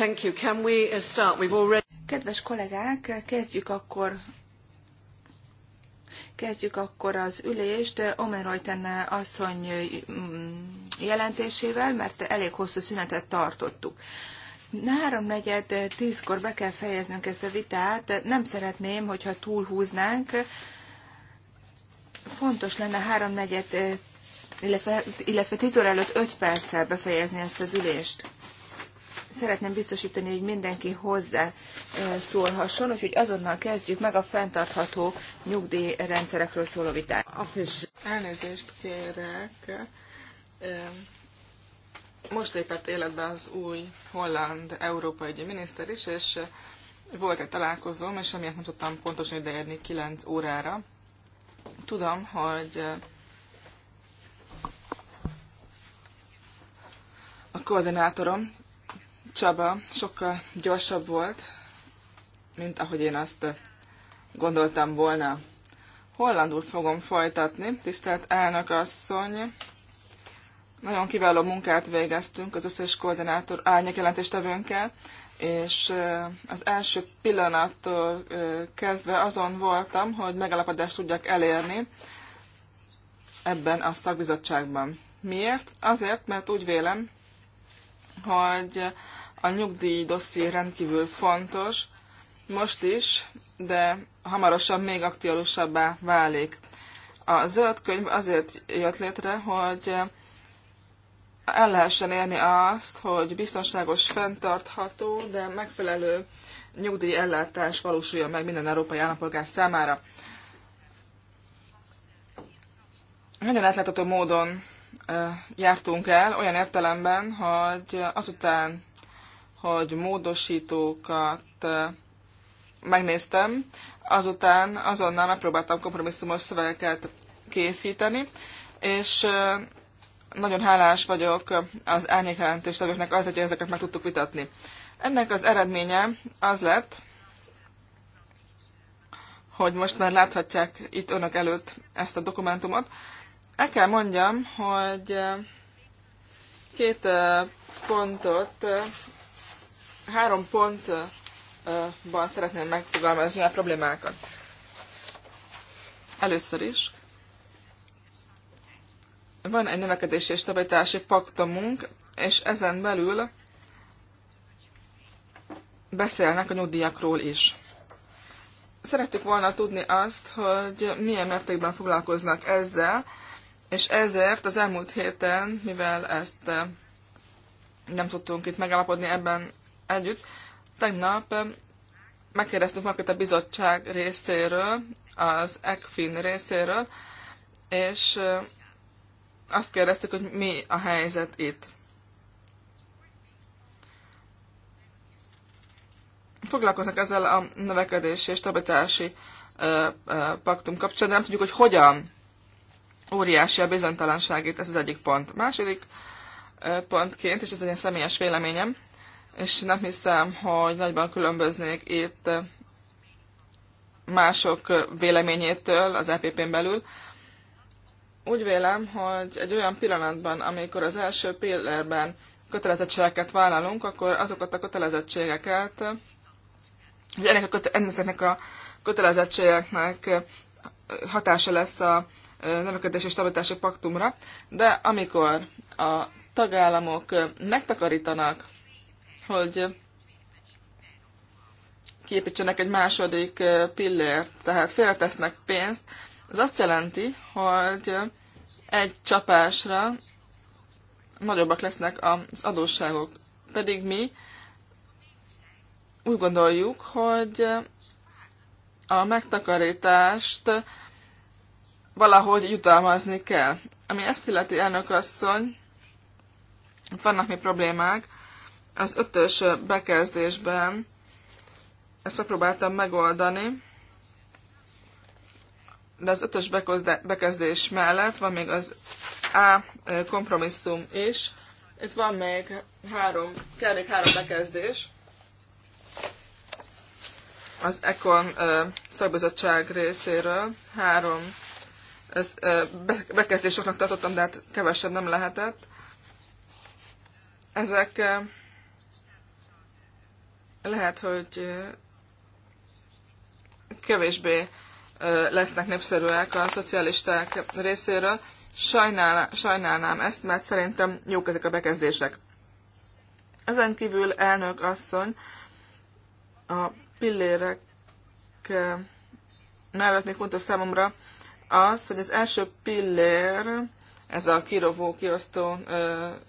Thank you. Can we uh, start? We've already... Kedves kollégák, kezdjük akkor kezdjük akkor az ülést eh, Omerojten eh, asszony mm, jelentésével, mert elég hosszú szünetet tartottuk. Háromnegyed eh, tízkor be kell fejeznünk ezt a vitát. Nem szeretném, hogyha túlhúznánk. Fontos lenne háromnegyed, illetve, illetve tíz óra előtt öt perccel befejezni ezt az ülést szeretném biztosítani, hogy mindenki hozzá szólhasson, úgyhogy azonnal kezdjük meg a fenntartható nyugdíjrendszerekről szóló vitát. Elnézést kérek. Most lépett életbe az új holland európai miniszter is, és volt egy találkozóm, és emiatt nem tudtam pontosan ideérni 9 órára. Tudom, hogy a koordinátorom Csaba sokkal gyorsabb volt, mint ahogy én azt gondoltam volna. Hollandul fogom folytatni, tisztelt elnök asszony. Nagyon kiváló munkát végeztünk az összes koordinátor árnyékjelentéstevőnkkel, és eh, az első pillanattól eh, kezdve azon voltam, hogy megalapodást tudjak elérni ebben a szakbizottságban. Miért? Azért, mert úgy vélem, hogy a nyugdíj dosszié rendkívül fontos, most is, de hamarosan még aktuálisabbá válik. A zöld könyv azért jött létre, hogy el lehessen érni azt, hogy biztonságos, fenntartható, de megfelelő nyugdíj ellátás valósuljon meg minden európai állampolgár számára. Nagyon átlátható módon jártunk el, olyan értelemben, hogy azután hogy módosítókat eh, megnéztem, azután azonnal megpróbáltam kompromisszumos szövegeket készíteni, és eh, nagyon hálás vagyok az árnyékjelentős tagoknak azért, hogy ezeket meg tudtuk vitatni. Ennek az eredménye az lett, hogy most már láthatják itt önök előtt ezt a dokumentumot. El kell mondjam, hogy eh, két pontot három pontban szeretném megfogalmazni a problémákat. Először is. Van egy növekedési és stabilitási paktumunk, és ezen belül beszélnek a nyugdíjakról is. Szerettük volna tudni azt, hogy milyen mértékben foglalkoznak ezzel, és ezért az elmúlt héten, mivel ezt nem tudtunk itt megállapodni ebben együtt. Tegnap megkérdeztük magukat a bizottság részéről, az ECFIN részéről, és azt kérdeztük, hogy mi a helyzet itt. Foglalkoznak ezzel a növekedési és stabilitási paktum kapcsán, de nem tudjuk, hogy hogyan óriási a bizonytalanság itt, ez az egyik pont. Második pontként, és ez egy személyes véleményem, és nem hiszem, hogy nagyban különböznék itt mások véleményétől az EPP-n belül. Úgy vélem, hogy egy olyan pillanatban, amikor az első pillérben kötelezettségeket vállalunk, akkor azokat a kötelezettségeket, hogy ennek a, ennek a kötelezettségeknek hatása lesz a növekedési és stabilitási paktumra, de amikor a tagállamok megtakarítanak hogy képítsenek egy második pillért, tehát félretesznek pénzt, az azt jelenti, hogy egy csapásra nagyobbak lesznek az adósságok. Pedig mi úgy gondoljuk, hogy a megtakarítást valahogy jutalmazni kell. Ami ezt illeti elnök asszony, ott vannak mi problémák, az ötös bekezdésben ezt megpróbáltam megoldani, de az ötös bekezdés mellett van még az A eh, kompromisszum is. Itt van még három, kell még három bekezdés. Az Econ eh, szakbizottság részéről három ezt, eh, bekezdésoknak tartottam, de hát kevesebb nem lehetett. Ezek lehet, hogy kevésbé lesznek népszerűek a szocialisták részéről. Sajnál, sajnálnám ezt, mert szerintem jók ezek a bekezdések. Ezen kívül elnök asszony a pillérek mellett még fontos számomra az, hogy az első pillér, ez a kirovó kiosztó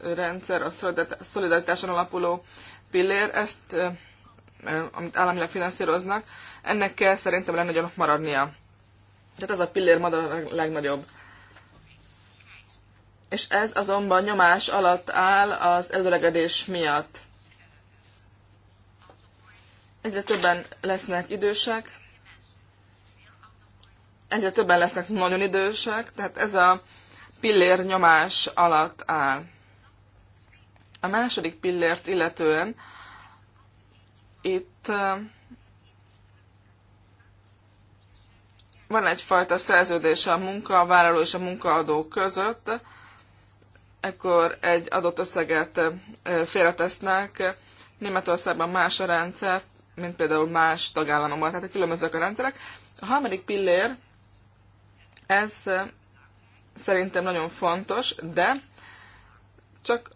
rendszer, a szolidaritáson alapuló pillér, ezt amit államilag finanszíroznak, ennek kell szerintem legnagyobb maradnia. Tehát ez a pillér a legnagyobb. És ez azonban nyomás alatt áll az előregedés miatt. Egyre többen lesznek idősek, egyre többen lesznek nagyon idősek, tehát ez a pillér nyomás alatt áll. A második pillért illetően itt van egyfajta szerződés a munkavállaló és a munkaadó között, ekkor egy adott összeget félretesznek. Németországban más a rendszer, mint például más tagállamokban, tehát különbözők a rendszerek. A harmadik pillér, ez szerintem nagyon fontos, de csak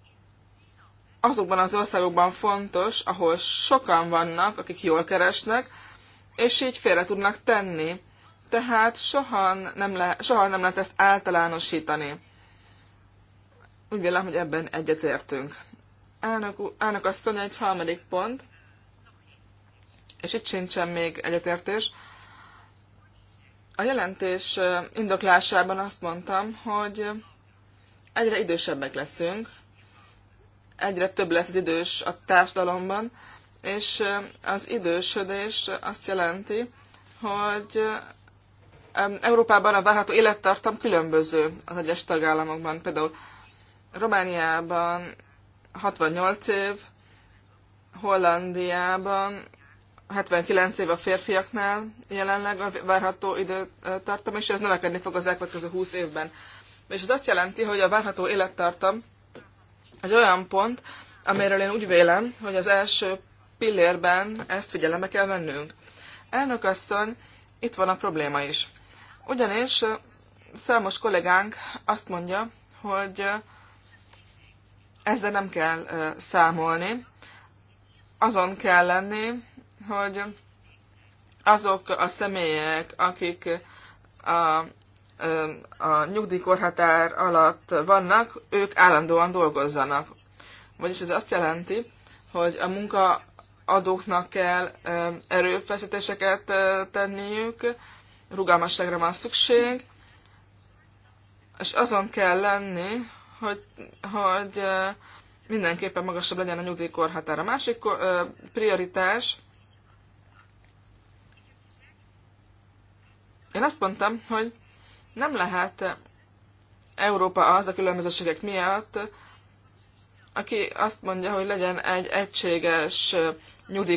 azokban az országokban fontos, ahol sokan vannak, akik jól keresnek, és így félre tudnak tenni. Tehát soha nem, le, soha nem lehet ezt általánosítani. Úgy vélem, hogy ebben egyetértünk. Elnök, elnök asszony, egy harmadik pont, és itt sincsen még egyetértés. A jelentés indoklásában azt mondtam, hogy egyre idősebbek leszünk, egyre több lesz az idős a társadalomban, és az idősödés azt jelenti, hogy Európában a várható élettartam különböző az egyes tagállamokban. Például Romániában 68 év, Hollandiában 79 év a férfiaknál jelenleg a várható időtartam, és ez növekedni fog az elkövetkező 20 évben. És ez azt jelenti, hogy a várható élettartam egy olyan pont, amiről én úgy vélem, hogy az első pillérben ezt figyelembe kell vennünk. Elnök asszony, itt van a probléma is. Ugyanis számos kollégánk azt mondja, hogy ezzel nem kell számolni, azon kell lenni, hogy azok a személyek, akik a a nyugdíjkorhatár alatt vannak, ők állandóan dolgozzanak. Vagyis ez azt jelenti, hogy a munkaadóknak kell erőfeszítéseket tenniük, rugalmasságra van szükség, és azon kell lenni, hogy, hogy mindenképpen magasabb legyen a nyugdíjkorhatár. A másik prioritás, én azt mondtam, hogy nem lehet Európa az a különbözőségek miatt, aki azt mondja, hogy legyen egy egységes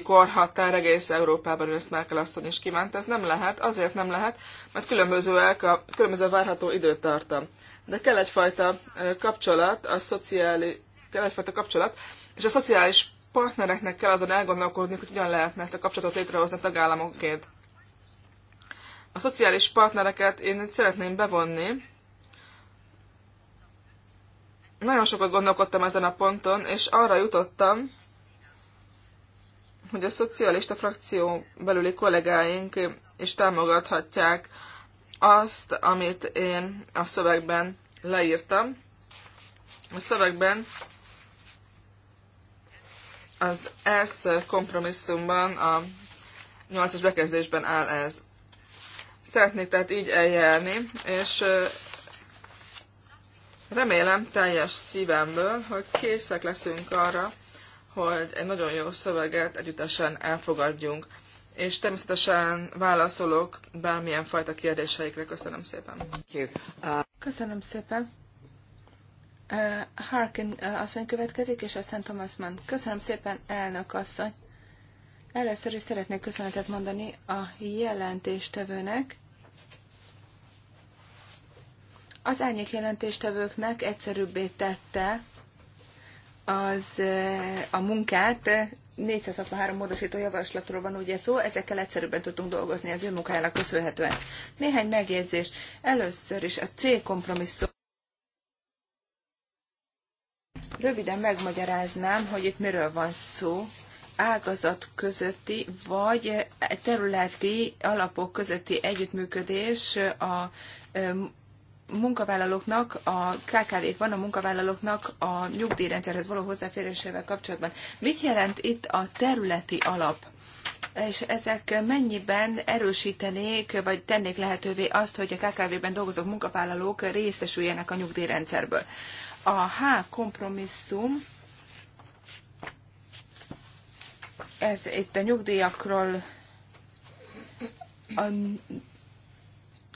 korhatár egész Európában, ezt Merkel asszony is kívánt. Ez nem lehet, azért nem lehet, mert különbözőek a különböző várható időtartam. De kell egyfajta kapcsolat, a szociális, kell egyfajta kapcsolat, és a szociális partnereknek kell azon elgondolkodni, hogy hogyan lehetne ezt a kapcsolatot létrehozni a tagállamoként. A szociális partnereket én itt szeretném bevonni. Nagyon sokat gondolkodtam ezen a ponton, és arra jutottam, hogy a szocialista frakció belüli kollégáink is támogathatják azt, amit én a szövegben leírtam. A szövegben az ESZ kompromisszumban, a 8-as bekezdésben áll ez. Szeretnék tehát így eljárni, és remélem teljes szívemből, hogy készek leszünk arra, hogy egy nagyon jó szöveget együttesen elfogadjunk. És természetesen válaszolok bármilyen fajta kérdéseikre. Köszönöm szépen. Uh, Köszönöm szépen. Uh, Harkin uh, asszony következik, és aztán Thomas Mann. Köszönöm szépen, elnök asszony. Először is szeretnék köszönetet mondani a jelentéstevőnek, az árnyék jelentéstevőknek egyszerűbbé tette az eh, a munkát, 463 módosító javaslatról van ugye szó, ezekkel egyszerűbben tudtunk dolgozni az ő munkájának köszönhetően. Néhány megjegyzés. Először is a C kompromisszum. Röviden megmagyaráznám, hogy itt miről van szó ágazat közötti vagy területi alapok közötti együttműködés a munkavállalóknak, a kkv van a munkavállalóknak a nyugdíjrendszerhez való hozzáférésével kapcsolatban. Mit jelent itt a területi alap? És ezek mennyiben erősítenék, vagy tennék lehetővé azt, hogy a KKV-ben dolgozó munkavállalók részesüljenek a nyugdíjrendszerből? A H kompromisszum ez itt a nyugdíjakról a,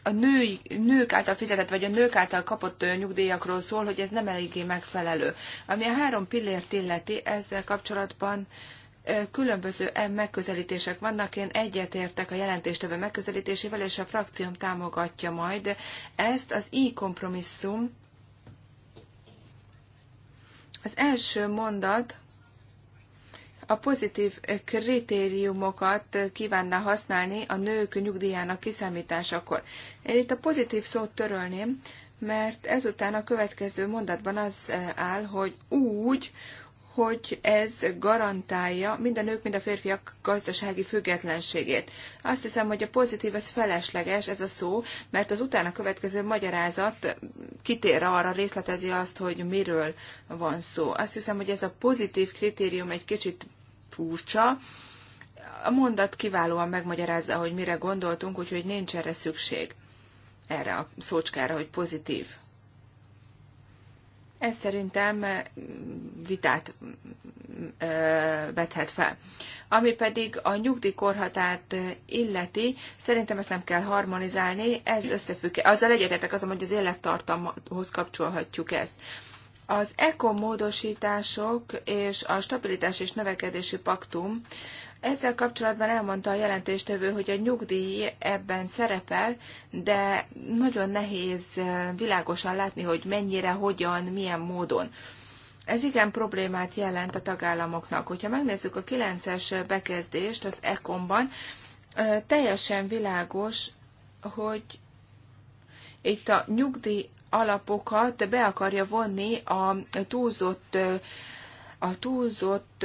a női, nők által fizetett, vagy a nők által kapott nyugdíjakról szól, hogy ez nem eléggé megfelelő. Ami a három pillért illeti, ezzel kapcsolatban különböző megközelítések vannak. Én egyetértek a jelentéstevő megközelítésével, és a frakcióm támogatja majd ezt. Az i kompromisszum az első mondat a pozitív kritériumokat kívánná használni a nők nyugdíjának kiszámításakor. Én itt a pozitív szót törölném, mert ezután a következő mondatban az áll, hogy úgy, hogy ez garantálja mind a nők, mind a férfiak gazdasági függetlenségét. Azt hiszem, hogy a pozitív, ez felesleges, ez a szó, mert az utána következő magyarázat kitér arra, részletezi azt, hogy miről van szó. Azt hiszem, hogy ez a pozitív kritérium egy kicsit furcsa, a mondat kiválóan megmagyarázza, hogy mire gondoltunk, úgyhogy nincs erre szükség, erre a szócskára, hogy pozitív. Ez szerintem vitát vethet fel. Ami pedig a nyugdíjkorhatát illeti, szerintem ezt nem kell harmonizálni, ez összefügg. Azzal egyetetek azon, hogy az élettartamhoz kapcsolhatjuk ezt. Az ECO módosítások és a stabilitás és növekedési paktum ezzel kapcsolatban elmondta a jelentéstevő, hogy a nyugdíj ebben szerepel, de nagyon nehéz eh, világosan látni, hogy mennyire, hogyan, milyen módon. Ez igen problémát jelent a tagállamoknak. Hogyha megnézzük a 9-es bekezdést az ECOM-ban, eh, teljesen világos, hogy itt a nyugdíj alapokat be akarja vonni a túlzott, eh, a túlzott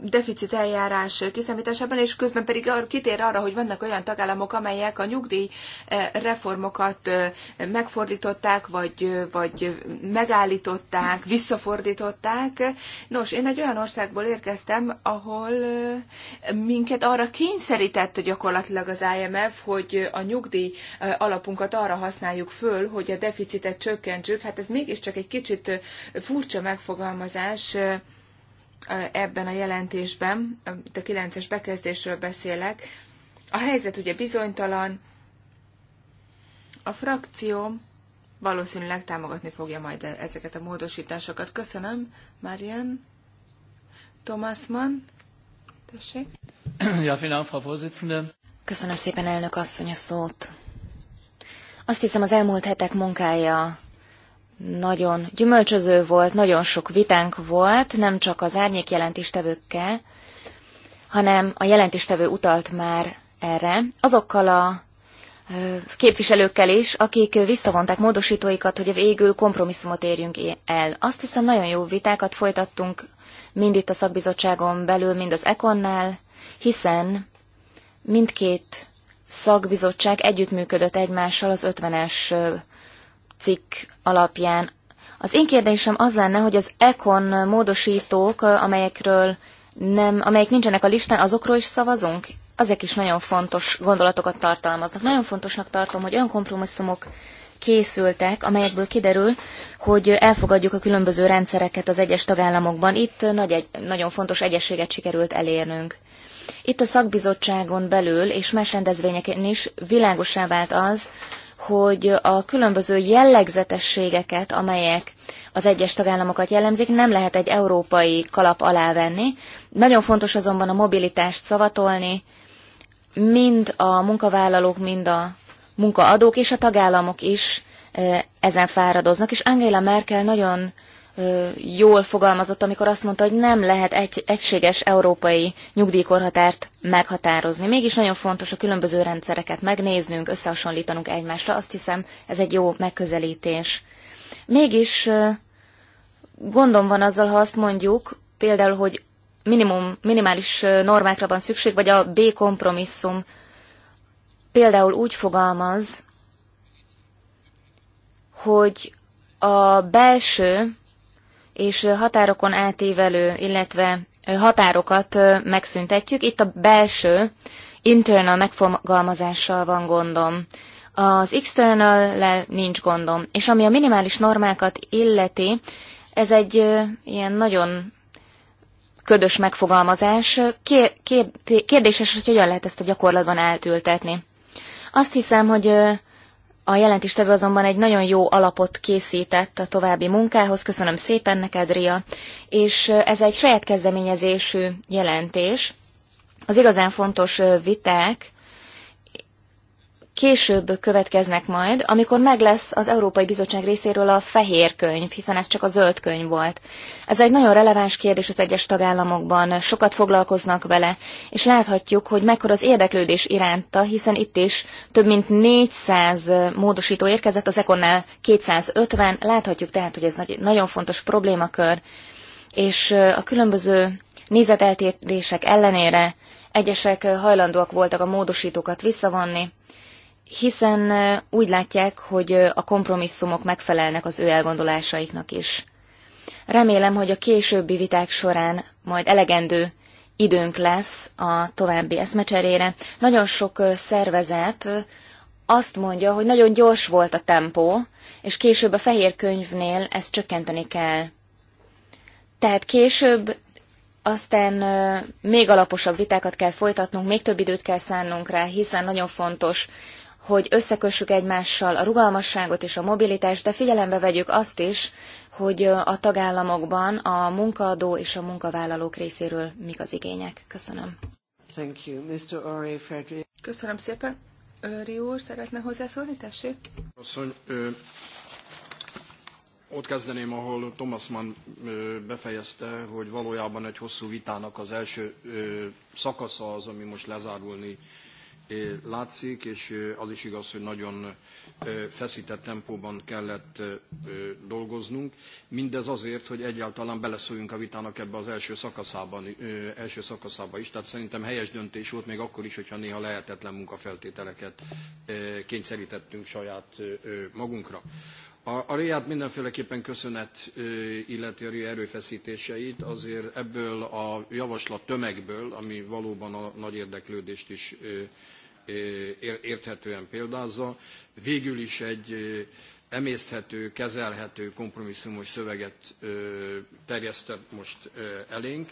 deficit eljárás kiszámításában, és közben pedig kitér arra, hogy vannak olyan tagállamok, amelyek a nyugdíj eh, reformokat eh, megfordították, vagy, eh, vagy megállították, visszafordították. Nos, én egy olyan országból érkeztem, ahol minket arra kényszerített gyakorlatilag az IMF, hogy a nyugdíj alapunkat arra használjuk föl, hogy a deficitet csökkentsük. Hát ez mégiscsak egy kicsit furcsa megfogalmazás, ebben a jelentésben, a 9-es bekezdésről beszélek. A helyzet ugye bizonytalan, a frakció valószínűleg támogatni fogja majd ezeket a módosításokat. Köszönöm, Marian. Thomas Mann, tessék. Ja, finom, Frau Vorsitzende. Köszönöm szépen, elnök asszony, a szót. Azt hiszem, az elmúlt hetek munkája nagyon gyümölcsöző volt, nagyon sok vitánk volt, nem csak az árnyék jelentéstevőkkel, hanem a jelentéstevő utalt már erre, azokkal a képviselőkkel is, akik visszavonták módosítóikat, hogy a végül kompromisszumot érjünk el. Azt hiszem, nagyon jó vitákat folytattunk mind itt a szakbizottságon belül, mind az Ekonnál, hiszen mindkét szakbizottság együttműködött egymással az 50-es cikk alapján. Az én kérdésem az lenne, hogy az ECON módosítók, amelyekről nem, amelyek nincsenek a listán, azokról is szavazunk? Azek is nagyon fontos gondolatokat tartalmaznak. Nagyon fontosnak tartom, hogy olyan kompromisszumok készültek, amelyekből kiderül, hogy elfogadjuk a különböző rendszereket az egyes tagállamokban. Itt nagy egy, nagyon fontos egyességet sikerült elérnünk. Itt a szakbizottságon belül és más rendezvényeken is világosá vált az, hogy a különböző jellegzetességeket, amelyek az egyes tagállamokat jellemzik, nem lehet egy európai kalap alá venni. Nagyon fontos azonban a mobilitást szavatolni, mind a munkavállalók, mind a munkaadók és a tagállamok is eh, ezen fáradoznak, és Angela Merkel nagyon jól fogalmazott, amikor azt mondta, hogy nem lehet egy, egységes európai nyugdíjkorhatárt meghatározni. Mégis nagyon fontos a különböző rendszereket megnéznünk, összehasonlítanunk egymásra. Azt hiszem, ez egy jó megközelítés. Mégis gondom van azzal, ha azt mondjuk, például, hogy minimum, minimális normákra van szükség, vagy a B kompromisszum például úgy fogalmaz, hogy a belső és határokon átívelő, illetve határokat megszüntetjük. Itt a belső, internal megfogalmazással van gondom. Az external nincs gondom. És ami a minimális normákat illeti, ez egy ilyen nagyon ködös megfogalmazás. kérdéses, hogy hogyan lehet ezt a gyakorlatban eltültetni. Azt hiszem, hogy a jelentéstevő azonban egy nagyon jó alapot készített a további munkához, köszönöm szépen neked, Ria, és ez egy saját kezdeményezésű jelentés. Az igazán fontos viták később következnek majd, amikor meg lesz az Európai Bizottság részéről a fehér könyv, hiszen ez csak a zöld könyv volt. Ez egy nagyon releváns kérdés az egyes tagállamokban, sokat foglalkoznak vele, és láthatjuk, hogy mekkora az érdeklődés iránta, hiszen itt is több mint 400 módosító érkezett, az Ekonnál 250, láthatjuk tehát, hogy ez nagy, nagyon fontos problémakör, és a különböző nézeteltérések ellenére egyesek hajlandóak voltak a módosítókat visszavonni, hiszen úgy látják, hogy a kompromisszumok megfelelnek az ő elgondolásaiknak is. Remélem, hogy a későbbi viták során majd elegendő időnk lesz a további eszmecserére. Nagyon sok szervezet azt mondja, hogy nagyon gyors volt a tempó, és később a fehér könyvnél ezt csökkenteni kell. Tehát később aztán még alaposabb vitákat kell folytatnunk, még több időt kell szánnunk rá, hiszen nagyon fontos hogy összekössük egymással a rugalmasságot és a mobilitást, de figyelembe vegyük azt is, hogy a tagállamokban a munkaadó és a munkavállalók részéről mik az igények. Köszönöm. Thank you. Mr. Köszönöm szépen. Őri úr, szeretne hozzászólni? Tessék. Asszony, ö, ott kezdeném, ahol Thomas Mann ö, befejezte, hogy valójában egy hosszú vitának az első ö, szakasza az, ami most lezárulni látszik, és az is igaz, hogy nagyon feszített tempóban kellett dolgoznunk. Mindez azért, hogy egyáltalán beleszóljunk a vitának ebbe az első, szakaszában, első szakaszába is. Tehát szerintem helyes döntés volt még akkor is, hogyha néha lehetetlen munkafeltételeket kényszerítettünk saját magunkra. A, a mindenféleképpen köszönet illeti a Ria erőfeszítéseit, azért ebből a javaslat tömegből, ami valóban a nagy érdeklődést is érthetően példázza. Végül is egy emészthető, kezelhető, kompromisszumos szöveget terjesztett most elénk,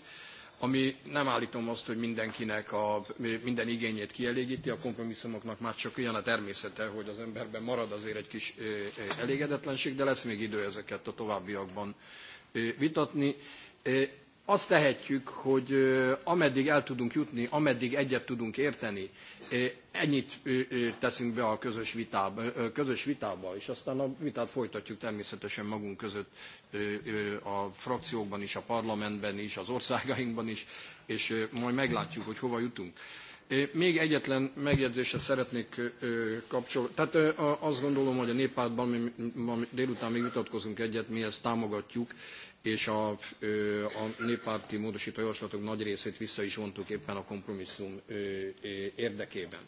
ami nem állítom azt, hogy mindenkinek a, minden igényét kielégíti, a kompromisszumoknak már csak olyan a természete, hogy az emberben marad azért egy kis elégedetlenség, de lesz még idő ezeket a továbbiakban vitatni azt tehetjük, hogy ameddig el tudunk jutni, ameddig egyet tudunk érteni, ennyit teszünk be a közös vitába, közös vitába, és aztán a vitát folytatjuk természetesen magunk között a frakciókban is, a parlamentben is, az országainkban is, és majd meglátjuk, hogy hova jutunk. Még egyetlen megjegyzésre szeretnék kapcsolni. Tehát azt gondolom, hogy a néppártban mi, délután még vitatkozunk egyet, mi ezt támogatjuk, és a, a néppárti módosító javaslatok nagy részét vissza is vontuk éppen a kompromisszum érdekében.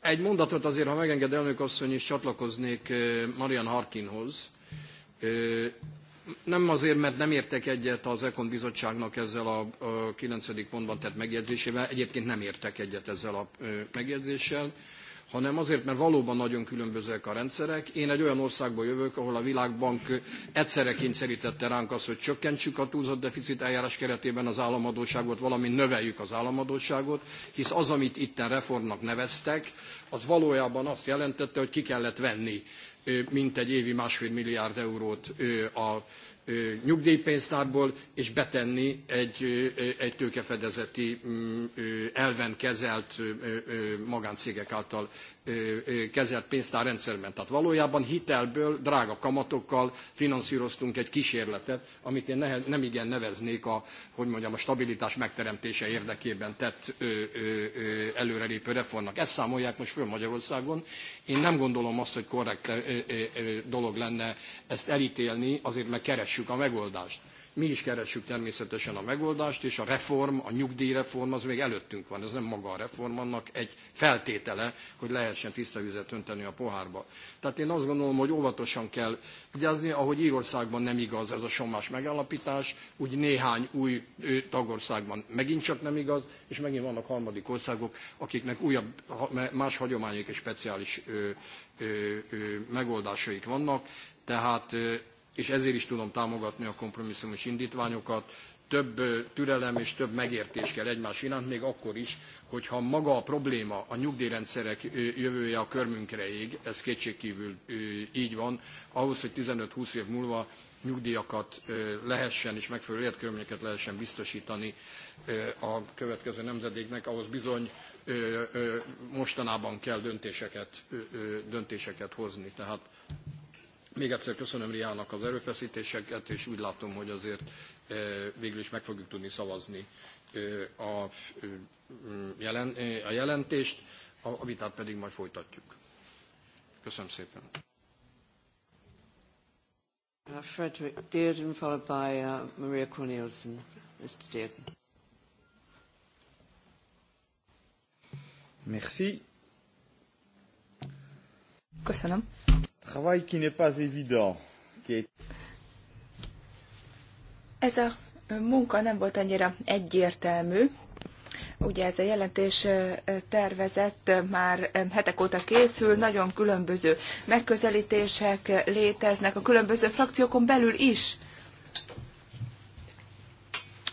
Egy mondatot azért, ha megenged elnök asszony is csatlakoznék Marian Harkinhoz. Nem azért, mert nem értek egyet az Ekon bizottságnak ezzel a 9. pontban tett megjegyzésével, egyébként nem értek egyet ezzel a megjegyzéssel, hanem azért, mert valóban nagyon különbözőek a rendszerek. Én egy olyan országból jövök, ahol a világbank egyszerre kényszerítette ránk azt, hogy csökkentsük a túlzott deficit eljárás keretében az államadóságot, valamint növeljük az államadóságot, hisz az, amit itten reformnak neveztek, az valójában azt jelentette, hogy ki kellett venni mintegy évi másfél milliárd eurót a nyugdíjpénztárból, és betenni egy, egy tőkefedezeti mm, elven kezelt magáncégek által kezelt pénztárrendszerben. Tehát valójában hitelből, drága kamatokkal finanszíroztunk egy kísérletet, amit én ne, nem igen neveznék a, hogy mondjam, a stabilitás megteremtése érdekében tett ö, ö, előrelépő reformnak. Ezt számolják most föl Magyarországon. Én nem gondolom azt, hogy korrekt dolog lenne ezt elítélni, azért mert keressük a megoldást. Mi is keressük természetesen a megoldást, és a reform, a nyugdíjreform az még előttünk van. Ez nem maga a reform, annak egy feltétele, hogy lehessen tiszta vizet önteni a pohárba. Tehát én azt gondolom, hogy óvatosan kell vigyázni, ahogy Írországban nem igaz ez a sommás megállapítás, úgy néhány új tagországban megint csak nem igaz, és megint vannak harmadik országok, akiknek újabb, más hagyományok és speciális megoldásaik vannak. Tehát és ezért is tudom támogatni a kompromisszumos indítványokat. Több türelem és több megértés kell egymás iránt, még akkor is, hogyha maga a probléma, a nyugdíjrendszerek jövője a körmünkre ég, ez kétségkívül így van, ahhoz, hogy 15-20 év múlva nyugdíjakat lehessen és megfelelő életkörülményeket lehessen biztosítani a következő nemzedéknek, ahhoz bizony mostanában kell döntéseket, döntéseket hozni. Tehát még egyszer köszönöm Riának az erőfeszítéseket, és úgy látom, hogy azért eh, végül is meg fogjuk tudni szavazni eh, a, eh, jelen, a jelentést, a vitát pedig majd folytatjuk. Köszönöm szépen. Uh, Frederick Dearden, followed by uh, Maria Cornelissen. Mr. Dearden. Merci. Köszönöm travail qui n'est pas évident. Ez a munka nem volt annyira egyértelmű. Ugye ez a jelentés tervezett már hetek óta készül, nagyon különböző megközelítések léteznek a különböző frakciókon belül is.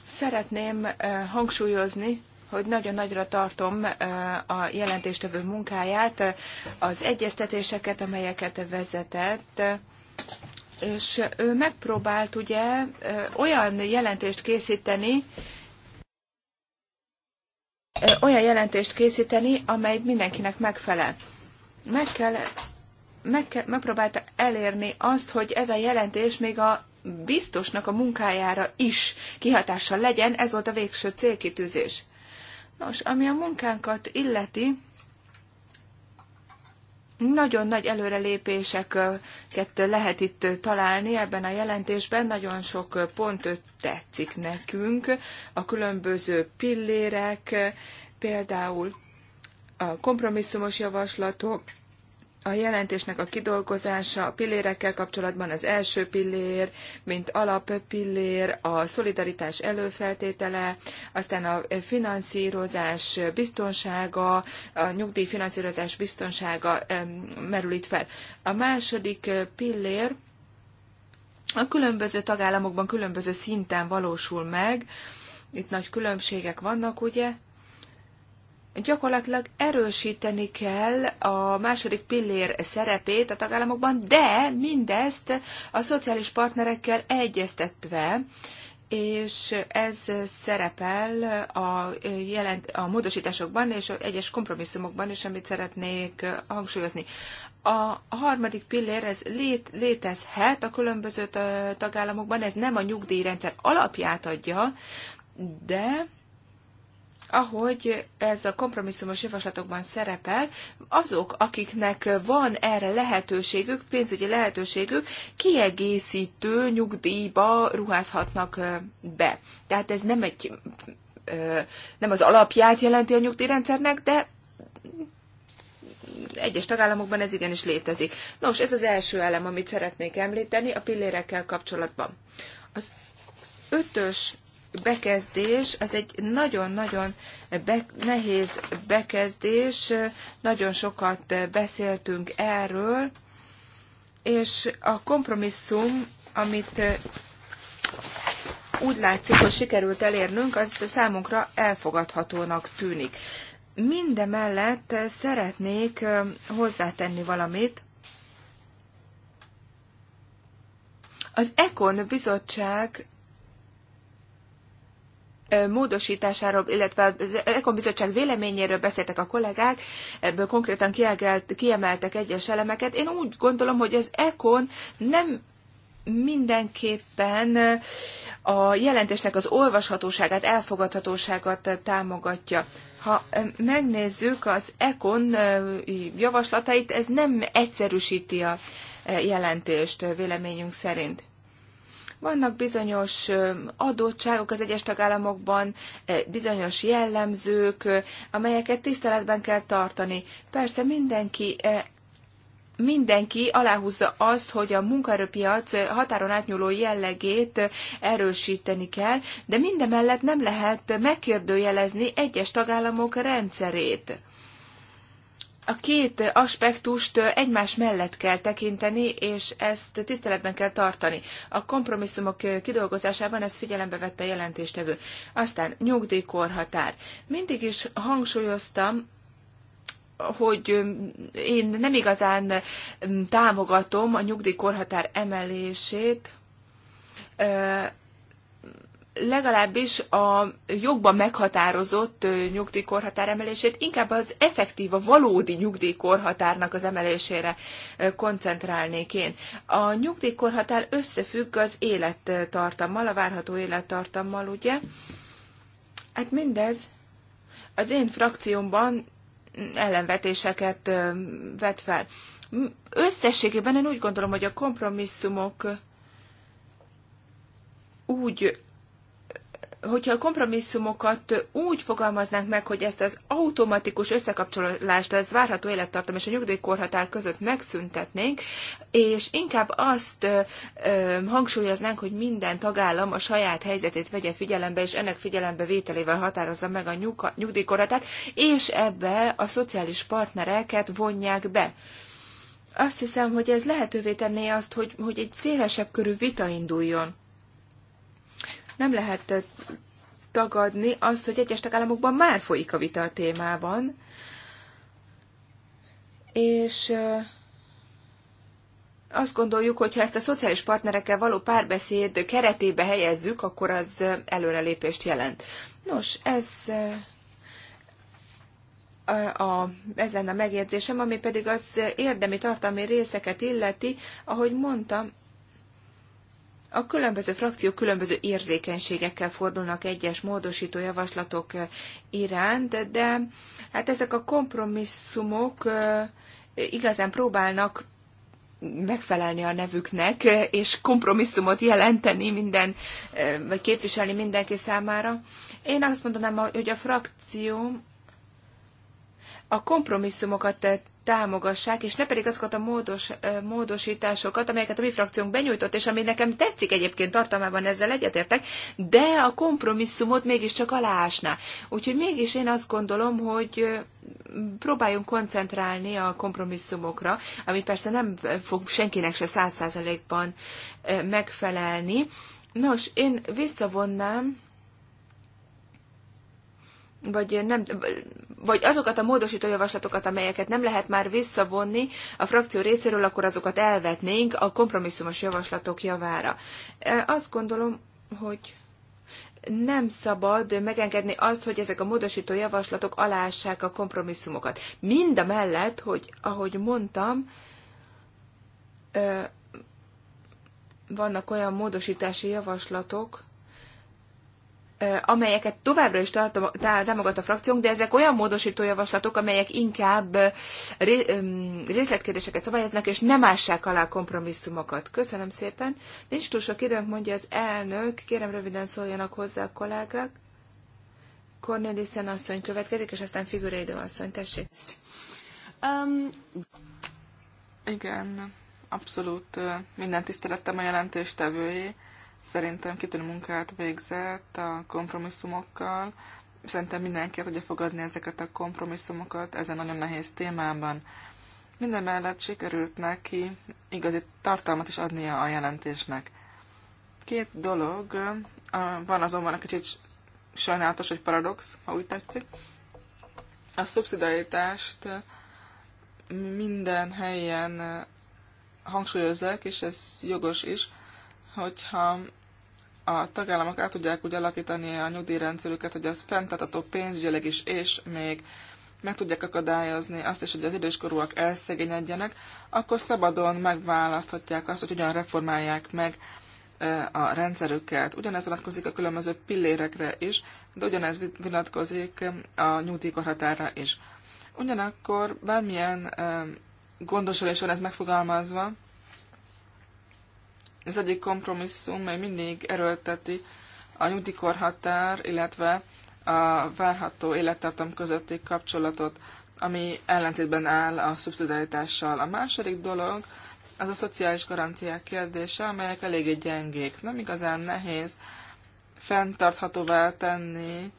Szeretném hangsúlyozni, hogy nagyon nagyra tartom a jelentéstevő munkáját, az egyeztetéseket, amelyeket vezetett, és ő megpróbált ugye olyan jelentést készíteni, olyan jelentést készíteni, amely mindenkinek megfelel. Meg kell, meg kell, megpróbálta elérni azt, hogy ez a jelentés még a biztosnak a munkájára is kihatással legyen, ez volt a végső célkitűzés. Nos, ami a munkánkat illeti, nagyon nagy előrelépéseket lehet itt találni ebben a jelentésben, nagyon sok pont tetszik nekünk, a különböző pillérek, például a kompromisszumos javaslatok, a jelentésnek a kidolgozása a pillérekkel kapcsolatban az első pillér, mint alappillér, a szolidaritás előfeltétele, aztán a finanszírozás biztonsága, a nyugdíjfinanszírozás biztonsága merül itt fel. A második eh, pillér a különböző tagállamokban különböző szinten valósul meg, itt nagy különbségek vannak, ugye? gyakorlatilag erősíteni kell a második pillér szerepét a tagállamokban, de mindezt a szociális partnerekkel egyeztetve, és ez szerepel a, jelent, a módosításokban és a egyes kompromisszumokban is, amit szeretnék hangsúlyozni. A harmadik pillér ez lét, létezhet a különböző tagállamokban, ez nem a nyugdíjrendszer alapját adja, de ahogy ez a kompromisszumos javaslatokban szerepel, azok, akiknek van erre lehetőségük, pénzügyi lehetőségük, kiegészítő nyugdíjba ruházhatnak be. Tehát ez nem egy nem az alapját jelenti a nyugdíjrendszernek, de egyes tagállamokban ez igenis létezik. Nos, ez az első elem, amit szeretnék említeni a pillérekkel kapcsolatban. Az ötös bekezdés, az egy nagyon-nagyon be, nehéz bekezdés, nagyon sokat beszéltünk erről, és a kompromisszum, amit úgy látszik, hogy sikerült elérnünk, az számunkra elfogadhatónak tűnik. Mindemellett szeretnék hozzátenni valamit. Az Ekon bizottság módosításáról, illetve az Ekon Bizottság véleményéről beszéltek a kollégák, ebből konkrétan kiegelt, kiemeltek egyes elemeket. Én úgy gondolom, hogy az Ekon nem mindenképpen a jelentésnek az olvashatóságát, elfogadhatóságát támogatja. Ha megnézzük az ECON javaslatait, ez nem egyszerűsíti a jelentést véleményünk szerint. Vannak bizonyos adottságok az egyes tagállamokban, bizonyos jellemzők, amelyeket tiszteletben kell tartani. Persze mindenki mindenki aláhúzza azt, hogy a munkaerőpiac határon átnyúló jellegét erősíteni kell, de mindemellett nem lehet megkérdőjelezni egyes tagállamok rendszerét a két aspektust egymás mellett kell tekinteni, és ezt tiszteletben kell tartani. A kompromisszumok kidolgozásában ezt figyelembe vette a jelentéstevő. Aztán nyugdíjkorhatár. Mindig is hangsúlyoztam, hogy én nem igazán támogatom a nyugdíjkorhatár emelését, legalábbis a jogban meghatározott nyugdíjkorhatár emelését inkább az effektív, a valódi nyugdíjkorhatárnak az emelésére koncentrálnék én. A nyugdíjkorhatár összefügg az élettartammal, a várható élettartammal, ugye? Hát mindez az én frakciómban ellenvetéseket vet fel. Összességében én úgy gondolom, hogy a kompromisszumok úgy hogyha a kompromisszumokat úgy fogalmaznánk meg, hogy ezt az automatikus összekapcsolást az várható élettartam és a nyugdíjkorhatár között megszüntetnénk, és inkább azt ö, hangsúlyoznánk, hogy minden tagállam a saját helyzetét vegye figyelembe, és ennek figyelembe vételével határozza meg a nyug, nyugdíjkorhatárt, és ebbe a szociális partnereket vonják be. Azt hiszem, hogy ez lehetővé tenné azt, hogy, hogy egy szélesebb körű vita induljon nem lehet tagadni azt, hogy egyes tagállamokban már folyik a vita a témában, és azt gondoljuk, hogy ha ezt a szociális partnerekkel való párbeszéd keretébe helyezzük, akkor az előrelépést jelent. Nos, ez a, a, ez lenne a megjegyzésem, ami pedig az érdemi tartalmi részeket illeti, ahogy mondtam, a különböző frakciók különböző érzékenységekkel fordulnak egyes módosító javaslatok eh, iránt, de hát ezek a kompromisszumok eh, igazán próbálnak megfelelni a nevüknek, eh, és kompromisszumot jelenteni minden, vagy képviselni mindenki számára. Én azt mondanám, hogy a frakció a kompromisszumokat támogassák, és ne pedig azokat a módos, módosításokat, amelyeket a mi frakciónk benyújtott, és ami nekem tetszik egyébként tartalmában ezzel egyetértek, de a kompromisszumot mégiscsak aláásná. Úgyhogy mégis én azt gondolom, hogy próbáljunk koncentrálni a kompromisszumokra, ami persze nem fog senkinek se száz százalékban megfelelni. Nos, én visszavonnám vagy, nem, vagy azokat a módosító javaslatokat, amelyeket nem lehet már visszavonni a frakció részéről, akkor azokat elvetnénk a kompromisszumos javaslatok javára. E, azt gondolom, hogy nem szabad megengedni azt, hogy ezek a módosító javaslatok alássák a kompromisszumokat. Mind a mellett, hogy ahogy mondtam, e, vannak olyan módosítási javaslatok, amelyeket továbbra is támogat a frakciónk, de ezek olyan módosító javaslatok, amelyek inkább részletkérdéseket szabályoznak, és nem ássák alá kompromisszumokat. Köszönöm szépen. Nincs túl sok időnk, mondja az elnök. Kérem röviden szóljanak hozzá a kollégák. Cornelissen asszony következik, és aztán Figurédő asszony. Tessék. Um, igen, abszolút minden tisztelettem a jelentéstevőjé Szerintem kitűnő munkát végzett a kompromisszumokkal. Szerintem mindenki tudja fogadni ezeket a kompromisszumokat ezen nagyon nehéz témában. Minden mellett sikerült neki igazi tartalmat is adnia a jelentésnek. Két dolog, van azonban egy kicsit sajnálatos, hogy paradox, ha úgy tetszik. A szubszidaitást minden helyen hangsúlyozzák, és ez jogos is, hogyha a tagállamok át tudják úgy alakítani a nyugdíjrendszerüket, hogy az fenntartató pénzügyileg is, és még meg tudják akadályozni azt is, hogy az időskorúak elszegényedjenek, akkor szabadon megválaszthatják azt, hogy hogyan reformálják meg a rendszerüket. Ugyanez vonatkozik a különböző pillérekre is, de ugyanez vonatkozik a nyugdíjkorhatára is. Ugyanakkor bármilyen gondosuláson ez megfogalmazva, az egyik kompromisszum mely mindig erőlteti a nyugdíjkorhatár, illetve a várható élettartam közötti kapcsolatot, ami ellentétben áll a szubszidiaritással. A második dolog az a szociális garanciák kérdése, amelyek eléggé gyengék. Nem igazán nehéz fenntarthatóvá tenni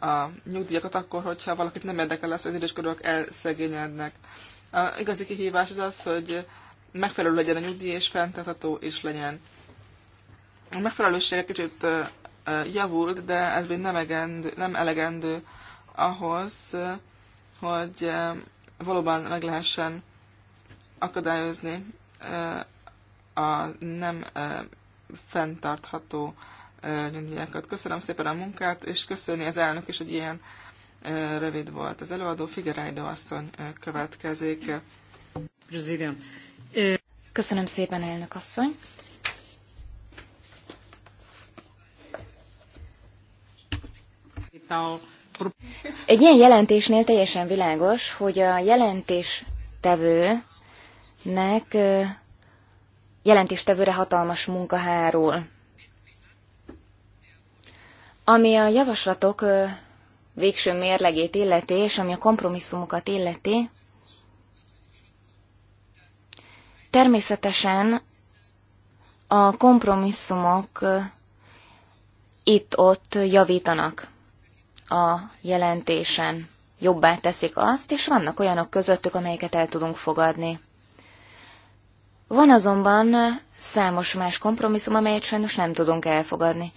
a nyugdíjakat akkor, hogyha valakit nem érdekel az, hogy az időskorúak elszegényednek. A igazi kihívás az az, hogy megfelelő legyen a nyugdíj, és fenntartható is legyen. A megfelelőség kicsit javult, de ez még nem, egendő, nem elegendő ahhoz, hogy valóban meg lehessen akadályozni a nem fenntartható nyugdíjakat. Köszönöm szépen a munkát, és köszönni az elnök is, hogy ilyen rövid volt. Az előadó Figerájdó asszony következik. President. Köszönöm szépen, elnök asszony. Egy ilyen jelentésnél teljesen világos, hogy a jelentéstevőnek jelentéstevőre hatalmas munka hárul. Ami a javaslatok végső mérlegét illeti, és ami a kompromisszumokat illeti, Természetesen a kompromisszumok itt-ott javítanak a jelentésen, jobbá teszik azt, és vannak olyanok közöttük, amelyeket el tudunk fogadni. Van azonban számos más kompromisszum, amelyet sajnos nem tudunk elfogadni.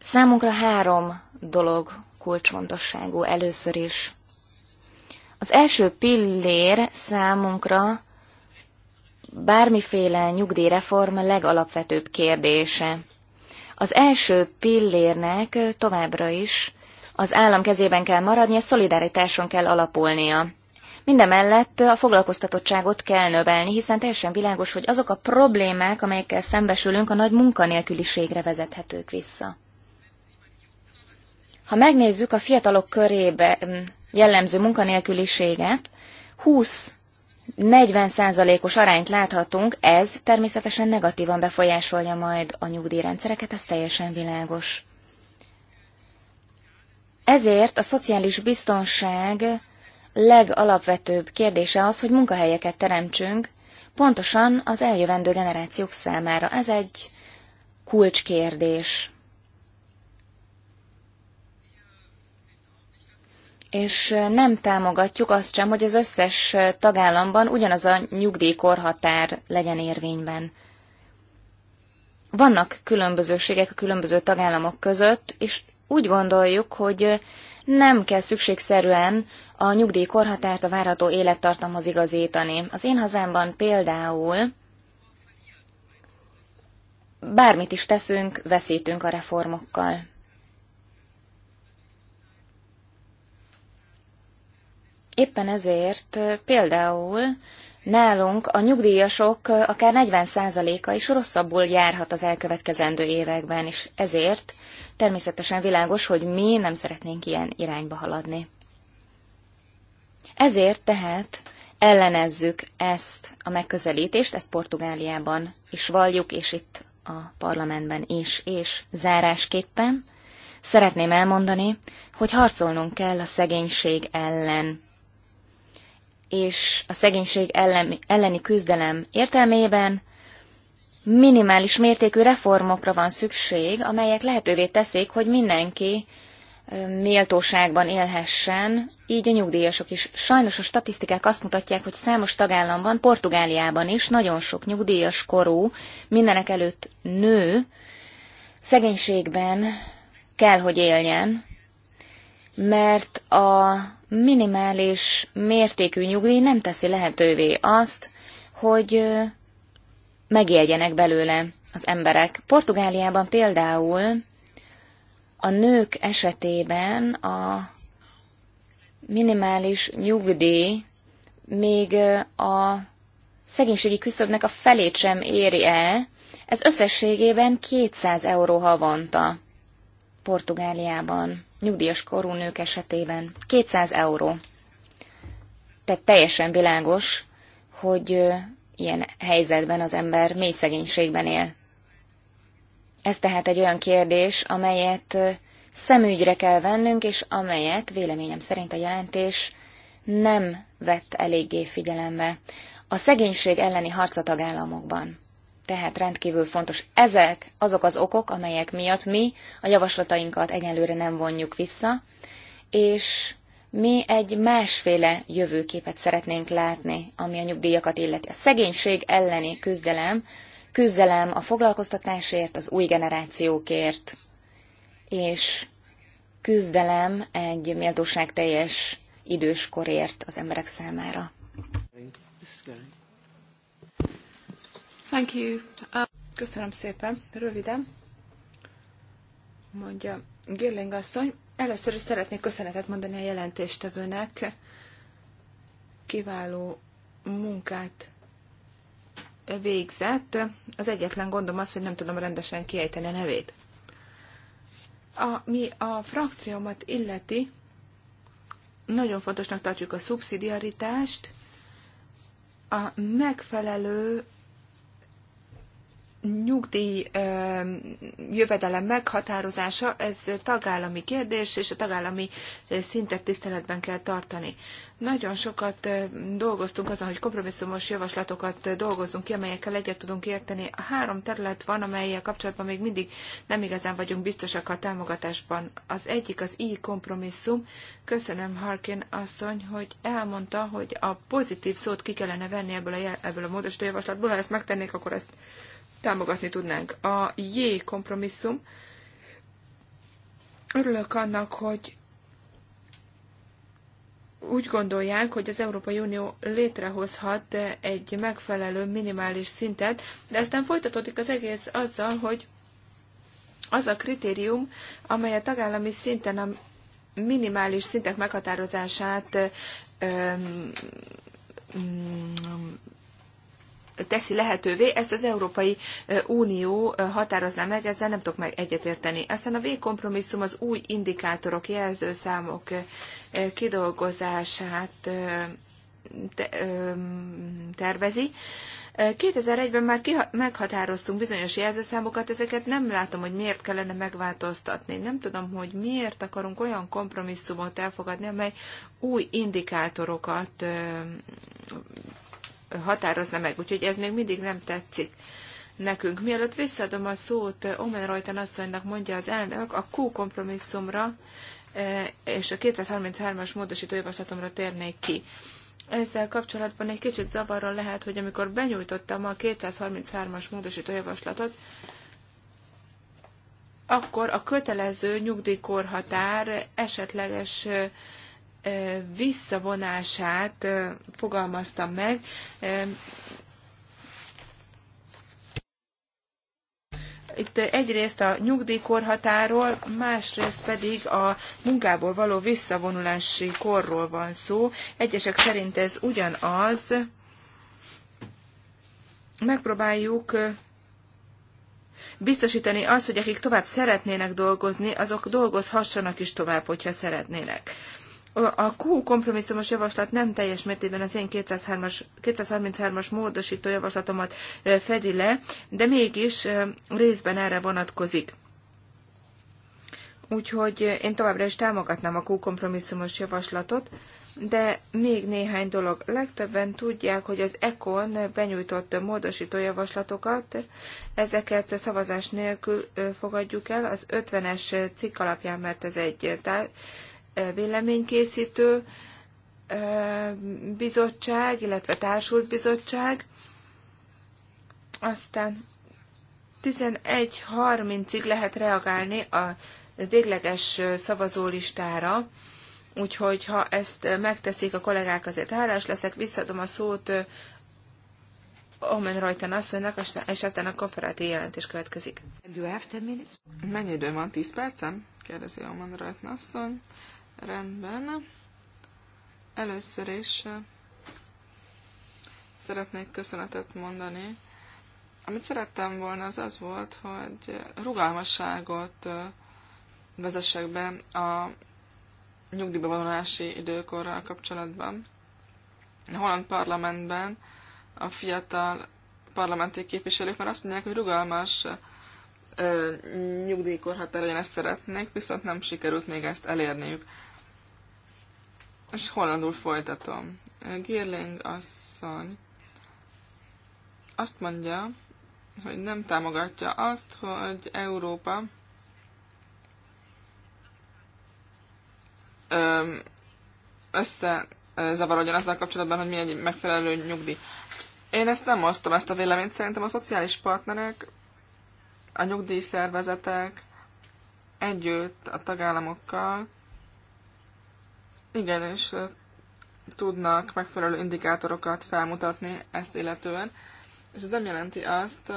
Számunkra három dolog kulcsfontosságú először is. Az első pillér számunkra bármiféle nyugdíjreform legalapvetőbb kérdése. Az első pillérnek továbbra is az állam kezében kell maradnia, szolidaritáson kell alapulnia. Mindemellett a foglalkoztatottságot kell növelni, hiszen teljesen világos, hogy azok a problémák, amelyekkel szembesülünk, a nagy munkanélküliségre vezethetők vissza. Ha megnézzük a fiatalok körébe mm, jellemző munkanélküliséget, 20 40%-os arányt láthatunk, ez természetesen negatívan befolyásolja majd a nyugdíjrendszereket, ez teljesen világos. Ezért a szociális biztonság legalapvetőbb kérdése az, hogy munkahelyeket teremtsünk, pontosan az eljövendő generációk számára. Ez egy kulcskérdés. és nem támogatjuk azt sem, hogy az összes tagállamban ugyanaz a nyugdíjkorhatár legyen érvényben. Vannak különbözőségek a különböző tagállamok között, és úgy gondoljuk, hogy nem kell szükségszerűen a nyugdíjkorhatárt a várható élettartamhoz igazítani. Az én hazámban például bármit is teszünk, veszítünk a reformokkal. Éppen ezért például nálunk a nyugdíjasok akár 40%-a is rosszabbul járhat az elkövetkezendő években, és ezért természetesen világos, hogy mi nem szeretnénk ilyen irányba haladni. Ezért tehát ellenezzük ezt a megközelítést, ezt Portugáliában is valljuk, és itt a parlamentben is, és zárásképpen szeretném elmondani, hogy harcolnunk kell a szegénység ellen és a szegénység elleni küzdelem értelmében minimális mértékű reformokra van szükség, amelyek lehetővé teszik, hogy mindenki méltóságban élhessen, így a nyugdíjasok is. Sajnos a statisztikák azt mutatják, hogy számos tagállamban, Portugáliában is nagyon sok nyugdíjas korú, mindenek előtt nő, szegénységben kell, hogy éljen, mert a minimális mértékű nyugdíj nem teszi lehetővé azt, hogy megéljenek belőle az emberek. Portugáliában például a nők esetében a minimális nyugdíj még a szegénységi küszöbnek a felét sem éri el, ez összességében 200 euró havonta Portugáliában nyugdíjas korú nők esetében. 200 euró. Tehát teljesen világos, hogy ilyen helyzetben az ember mély szegénységben él. Ez tehát egy olyan kérdés, amelyet szemügyre kell vennünk, és amelyet véleményem szerint a jelentés nem vett eléggé figyelembe. A szegénység elleni harc a tagállamokban tehát rendkívül fontos. Ezek azok az okok, amelyek miatt mi a javaslatainkat egyelőre nem vonjuk vissza, és mi egy másféle jövőképet szeretnénk látni, ami a nyugdíjakat illeti. A szegénység elleni küzdelem, küzdelem a foglalkoztatásért, az új generációkért, és küzdelem egy teljes időskorért az emberek számára. Thank you. Uh... Köszönöm szépen. Röviden, mondja Gilling asszony. Először is szeretnék köszönetet mondani a jelentéstevőnek. Kiváló munkát végzett. Az egyetlen gondom az, hogy nem tudom rendesen kiejteni a nevét. Ami a frakciómat illeti, nagyon fontosnak tartjuk a szubszidiaritást, a megfelelő nyugdíj jövedelem meghatározása, ez tagállami kérdés, és a tagállami szintet tiszteletben kell tartani. Nagyon sokat dolgoztunk azon, hogy kompromisszumos javaslatokat dolgozzunk ki, amelyekkel egyet tudunk érteni. A három terület van, amelyek kapcsolatban még mindig nem igazán vagyunk biztosak a támogatásban. Az egyik az így kompromisszum. Köszönöm Harkin asszony, hogy elmondta, hogy a pozitív szót ki kellene venni ebből a, ebből a módosító javaslatból. Ha ezt megtennék, akkor ezt támogatni tudnánk. A J kompromisszum. Örülök annak, hogy úgy gondolják, hogy az Európai Unió létrehozhat egy megfelelő minimális szintet, de aztán folytatódik az egész azzal, hogy az a kritérium, amely a tagállami szinten a minimális szintek meghatározását teszi lehetővé, ezt az Európai Unió határozná meg, ezzel nem tudok meg egyetérteni. Aztán a végkompromisszum az új indikátorok, jelzőszámok kidolgozását tervezi. 2001-ben már meghatároztunk bizonyos jelzőszámokat, ezeket nem látom, hogy miért kellene megváltoztatni. Nem tudom, hogy miért akarunk olyan kompromisszumot elfogadni, amely új indikátorokat határozna meg, úgyhogy ez még mindig nem tetszik nekünk. Mielőtt visszaadom a szót eh, Omen Rajtan asszonynak, mondja az elnök, a Q kompromisszumra eh, és a 233-as módosító javaslatomra térnék ki. Ezzel kapcsolatban egy kicsit zavarra lehet, hogy amikor benyújtottam a 233-as módosító javaslatot, akkor a kötelező nyugdíjkorhatár esetleges eh, visszavonását fogalmaztam meg. Itt egyrészt a nyugdíjkorhatáról, másrészt pedig a munkából való visszavonulási korról van szó. Egyesek szerint ez ugyanaz. Megpróbáljuk biztosítani azt, hogy akik tovább szeretnének dolgozni, azok dolgozhassanak is tovább, hogyha szeretnének a Q kompromisszumos javaslat nem teljes mértékben az én 203-as, 233-as módosító javaslatomat fedi le, de mégis részben erre vonatkozik. Úgyhogy én továbbra is támogatnám a Q kompromisszumos javaslatot, de még néhány dolog. Legtöbben tudják, hogy az ECON benyújtott módosító javaslatokat, ezeket szavazás nélkül fogadjuk el, az 50-es cikk alapján, mert ez egy véleménykészítő bizottság, illetve társult bizottság. Aztán 11.30-ig lehet reagálni a végleges szavazólistára, úgyhogy ha ezt megteszik a kollégák, azért hálás leszek, visszadom a szót Omen Rajten asszonynak, és aztán a konferáti jelentés következik. Mennyi idő van? 10 percem? Kérdezi Omen Rajten asszony. Rendben. Először is szeretnék köszönetet mondani. Amit szerettem volna, az az volt, hogy rugalmasságot vezessek be a nyugdíjba vonulási időkorral kapcsolatban. A holland parlamentben a fiatal parlamenti képviselők már azt mondják, hogy rugalmas nyugdíjkorhatár, legyen ezt szeretnék, viszont nem sikerült még ezt elérniük. És hollandul folytatom. Girling asszony azt mondja, hogy nem támogatja azt, hogy Európa összezavarodjon azzal kapcsolatban, hogy milyen megfelelő nyugdíj. Én ezt nem osztom, ezt a véleményt. Szerintem a szociális partnerek, a nyugdíjszervezetek együtt a tagállamokkal igen és tudnak megfelelő indikátorokat felmutatni ezt illetően, és ez nem jelenti azt,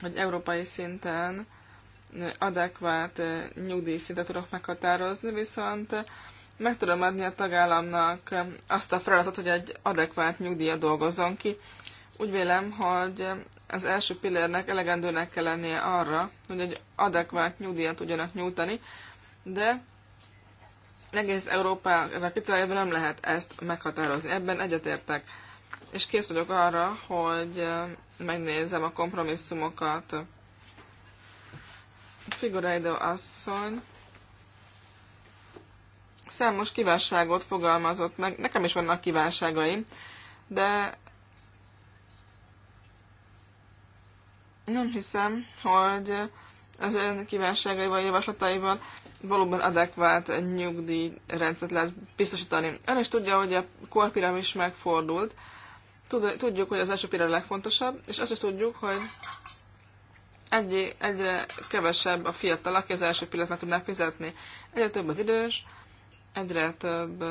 hogy európai szinten adekvát nyugdíjszintet tudok meghatározni, viszont meg tudom adni a tagállamnak azt a feladatot, hogy egy adekvát nyugdíja dolgozzon ki. Úgy vélem, hogy az első pillérnek elegendőnek kell lennie arra, hogy egy adekvát nyugdíjat tudjanak nyújtani, de egész Európára kiterjedve nem lehet ezt meghatározni. Ebben egyetértek. És kész vagyok arra, hogy megnézem a kompromisszumokat. Figureido asszony számos kívánságot fogalmazott meg. Nekem is vannak kívánságaim, de nem hiszem, hogy az ön kívánságaival, javaslataival valóban adekvát nyugdíjrendszert lehet biztosítani. Ön is tudja, hogy a korpiramis megfordult. Tudjuk, hogy az első pira a legfontosabb, és azt is tudjuk, hogy egy, egyre kevesebb a fiatal, aki az első pillanat meg tudná fizetni. Egyre több az idős, egyre több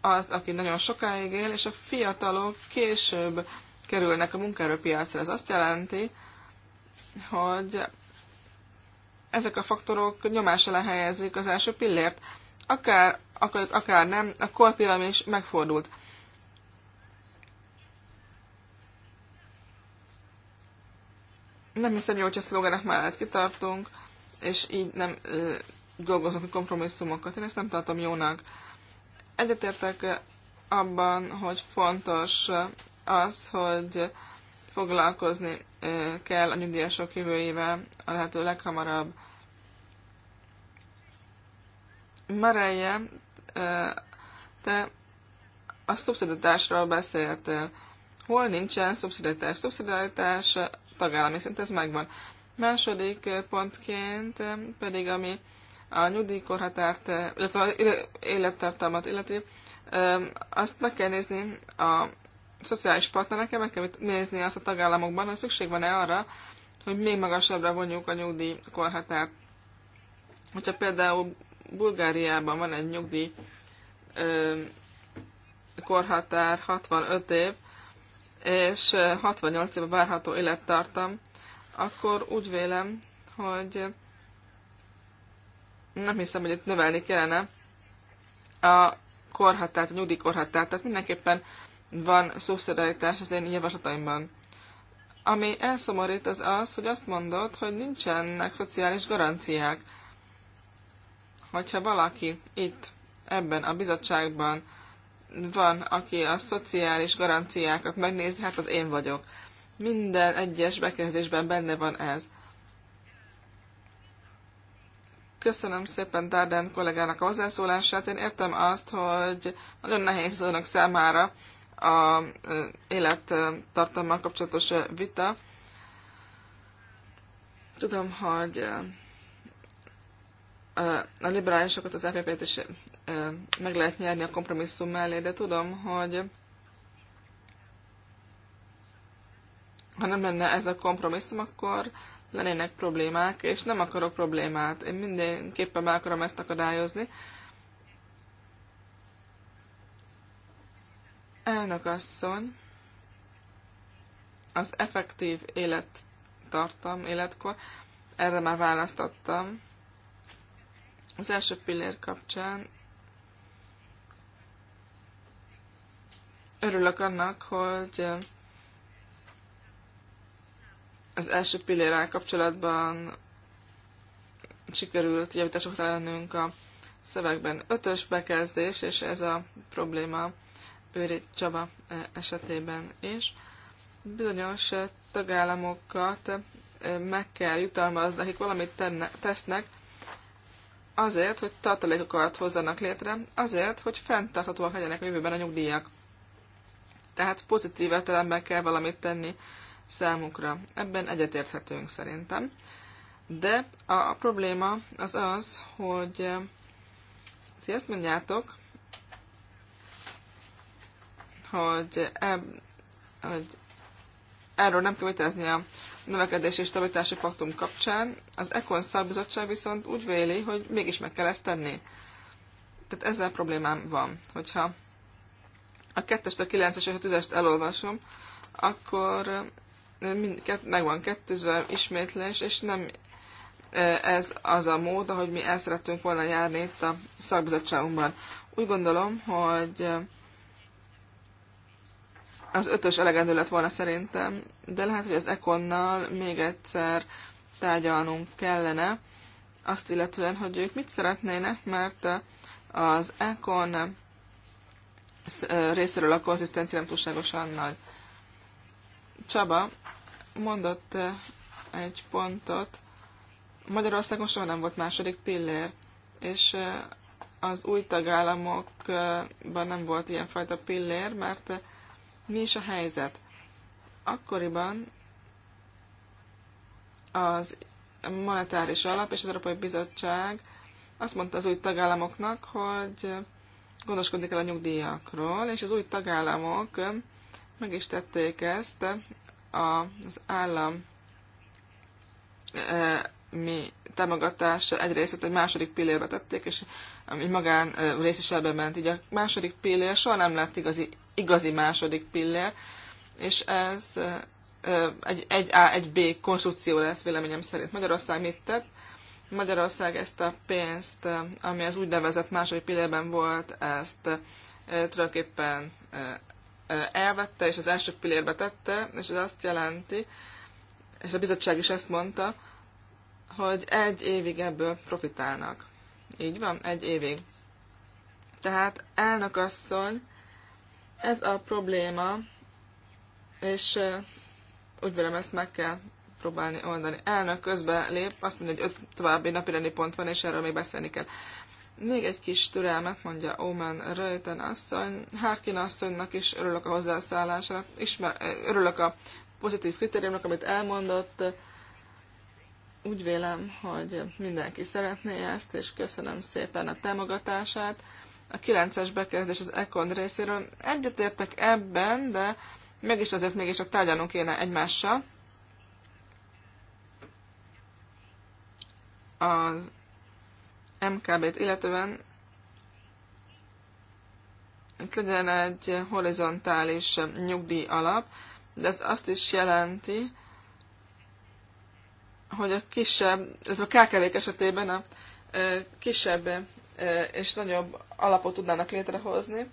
az, aki nagyon sokáig él, és a fiatalok később kerülnek a munkaerőpiacra. Ez azt jelenti, hogy ezek a faktorok nyomás alá helyezik az első pillért. Akár akarjuk, akár nem, a is megfordult. Nem hiszem jó, hogyha szlogenek mellett kitartunk, és így nem ö, dolgozunk a kompromisszumokat. Én ezt nem tartom jónak. Egyetértek abban, hogy fontos az, hogy foglalkozni kell a nyugdíjasok jövőjével a lehető leghamarabb. Mareje, te a szubszidatásról beszéltél. Hol nincsen szubszidatás? Szubszidatás tagállami szint, ez megvan. Második pontként pedig, ami a nyugdíjkorhatárt, illetve élettartalmat illeti, azt meg kell nézni a szociális partnerekkel meg kell nézni azt a tagállamokban, hogy szükség van-e arra, hogy még magasabbra vonjuk a nyugdíj korhatárt. Hogyha például Bulgáriában van egy nyugdíj ö, korhatár 65 év, és 68 év a várható élettartam, akkor úgy vélem, hogy nem hiszem, hogy itt növelni kellene a korhatárt, a nyugdíjkorhatárt. Tehát mindenképpen van szószereállítás az én javaslataimban. Ami elszomorít az az, hogy azt mondod, hogy nincsenek szociális garanciák. Hogyha valaki itt, ebben a bizottságban van, aki a szociális garanciákat megnézi, hát az én vagyok. Minden egyes bekezdésben benne van ez. Köszönöm szépen Darden kollégának a hozzászólását. Én értem azt, hogy nagyon nehéz az önök számára a élettartammal kapcsolatos vita. Tudom, hogy a liberálisokat, az EPP-t is meg lehet nyerni a kompromisszum mellé, de tudom, hogy ha nem lenne ez a kompromisszum, akkor lennének problémák, és nem akarok problémát. Én mindenképpen meg akarom ezt akadályozni, Elnök asszony, az effektív élettartam, életkor, erre már választottam. Az első pillér kapcsán örülök annak, hogy az első pillérrel kapcsolatban sikerült javításokat lennünk a szövegben. Ötös bekezdés, és ez a probléma Őri Csaba e, esetében is. Bizonyos e, tagállamokat e, meg kell jutalmazni, akik valamit tenne, tesznek, azért, hogy tartalékokat hozzanak létre, azért, hogy fenntarthatóak legyenek a jövőben a nyugdíjak. Tehát pozitív értelemben kell valamit tenni számukra. Ebben egyetérthetünk szerintem. De a probléma az az, hogy ti ezt mondjátok, hogy, e, hogy erről nem követezni a növekedési és stabilitási paktum kapcsán. Az Econ szakbizottság viszont úgy véli, hogy mégis meg kell ezt tenni. Tehát ezzel problémám van, hogyha a 2 a 9-es és a 10-est elolvasom, akkor mindket meg van kettőzve ismétlés, és nem e, ez az a mód, ahogy mi el szerettünk volna járni itt a szakbizottságunkban. Úgy gondolom, hogy az ötös elegendő lett volna szerintem, de lehet, hogy az Econnal még egyszer tárgyalnunk kellene, azt illetően, hogy ők mit szeretnének, mert az Econ eh, eh, részéről a konzisztencia nem túlságosan nagy. Csaba mondott eh, egy pontot, Magyarországon soha nem volt második pillér, és az új tagállamokban nem volt ilyenfajta pillér, mert mi is a helyzet? Akkoriban az monetáris alap és az Európai Bizottság azt mondta az új tagállamoknak, hogy gondoskodni kell a nyugdíjakról, és az új tagállamok meg is tették ezt az állam eh, mi támogatás egy részét egy második pillérbe tették, és ami magán eh, rész is ment. Így a második pillér soha nem lett igazi igazi második pillér, és ez egy, egy A, egy B konstrukció lesz véleményem szerint. Magyarország mit tett? Magyarország ezt a pénzt, ami az úgynevezett második pillérben volt, ezt tulajdonképpen elvette, és az első pillérbe tette, és ez azt jelenti, és a bizottság is ezt mondta, hogy egy évig ebből profitálnak. Így van, egy évig. Tehát elnök asszony ez a probléma, és úgy vélem ezt meg kell próbálni oldani. Elnök közbe lép, azt mondja, hogy öt további napirendi pont van, és erről még beszélni kell. Még egy kis türelmet mondja Omen Röjten asszony. Harkin asszonynak is örülök a hozzászállásnak, ismer, örülök a pozitív kritériumnak, amit elmondott. Úgy vélem, hogy mindenki szeretné ezt, és köszönöm szépen a támogatását a 9-es bekezdés az Econ részéről. Egyetértek ebben, de mégis azért mégis csak tárgyalunk kéne egymással. Az MKB-t illetően itt legyen egy horizontális nyugdíj alap, de ez azt is jelenti, hogy a kisebb, ez a kkv esetében a kisebb és nagyobb alapot tudnának létrehozni.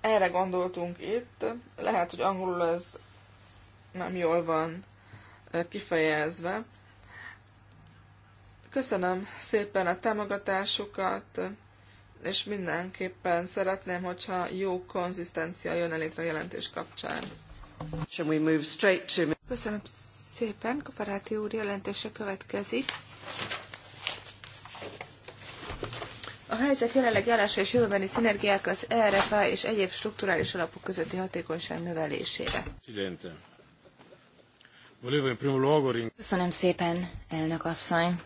Erre gondoltunk itt. Lehet, hogy angolul ez nem jól van kifejezve. Köszönöm szépen a támogatásukat, és mindenképpen szeretném, hogyha jó konzisztencia jön elétre a jelentés kapcsán. Köszönöm szépen, Kaparáti úr jelentése következik. A helyzet jelenlegi állása és jövőbeni szinergiák az ERFA és egyéb strukturális alapok közötti hatékonyság növelésére. Köszönöm szépen, elnök asszony.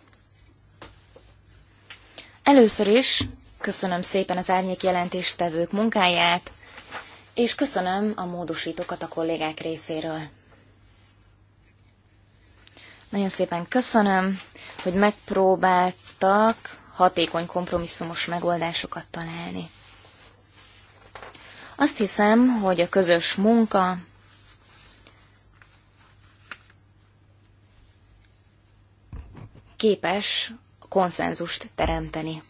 Először is köszönöm szépen az árnyék jelentéstevők munkáját, és köszönöm a módosítókat a kollégák részéről. Nagyon szépen köszönöm, hogy megpróbáltak hatékony kompromisszumos megoldásokat találni. Azt hiszem, hogy a közös munka képes konszenzust teremteni.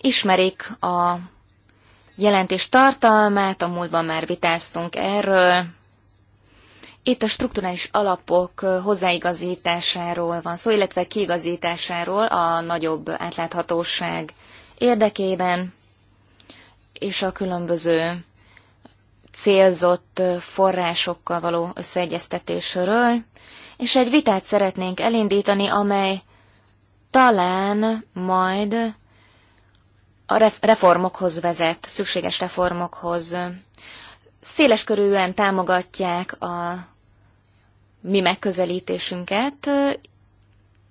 Ismerik a jelentés tartalmát, a múltban már vitáztunk erről, itt a strukturális alapok hozzáigazításáról van szó, illetve kiigazításáról a nagyobb átláthatóság érdekében, és a különböző célzott forrásokkal való összeegyeztetésről, és egy vitát szeretnénk elindítani, amely talán majd a reformokhoz vezet, szükséges reformokhoz széleskörűen támogatják a mi megközelítésünket,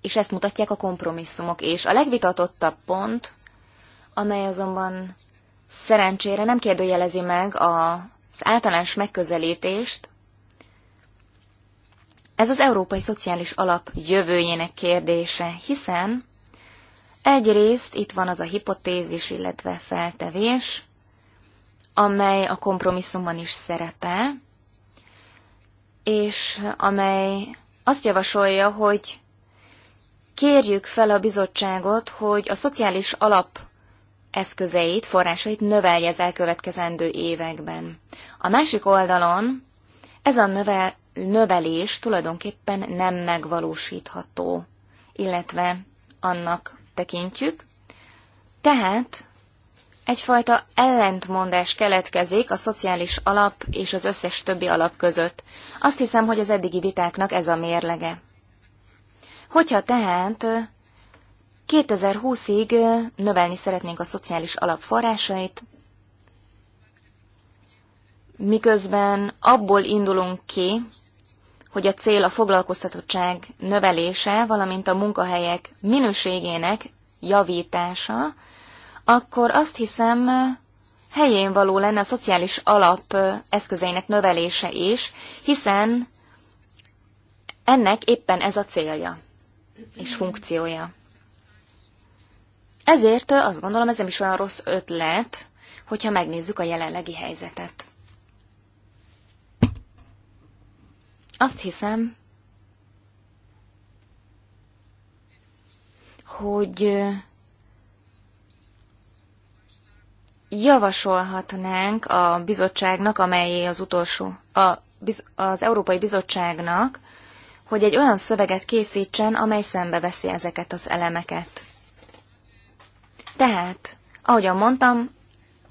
és ezt mutatják a kompromisszumok. És a legvitatottabb pont, amely azonban szerencsére nem kérdőjelezi meg az általános megközelítést, ez az Európai Szociális Alap jövőjének kérdése, hiszen egyrészt itt van az a hipotézis, illetve feltevés, amely a kompromisszumban is szerepel, és amely azt javasolja, hogy kérjük fel a bizottságot, hogy a szociális alap eszközeit, forrásait növelje az elkövetkezendő években. A másik oldalon ez a növel, növelés tulajdonképpen nem megvalósítható, illetve annak tekintjük. Tehát egyfajta ellentmondás keletkezik a szociális alap és az összes többi alap között. Azt hiszem, hogy az eddigi vitáknak ez a mérlege. Hogyha tehát 2020-ig növelni szeretnénk a szociális alap forrásait, miközben abból indulunk ki, hogy a cél a foglalkoztatottság növelése, valamint a munkahelyek minőségének javítása, akkor azt hiszem helyén való lenne a szociális alap eszközeinek növelése is, hiszen ennek éppen ez a célja és funkciója. Ezért azt gondolom, ez nem is olyan rossz ötlet, hogyha megnézzük a jelenlegi helyzetet. Azt hiszem, hogy javasolhatnánk a bizottságnak, amelyé az utolsó, a, az Európai Bizottságnak, hogy egy olyan szöveget készítsen, amely szembeveszi ezeket az elemeket. Tehát, ahogyan mondtam,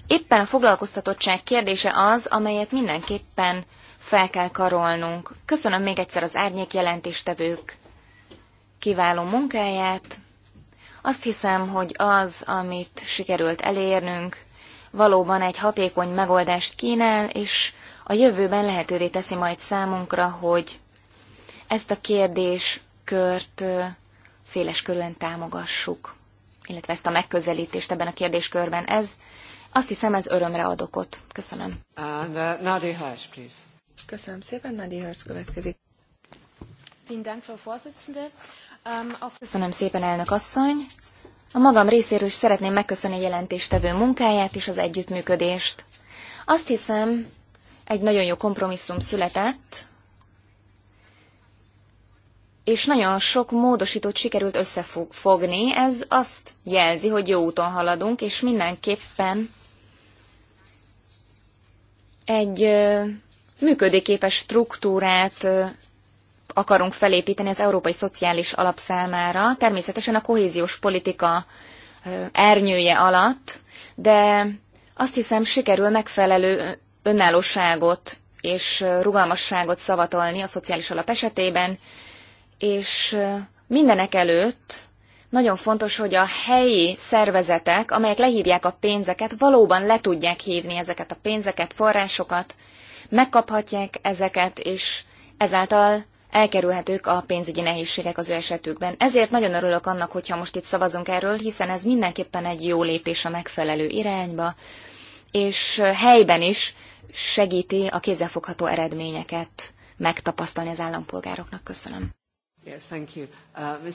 éppen a foglalkoztatottság kérdése az, amelyet mindenképpen fel kell karolnunk. Köszönöm még egyszer az árnyék jelentéstevők kiváló munkáját. Azt hiszem, hogy az, amit sikerült elérnünk, valóban egy hatékony megoldást kínál, és a jövőben lehetővé teszi majd számunkra, hogy ezt a kérdéskört széles körülön támogassuk, illetve ezt a megközelítést ebben a kérdéskörben. Ez, azt hiszem, ez örömre ad okot. Köszönöm. And, uh, Nadi Hirsch, please. Köszönöm szépen, Nadi Hirsch következik. Ähm, Köszönöm szépen, elnök asszony. A magam részéről is szeretném megköszönni a jelentéstevő munkáját és az együttműködést. Azt hiszem, egy nagyon jó kompromisszum született, és nagyon sok módosítót sikerült összefogni. Ez azt jelzi, hogy jó úton haladunk, és mindenképpen egy működőképes struktúrát akarunk felépíteni az európai szociális alap számára, természetesen a kohéziós politika ernyője alatt, de azt hiszem sikerül megfelelő önállóságot és rugalmasságot szavatolni a szociális alap esetében, és mindenek előtt nagyon fontos, hogy a helyi szervezetek, amelyek lehívják a pénzeket, valóban le tudják hívni ezeket a pénzeket, forrásokat, megkaphatják ezeket, és ezáltal elkerülhetők a pénzügyi nehézségek az ő esetükben. Ezért nagyon örülök annak, hogyha most itt szavazunk erről, hiszen ez mindenképpen egy jó lépés a megfelelő irányba, és helyben is segíti a kézzelfogható eredményeket megtapasztalni az állampolgároknak. Köszönöm. Yes, thank you. Uh, Mr.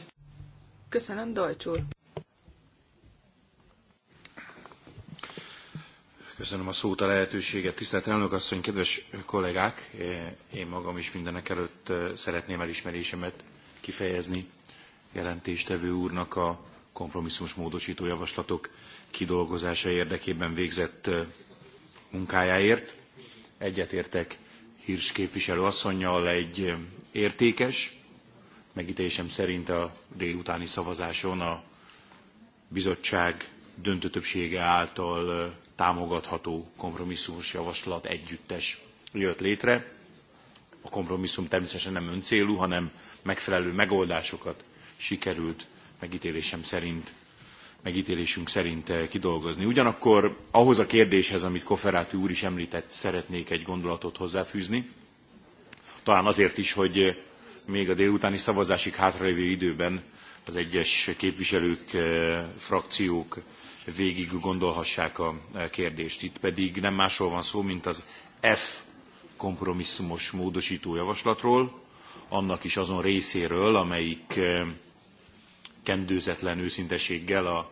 Köszönöm, Dolcs Köszönöm a szót, a lehetőséget. Tisztelt elnök asszony, kedves kollégák, eh, én magam is mindenek előtt eh, szeretném elismerésemet kifejezni jelentéstevő úrnak a kompromisszumos módosító javaslatok kidolgozása érdekében végzett eh, munkájáért. Egyetértek Hirsch képviselő asszonynal egy értékes, megítélésem szerint a délutáni szavazáson a bizottság döntő többsége által támogatható kompromisszumos javaslat együttes jött létre. A kompromisszum természetesen nem öncélú, hanem megfelelő megoldásokat sikerült megítélésem szerint megítélésünk szerint eh, kidolgozni. Ugyanakkor ahhoz a kérdéshez, amit Koferáti úr is említett, szeretnék egy gondolatot hozzáfűzni. Talán azért is, hogy eh, még a délutáni szavazásig hátralévő időben az egyes képviselők, eh, frakciók végig gondolhassák a e, kérdést. Itt pedig nem másról van szó, mint az F kompromisszumos módosító javaslatról, annak is azon részéről, amelyik e, kendőzetlen őszinteséggel a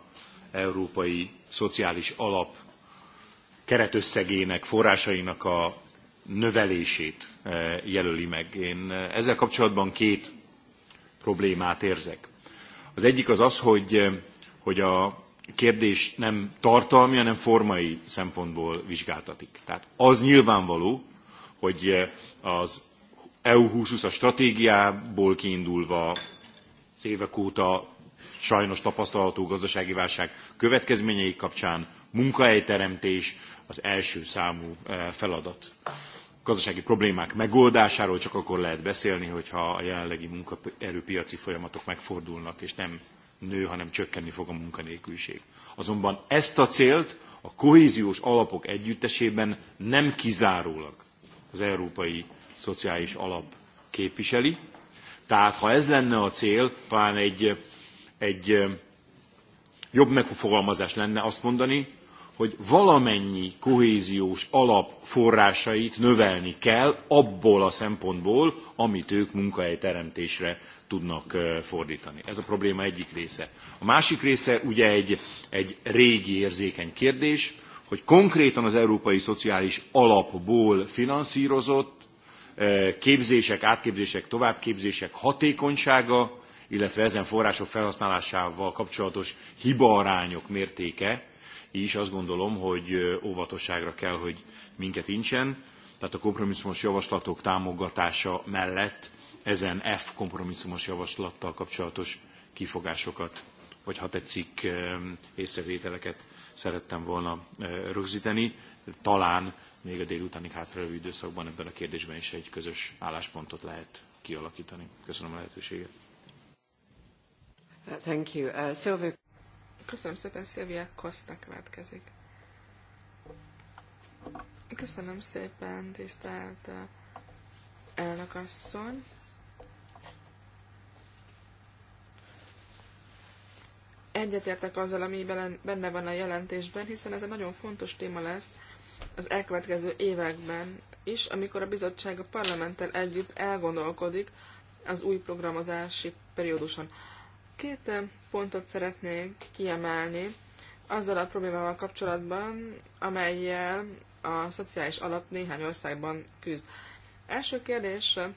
európai szociális alap keretösszegének, forrásainak a növelését e, jelöli meg. Én ezzel kapcsolatban két problémát érzek. Az egyik az az, hogy, hogy a kérdés nem tartalmi, hanem formai szempontból vizsgáltatik. Tehát az nyilvánvaló, hogy eh, az EU 2020-as stratégiából kiindulva az évek óta sajnos tapasztalható gazdasági válság következményei kapcsán munkahelyteremtés az első számú eh, feladat. Gazdasági problémák megoldásáról csak akkor lehet beszélni, hogyha a jelenlegi munkaerőpiaci folyamatok megfordulnak, és nem nő, hanem csökkenni fog a munkanélküliség. Azonban ezt a célt a kohéziós alapok együttesében nem kizárólag az Európai Szociális Alap képviseli. Tehát ha ez lenne a cél, talán egy, egy jobb megfogalmazás lenne azt mondani, hogy valamennyi kohéziós alap forrásait növelni kell abból a szempontból, amit ők munkahelyteremtésre tudnak fordítani. Ez a probléma egyik része. A másik része ugye egy, egy régi érzékeny kérdés, hogy konkrétan az Európai Szociális Alapból finanszírozott képzések, átképzések, továbbképzések hatékonysága, illetve ezen források felhasználásával kapcsolatos hibaarányok mértéke így is azt gondolom, hogy óvatosságra kell, hogy minket incsen, tehát a kompromisszumos javaslatok támogatása mellett ezen F kompromisszumos javaslattal kapcsolatos kifogásokat, vagy ha tetszik észrevételeket szerettem volna rögzíteni. Talán még a délutáni hátralévő időszakban ebben a kérdésben is egy közös álláspontot lehet kialakítani. Köszönöm a lehetőséget. Thank you. Uh, Köszönöm szépen, Szilvia Koszta következik. Köszönöm szépen, tisztelt uh, elnökasszony. Egyetértek azzal, ami benne van a jelentésben, hiszen ez egy nagyon fontos téma lesz az elkövetkező években is, amikor a bizottság a parlamenttel együtt elgondolkodik az új programozási perióduson. Két eh, pontot szeretnék kiemelni azzal a problémával kapcsolatban, amelyel a szociális alap néhány országban küzd. Első kérdésként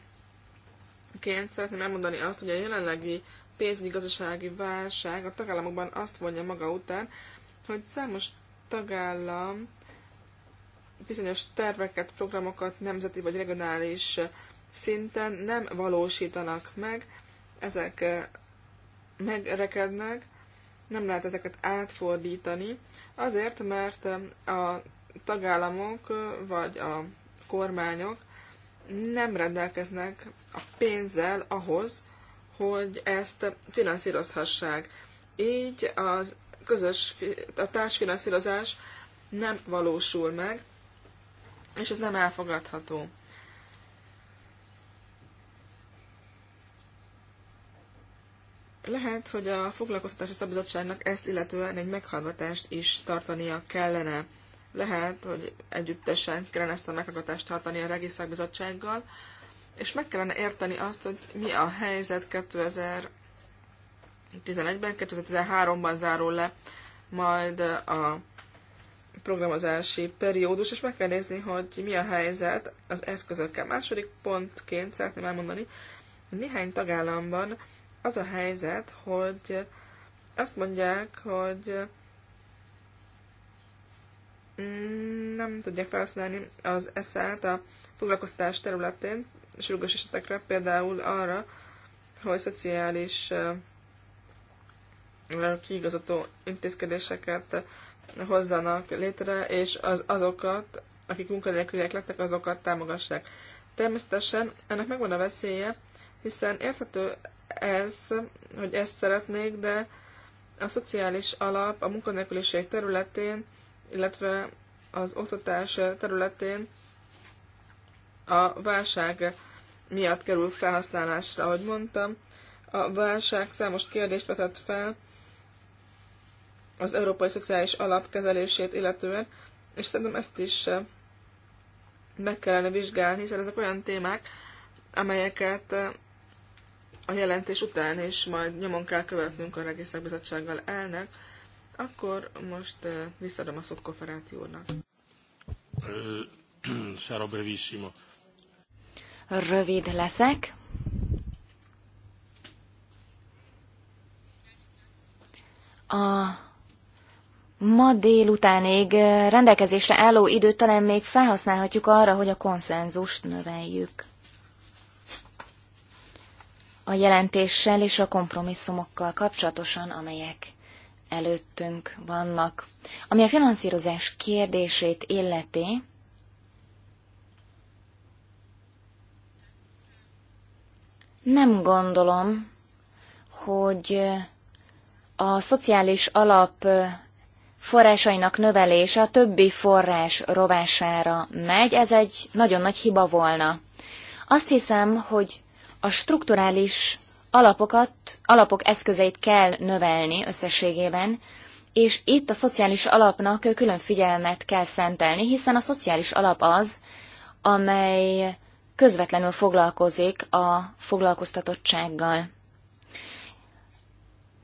szeretném elmondani azt, hogy a jelenlegi pénzügyi gazdasági válság a tagállamokban azt vonja maga után, hogy számos tagállam bizonyos terveket, programokat nemzeti vagy regionális szinten nem valósítanak meg. Ezek eh, megrekednek, nem lehet ezeket átfordítani, azért, mert a tagállamok vagy a kormányok nem rendelkeznek a pénzzel ahhoz, hogy ezt finanszírozhassák. Így az közös, a társfinanszírozás nem valósul meg, és ez nem elfogadható. Lehet, hogy a foglalkoztatási szabizottságnak ezt illetően egy meghallgatást is tartania kellene. Lehet, hogy együttesen kellene ezt a meghallgatást tartani a Regi Szakbizottsággal, és meg kellene érteni azt, hogy mi a helyzet 2011-ben, 2013-ban zárul le majd a programozási periódus, és meg kell nézni, hogy mi a helyzet az eszközökkel. Második pontként szeretném elmondani, hogy néhány tagállamban az a helyzet, hogy azt mondják, hogy nem tudják felhasználni az eszát a foglalkoztás területén, sürgős esetekre, például arra, hogy szociális kiigazató intézkedéseket hozzanak létre, és az, azokat, akik munkanélküliek lettek, azokat támogassák. Természetesen ennek megvan a veszélye, hiszen érthető ez, hogy ezt szeretnék, de a szociális alap a munkanélküliség területén, illetve az oktatás területén a válság miatt kerül felhasználásra, ahogy mondtam. A válság számos kérdést vetett fel az Európai Szociális Alap kezelését illetően, és szerintem ezt is meg kellene vizsgálni, hiszen ezek olyan témák, amelyeket a jelentés után, és majd nyomon kell követnünk a Regiszakbizottsággal elnek, akkor most visszadom a szót Koferáti úrnak. Rövid leszek. A ma délutánig rendelkezésre álló időt talán még felhasználhatjuk arra, hogy a konszenzust növeljük a jelentéssel és a kompromisszumokkal kapcsolatosan, amelyek előttünk vannak. Ami a finanszírozás kérdését illeti, nem gondolom, hogy a szociális alap forrásainak növelése a többi forrás rovására megy, ez egy nagyon nagy hiba volna. Azt hiszem, hogy a strukturális alapokat, alapok eszközeit kell növelni összességében, és itt a szociális alapnak külön figyelmet kell szentelni, hiszen a szociális alap az, amely közvetlenül foglalkozik a foglalkoztatottsággal.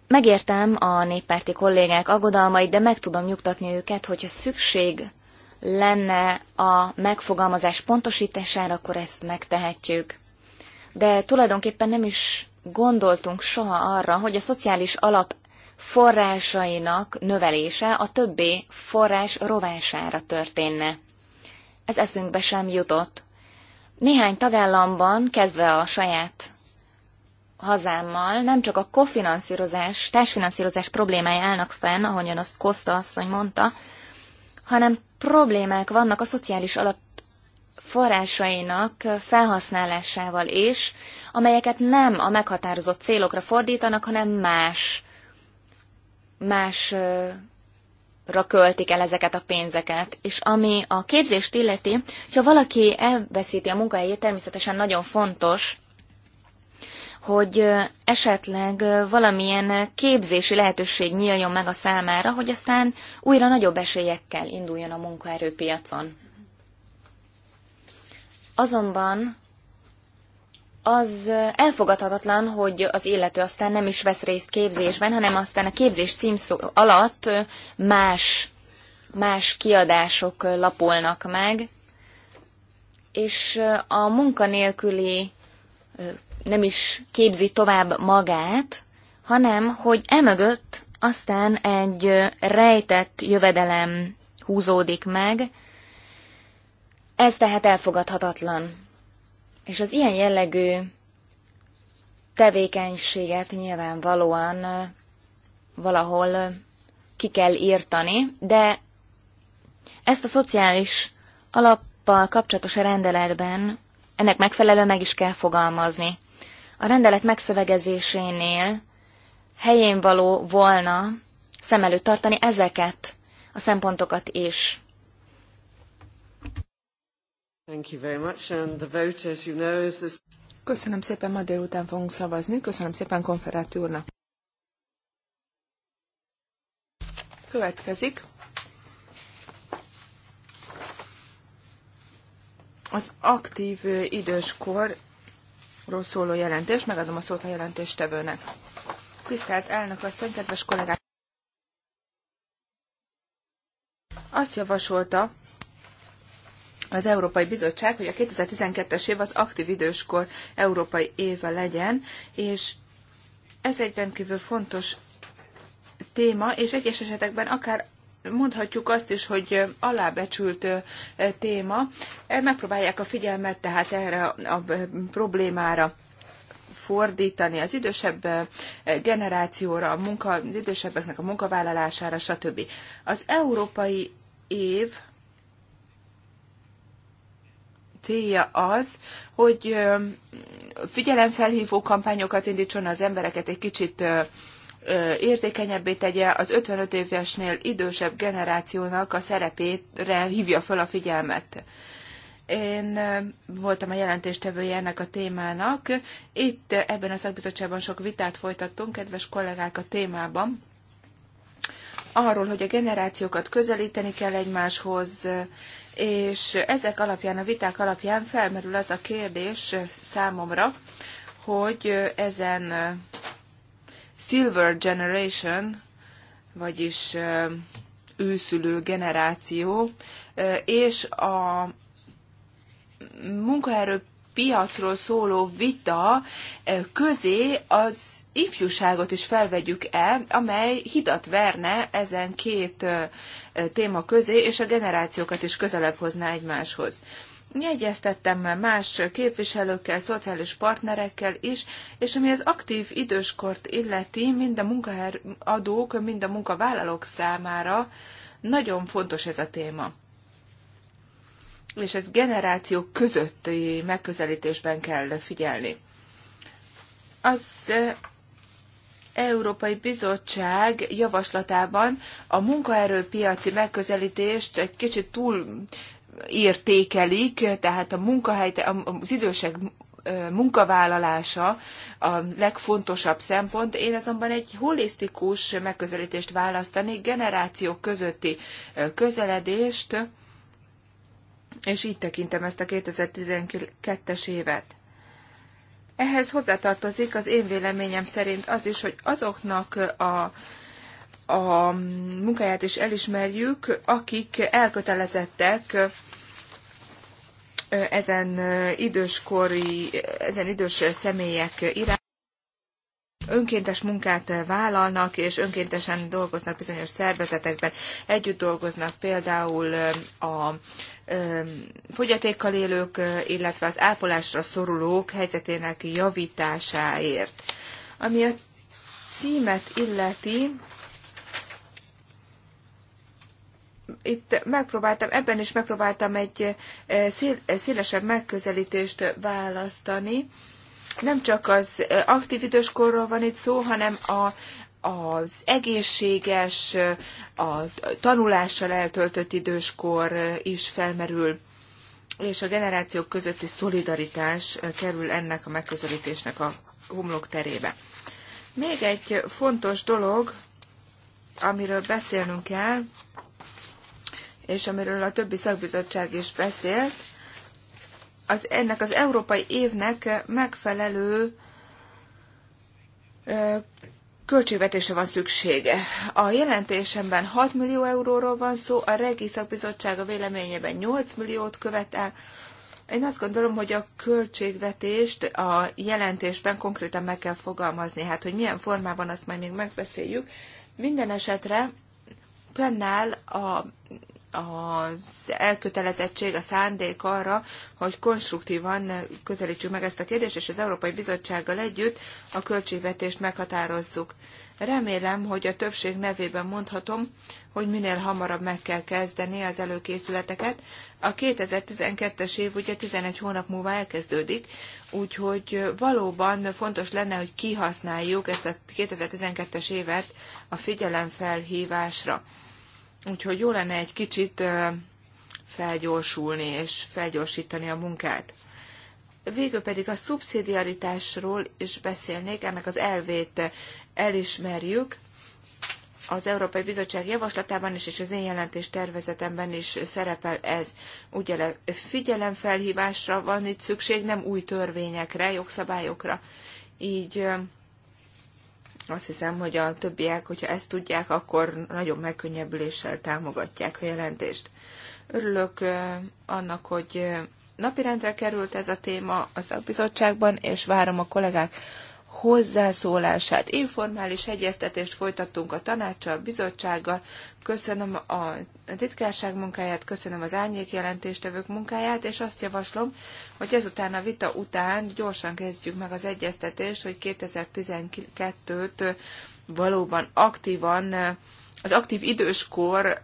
Megértem a néppárti kollégák aggodalmait, de meg tudom nyugtatni őket, hogyha szükség lenne a megfogalmazás pontosítására, akkor ezt megtehetjük de tulajdonképpen nem is gondoltunk soha arra, hogy a szociális alap forrásainak növelése a többi forrás rovására történne. Ez eszünkbe sem jutott. Néhány tagállamban, kezdve a saját hazámmal, nem csak a kofinanszírozás, társfinanszírozás problémái állnak fenn, ahogyan azt Kosta asszony mondta, hanem problémák vannak a szociális alap forrásainak felhasználásával is, amelyeket nem a meghatározott célokra fordítanak, hanem más másra költik el ezeket a pénzeket. És ami a képzést illeti, hogyha valaki elveszíti a munkahelyét, természetesen nagyon fontos, hogy esetleg valamilyen képzési lehetőség nyíljon meg a számára, hogy aztán újra nagyobb esélyekkel induljon a munkaerőpiacon. Azonban az elfogadhatatlan, hogy az illető aztán nem is vesz részt képzésben, hanem aztán a képzés címszó alatt más, más kiadások lapolnak meg, és a munkanélküli nem is képzi tovább magát, hanem hogy emögött aztán egy rejtett jövedelem húzódik meg, ez tehát elfogadhatatlan. És az ilyen jellegű tevékenységet nyilvánvalóan valahol ki kell írtani, de ezt a szociális alappal kapcsolatos rendeletben ennek megfelelően meg is kell fogalmazni. A rendelet megszövegezésénél helyén való volna szem előtt tartani ezeket a szempontokat is. Köszönöm szépen, ma délután fogunk szavazni. Köszönöm szépen konferáti úrnak. Következik. Az aktív időskorról szóló jelentés, megadom a szót a jelentéstevőnek. Tisztelt elnök asszony, kedves kollégák! Azt javasolta, az Európai Bizottság, hogy a 2012-es év az aktív időskor európai éve legyen, és ez egy rendkívül fontos téma, és egyes esetekben akár mondhatjuk azt is, hogy alábecsült téma. E, megpróbálják a figyelmet tehát erre a problémára fordítani az idősebb generációra, a munka, az idősebbeknek a munkavállalására, stb. Az európai év célja az, hogy figyelemfelhívó kampányokat indítson az embereket egy kicsit értékenyebbé tegye, az 55 évesnél idősebb generációnak a szerepére hívja fel a figyelmet. Én voltam a jelentéstevője ennek a témának. Itt ebben a szakbizottságban sok vitát folytattunk, kedves kollégák, a témában. Arról, hogy a generációkat közelíteni kell egymáshoz, és ezek alapján, a viták alapján felmerül az a kérdés számomra, hogy ezen Silver Generation, vagyis őszülő generáció, és a munkaerő piacról szóló vita eh, közé az ifjúságot is felvegyük el, amely hidat verne ezen két eh, eh, téma közé, és a generációkat is közelebb hozná egymáshoz. Jegyeztettem más képviselőkkel, szociális partnerekkel is, és ami az aktív időskort illeti, mind a munkaadók, mind a munkavállalók számára nagyon fontos ez a téma és ez generációk közötti megközelítésben kell figyelni. Az Európai Bizottság javaslatában a munkaerőpiaci megközelítést egy kicsit túl értékelik, tehát a munkahely, az idősek munkavállalása a legfontosabb szempont. Én azonban egy holisztikus megközelítést választani, generációk közötti közeledést, és így tekintem ezt a 2012-es évet. Ehhez hozzátartozik az én véleményem szerint az is, hogy azoknak a, a munkáját is elismerjük, akik elkötelezettek ezen időskori, ezen idős személyek iránt önkéntes munkát eh, vállalnak, és önkéntesen dolgoznak bizonyos szervezetekben. Együtt dolgoznak például eh, a eh, fogyatékkal élők, illetve az ápolásra szorulók helyzetének javításáért. Ami a címet illeti, itt megpróbáltam, ebben is megpróbáltam egy szélesebb megközelítést választani, nem csak az aktív időskorról van itt szó, hanem a, az egészséges, a tanulással eltöltött időskor is felmerül, és a generációk közötti szolidaritás kerül ennek a megközelítésnek a homlok terébe. Még egy fontos dolog, amiről beszélnünk kell, és amiről a többi szakbizottság is beszélt, az, ennek az európai évnek megfelelő költségvetése van szüksége. A jelentésemben 6 millió euróról van szó, a Regi Szakbizottság a véleményében 8 milliót követel. Én azt gondolom, hogy a költségvetést a jelentésben konkrétan meg kell fogalmazni. Hát, hogy milyen formában, azt majd még megbeszéljük. Minden esetre fennáll a az elkötelezettség, a szándék arra, hogy konstruktívan közelítsük meg ezt a kérdést, és az Európai Bizottsággal együtt a költségvetést meghatározzuk. Remélem, hogy a többség nevében mondhatom, hogy minél hamarabb meg kell kezdeni az előkészületeket. A 2012-es év ugye 11 hónap múlva elkezdődik, úgyhogy valóban fontos lenne, hogy kihasználjuk ezt a 2012-es évet a figyelemfelhívásra Úgyhogy jó lenne egy kicsit felgyorsulni és felgyorsítani a munkát. Végül pedig a szubszidiaritásról is beszélnék, ennek az elvét elismerjük. Az Európai Bizottság javaslatában is, és az én jelentés tervezetemben is szerepel ez. Ugye figyelemfelhívásra van itt szükség, nem új törvényekre, jogszabályokra. Így azt hiszem, hogy a többiek, hogyha ezt tudják, akkor nagyon megkönnyebbüléssel támogatják a jelentést. Örülök annak, hogy napirendre került ez a téma az a bizottságban, és várom a kollégák hozzászólását. Informális egyeztetést folytattunk a tanácssal, bizottsággal. Köszönöm a titkárság munkáját, köszönöm az árnyék jelentéstevők munkáját, és azt javaslom, hogy ezután a vita után gyorsan kezdjük meg az egyeztetést, hogy 2012-t valóban aktívan, az aktív időskor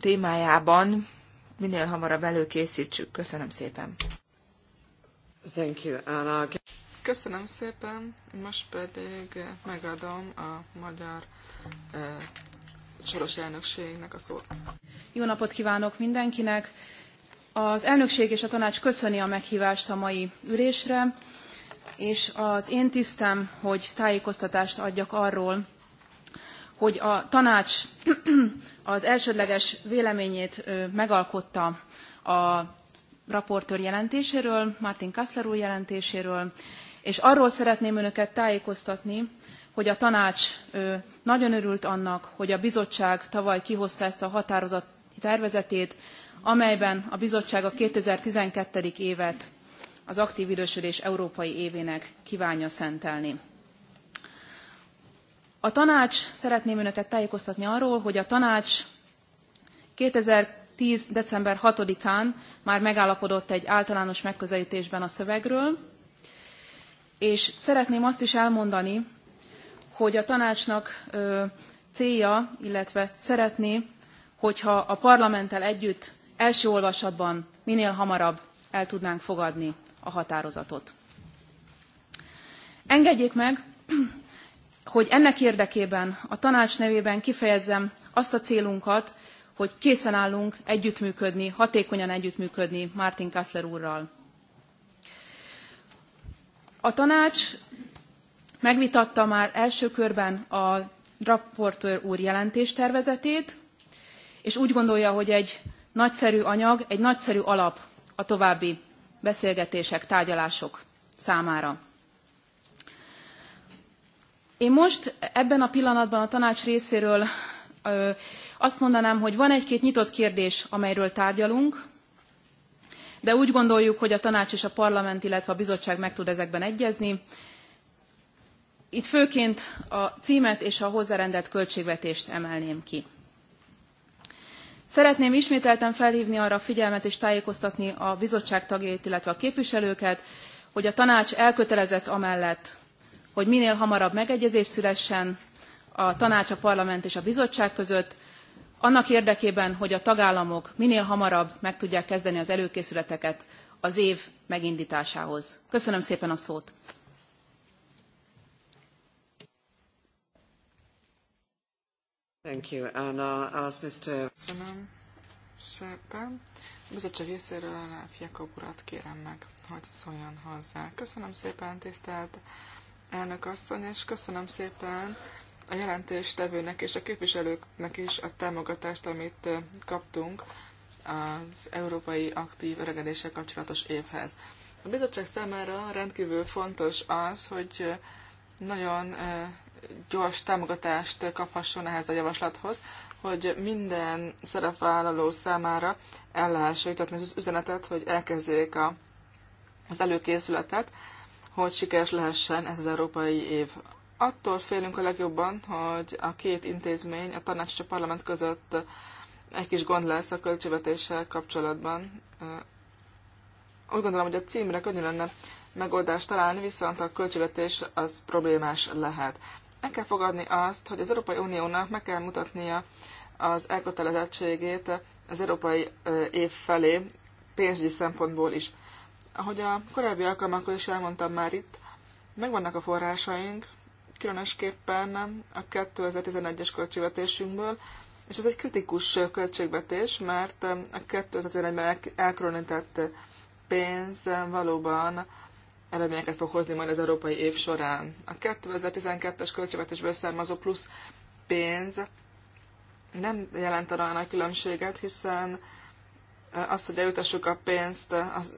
témájában minél hamarabb előkészítsük. Köszönöm szépen. Thank you, Anna. Köszönöm szépen, most pedig megadom a magyar eh, soros elnökségnek a szót. Jó napot kívánok mindenkinek! Az elnökség és a tanács köszöni a meghívást a mai ülésre, és az én tisztem, hogy tájékoztatást adjak arról, hogy a tanács az elsődleges véleményét megalkotta a raportőr jelentéséről, Martin Kassler úr jelentéséről, és arról szeretném önöket tájékoztatni, hogy a tanács nagyon örült annak, hogy a bizottság tavaly kihozta ezt a határozat tervezetét, amelyben a bizottság a 2012. évet az aktív idősödés európai évének kívánja szentelni. A tanács, szeretném önöket tájékoztatni arról, hogy a tanács 2010. december 6-án már megállapodott egy általános megközelítésben a szövegről, és szeretném azt is elmondani, hogy a tanácsnak célja, illetve szeretné, hogyha a parlamenttel együtt első olvasatban minél hamarabb el tudnánk fogadni a határozatot. Engedjék meg, hogy ennek érdekében a tanács nevében kifejezzem azt a célunkat, hogy készen állunk együttműködni, hatékonyan együttműködni Martin Kassler úrral. A tanács megvitatta már első körben a raportőr úr jelentéstervezetét, és úgy gondolja, hogy egy nagyszerű anyag, egy nagyszerű alap a további beszélgetések, tárgyalások számára. Én most ebben a pillanatban a tanács részéről azt mondanám, hogy van egy-két nyitott kérdés, amelyről tárgyalunk, de úgy gondoljuk, hogy a tanács és a parlament, illetve a bizottság meg tud ezekben egyezni. Itt főként a címet és a hozzárendelt költségvetést emelném ki. Szeretném ismételten felhívni arra a figyelmet és tájékoztatni a bizottság tagjait, illetve a képviselőket, hogy a tanács elkötelezett amellett, hogy minél hamarabb megegyezés szülessen a tanács, a parlament és a bizottság között, annak érdekében, hogy a tagállamok minél hamarabb meg tudják kezdeni az előkészületeket az év megindításához. Köszönöm szépen a szót! Thank you. And I'll ask Mr. Köszönöm szépen. A bizottság részéről Ráf Jakob urat kérem meg, hogy szóljon hozzá. Köszönöm szépen, tisztelt elnök asszony, és köszönöm szépen a jelentéstevőnek és a képviselőknek is a támogatást, amit kaptunk az Európai Aktív Öregedéssel kapcsolatos évhez. A bizottság számára rendkívül fontos az, hogy nagyon gyors támogatást kaphasson ehhez a javaslathoz, hogy minden szerepvállaló számára el lehessen jutatni az üzenetet, hogy elkezdjék a, az előkészületet, hogy sikeres lehessen ez az európai év attól félünk a legjobban, hogy a két intézmény, a tanács és a parlament között egy kis gond lesz a költségvetéssel kapcsolatban. Úgy gondolom, hogy a címre könnyű lenne megoldást találni, viszont a költségvetés az problémás lehet. Meg kell fogadni azt, hogy az Európai Uniónak meg kell mutatnia az elkötelezettségét az európai év felé pénzügyi szempontból is. Ahogy a korábbi alkalmakkor is elmondtam már itt, megvannak a forrásaink, különösképpen a 2011-es költségvetésünkből, és ez egy kritikus költségvetés, mert a 2011-ben elkülönített pénz valóban eredményeket fog hozni majd az európai év során. A 2012-es költségvetésből származó plusz pénz nem jelent a nagy különbséget, hiszen az, hogy eljutassuk a pénzt az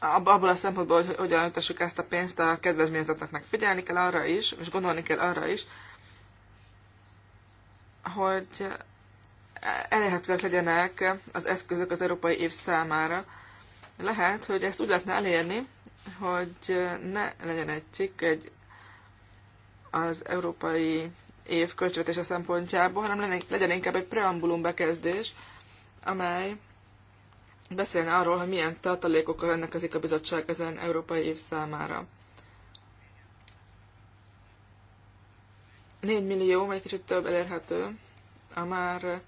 abból a szempontból, hogy hogyan jutassuk ezt a pénzt a kedvezményezetnek. Figyelni kell arra is, és gondolni kell arra is, hogy elérhetőek legyenek az eszközök az európai év számára. Lehet, hogy ezt úgy lehetne elérni, hogy ne legyen egy cikk egy az európai év költségvetése szempontjából, hanem legyen inkább egy preambulum bekezdés, amely beszélni arról, hogy milyen tartalékokkal rendelkezik a bizottság ezen európai év számára. 4 millió, vagy kicsit több elérhető a már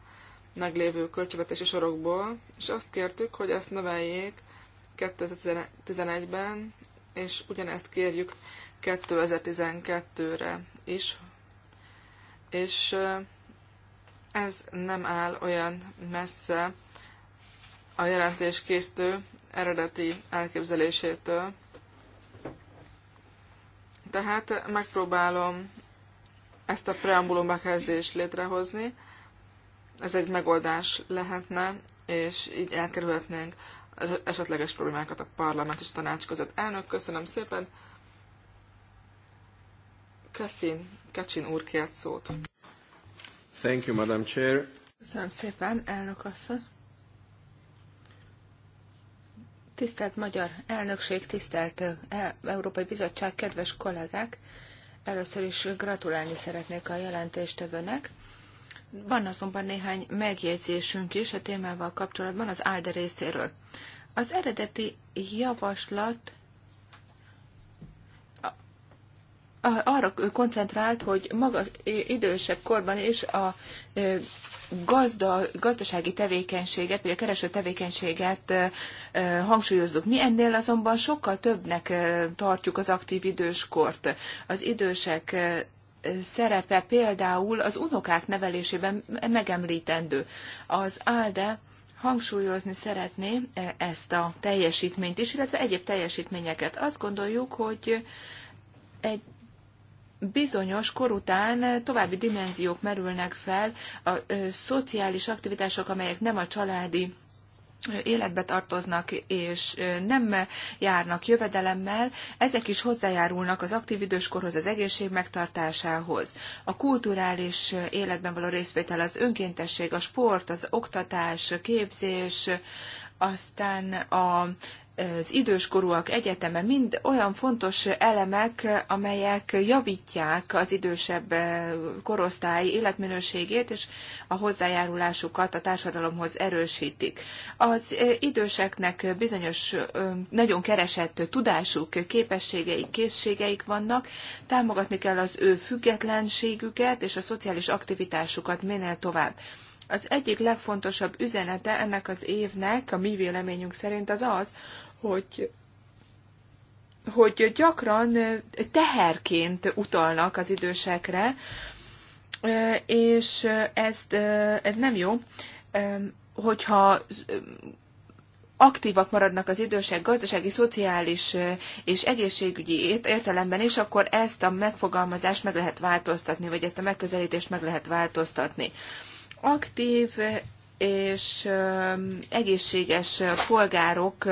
meglévő költségvetési sorokból, és azt kértük, hogy ezt növeljék 2011-ben, és ugyanezt kérjük 2012-re is, és ez nem áll olyan messze a jelentés készítő eredeti elképzelésétől. Tehát megpróbálom ezt a preambulum bekezdést létrehozni. Ez egy megoldás lehetne, és így elkerülhetnénk az esetleges problémákat a parlament és a tanács között. Elnök, köszönöm szépen. Kessin, Kacsin úr kért szót. Thank you, Madam Chair. Köszönöm szépen, elnök asszony. Tisztelt Magyar Elnökség, tisztelt e, Európai Bizottság, kedves kollégák! Először is gratulálni szeretnék a jelentéstevőnek. Van azonban néhány megjegyzésünk is a témával kapcsolatban az ALDE részéről. Az eredeti javaslat arra koncentrált, hogy maga idősebb korban is a gazda, gazdasági tevékenységet, vagy a kereső tevékenységet hangsúlyozzuk. Mi ennél azonban sokkal többnek tartjuk az aktív időskort. Az idősek szerepe például az unokák nevelésében megemlítendő. Az ALDE hangsúlyozni szeretné ezt a teljesítményt is, illetve egyéb teljesítményeket. Azt gondoljuk, hogy egy bizonyos kor után további dimenziók merülnek fel, a szociális aktivitások, amelyek nem a családi életbe tartoznak és nem járnak jövedelemmel, ezek is hozzájárulnak az aktív időskorhoz, az egészség megtartásához. A kulturális életben való részvétel, az önkéntesség, a sport, az oktatás, képzés, aztán a az időskorúak egyeteme mind olyan fontos elemek, amelyek javítják az idősebb eh, korosztály életminőségét, és a hozzájárulásukat a társadalomhoz erősítik. Az eh, időseknek bizonyos, nagyon keresett tudásuk, képességeik, készségeik vannak, támogatni kell az ő függetlenségüket és a szociális aktivitásukat minél tovább. Az egyik legfontosabb üzenete ennek az évnek, a mi véleményünk szerint az az, hogy hogy gyakran teherként utalnak az idősekre, és ezt, ez nem jó, hogyha aktívak maradnak az idősek gazdasági, szociális és egészségügyi értelemben is, akkor ezt a megfogalmazást meg lehet változtatni, vagy ezt a megközelítést meg lehet változtatni aktív és egészséges polgárok,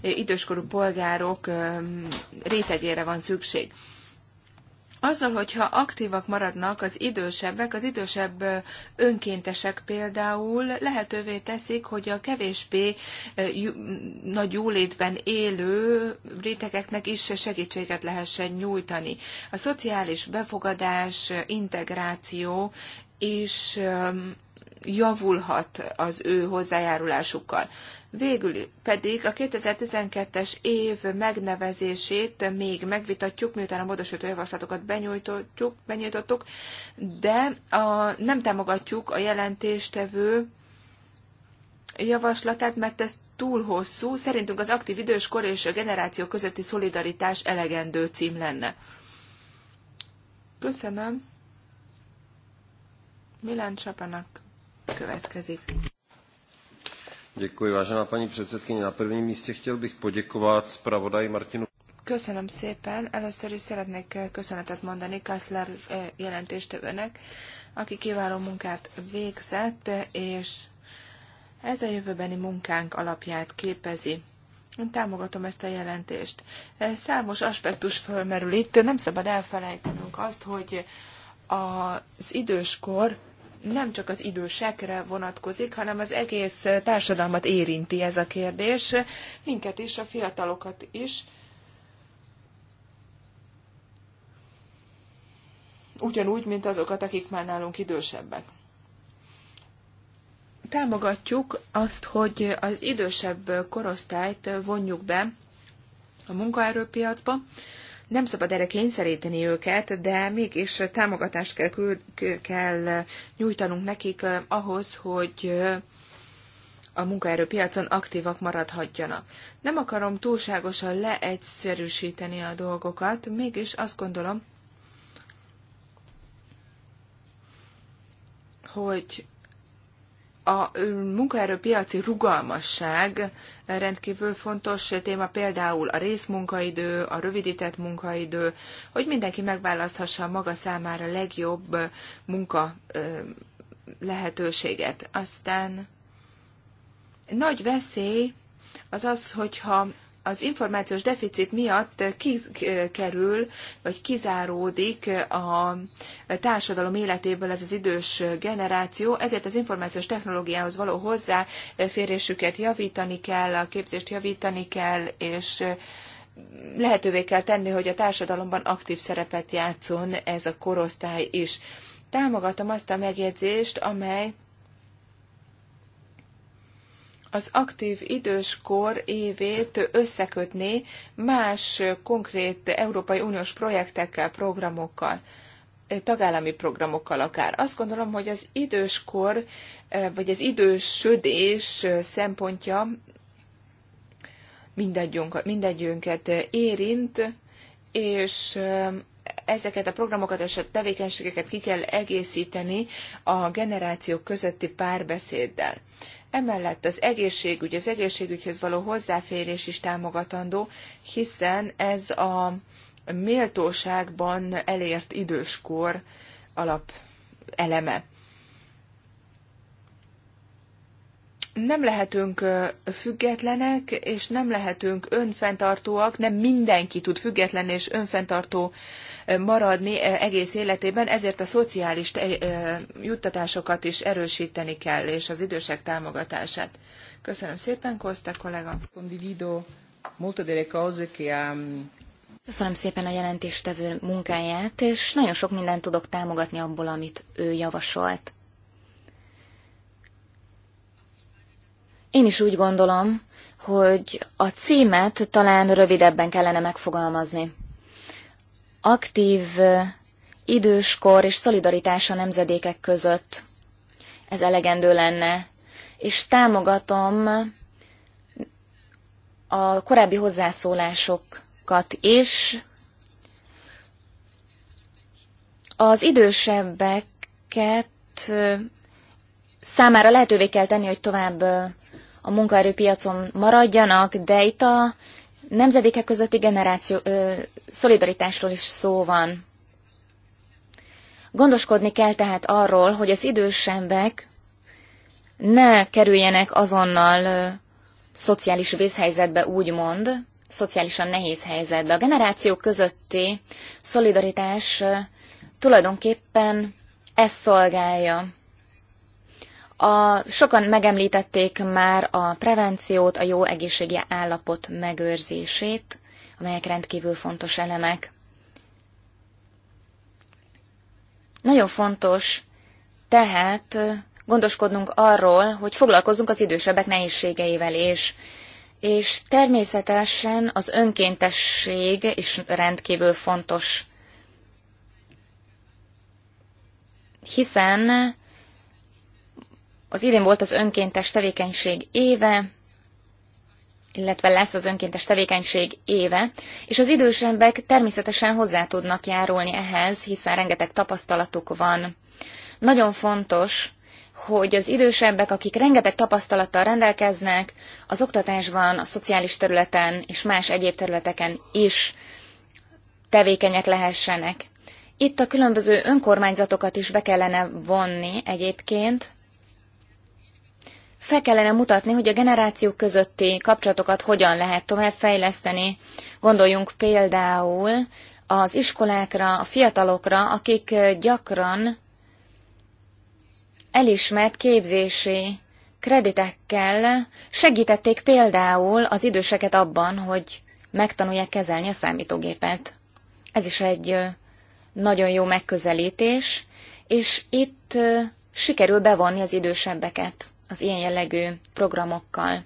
időskorú polgárok rétegére van szükség. Azzal, hogyha aktívak maradnak az idősebbek, az idősebb önkéntesek például lehetővé teszik, hogy a kevésbé nagy jólétben élő rétegeknek is segítséget lehessen nyújtani. A szociális befogadás, integráció és javulhat az ő hozzájárulásukkal. Végül pedig a 2012-es év megnevezését még megvitatjuk, miután a módosító javaslatokat benyújtottuk, benyújtottuk de a, nem támogatjuk a jelentéstevő javaslatát, mert ez túl hosszú. Szerintünk az aktív időskor és a generáció közötti szolidaritás elegendő cím lenne. Köszönöm. Milán Csapanak következik. Děkuji, vážená paní předsedkyně. Na prvním místě chtěl bych poděkovat Martinu. Köszönöm szépen. Először is szeretnék eh, köszönetet mondani Kassler eh, jelentéstevőnek, aki kiváló munkát végzett, eh, és ez a jövőbeni munkánk alapját képezi. Én támogatom ezt a jelentést. Számos aspektus fölmerül itt. Nem szabad elfelejtenünk azt, hogy az időskor nem csak az idősekre vonatkozik, hanem az egész társadalmat érinti ez a kérdés, minket is, a fiatalokat is. Ugyanúgy, mint azokat, akik már nálunk idősebbek. Támogatjuk azt, hogy az idősebb korosztályt vonjuk be a munkaerőpiacba, nem szabad erre kényszeríteni őket, de mégis támogatást kell, küld, kell nyújtanunk nekik ahhoz, hogy a munkaerőpiacon aktívak maradhatjanak. Nem akarom túlságosan leegyszerűsíteni a dolgokat, mégis azt gondolom, hogy a munkaerőpiaci rugalmasság rendkívül fontos téma, például a részmunkaidő, a rövidített munkaidő, hogy mindenki megválaszthassa a maga számára legjobb munka lehetőséget. Aztán nagy veszély az az, hogyha az információs deficit miatt kikerül, vagy kizáródik a társadalom életéből ez az idős generáció, ezért az információs technológiához való hozzáférésüket javítani kell, a képzést javítani kell, és lehetővé kell tenni, hogy a társadalomban aktív szerepet játszon ez a korosztály is. Támogatom azt a megjegyzést, amely az aktív időskor évét összekötni más konkrét Európai Uniós projektekkel, programokkal, tagállami programokkal akár. Azt gondolom, hogy az időskor, eh, vagy az idősödés szempontja mindegyünket érint, és eh, ezeket a programokat és a tevékenységeket ki kell egészíteni a generációk közötti párbeszéddel. Emellett az egészségügy, az egészségügyhöz való hozzáférés is támogatandó, hiszen ez a méltóságban elért időskor alap eleme. nem lehetünk függetlenek, és nem lehetünk önfenntartóak, nem mindenki tud független és önfenntartó maradni eh, egész életében, ezért a szociális eh, eh, juttatásokat is erősíteni kell, és az idősek támogatását. Köszönöm szépen, Kosta kollega. Mm, Köszönöm szépen a jelentéstevő munkáját, és nagyon sok mindent tudok támogatni abból, amit ő javasolt. Én is úgy gondolom, hogy a címet talán rövidebben kellene megfogalmazni aktív eh, időskor és szolidaritás a nemzedékek között. Ez elegendő lenne. És támogatom a korábbi hozzászólásokat is. Az idősebbeket eh, számára lehetővé kell tenni, hogy tovább eh, a munkaerőpiacon maradjanak, de itt a nemzedékek közötti generáció ö, szolidaritásról is szó van. Gondoskodni kell tehát arról, hogy az idősebbek ne kerüljenek azonnal ö, szociális vészhelyzetbe, úgymond, szociálisan nehéz helyzetbe. A generációk közötti szolidaritás ö, tulajdonképpen ezt szolgálja. A, sokan megemlítették már a prevenciót, a jó egészségi állapot megőrzését, amelyek rendkívül fontos elemek. Nagyon fontos tehát gondoskodnunk arról, hogy foglalkozunk az idősebbek nehézségeivel is. És természetesen az önkéntesség is rendkívül fontos. Hiszen az idén volt az önkéntes tevékenység éve, illetve lesz az önkéntes tevékenység éve, és az idősebbek természetesen hozzá tudnak járulni ehhez, hiszen rengeteg tapasztalatuk van. Nagyon fontos, hogy az idősebbek, akik rengeteg tapasztalattal rendelkeznek, az oktatásban, a szociális területen és más egyéb területeken is tevékenyek lehessenek. Itt a különböző önkormányzatokat is be kellene vonni egyébként, fel kellene mutatni, hogy a generációk közötti kapcsolatokat hogyan lehet továbbfejleszteni. Gondoljunk például az iskolákra, a fiatalokra, akik gyakran elismert képzési kreditekkel segítették például az időseket abban, hogy megtanulják kezelni a számítógépet. Ez is egy nagyon jó megközelítés, és itt sikerül bevonni az idősebbeket az ilyen jellegű programokkal.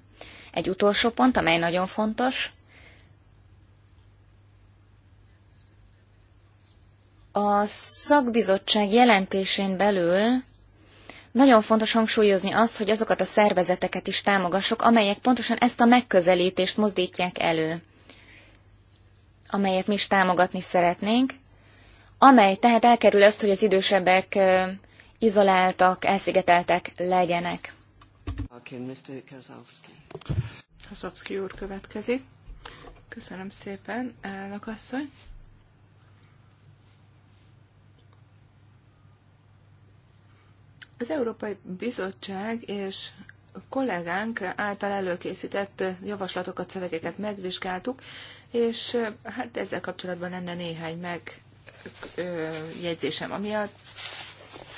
Egy utolsó pont, amely nagyon fontos, a szakbizottság jelentésén belül nagyon fontos hangsúlyozni azt, hogy azokat a szervezeteket is támogassuk, amelyek pontosan ezt a megközelítést mozdítják elő, amelyet mi is támogatni szeretnénk, amely tehát elkerül azt, hogy az idősebbek izoláltak, elszigeteltek legyenek. Harkin, Mr. Kozowski. Kozowski úr következik. Köszönöm szépen, elnök asszony. Az Európai Bizottság és kollégánk által előkészített javaslatokat, szövegeket megvizsgáltuk, és hát ezzel kapcsolatban lenne néhány megjegyzésem, ami a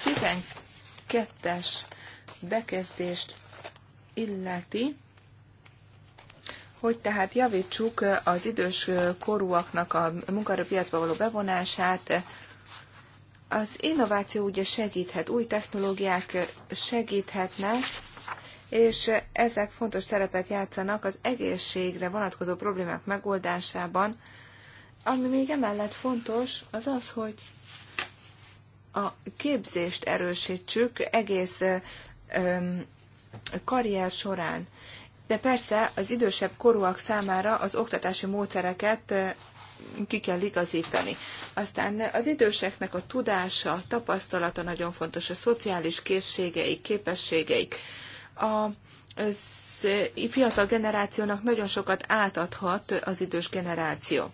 12-es bekezdést illeti, hogy tehát javítsuk az idős korúaknak a munkaerőpiacba való bevonását. Az innováció ugye segíthet, új technológiák segíthetnek, és ezek fontos szerepet játszanak az egészségre vonatkozó problémák megoldásában. Ami még emellett fontos, az az, hogy a képzést erősítsük egész karrier során. De persze az idősebb korúak számára az oktatási módszereket ki kell igazítani. Aztán az időseknek a tudása, tapasztalata nagyon fontos, a szociális készségeik, képességeik. A fiatal generációnak nagyon sokat átadhat az idős generáció.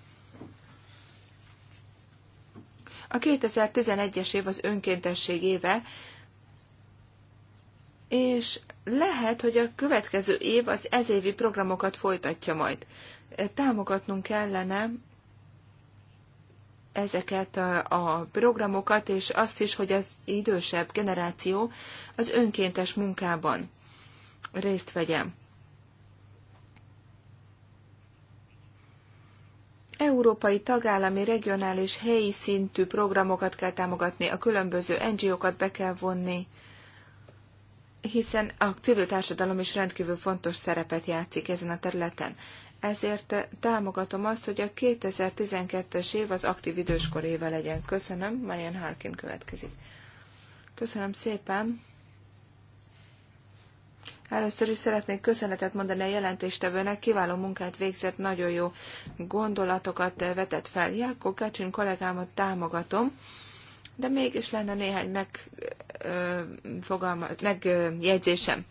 A 2011-es év az önkéntesség éve, és lehet, hogy a következő év az ezévi programokat folytatja majd. Támogatnunk kellene ezeket a, programokat, és azt is, hogy az idősebb generáció az önkéntes munkában részt vegyen. európai, tagállami, regionális, helyi szintű programokat kell támogatni, a különböző NGO-kat be kell vonni, hiszen a civil társadalom is rendkívül fontos szerepet játszik ezen a területen. Ezért támogatom azt, hogy a 2012-es év az aktív időskor éve legyen. Köszönöm, Marian Harkin következik. Köszönöm szépen. Először is szeretnék köszönetet mondani a jelentéstevőnek, kiváló munkát végzett, nagyon jó gondolatokat vetett fel. Jákó Kacsin kollégámat támogatom de mégis lenne néhány ö, megjegyzésem.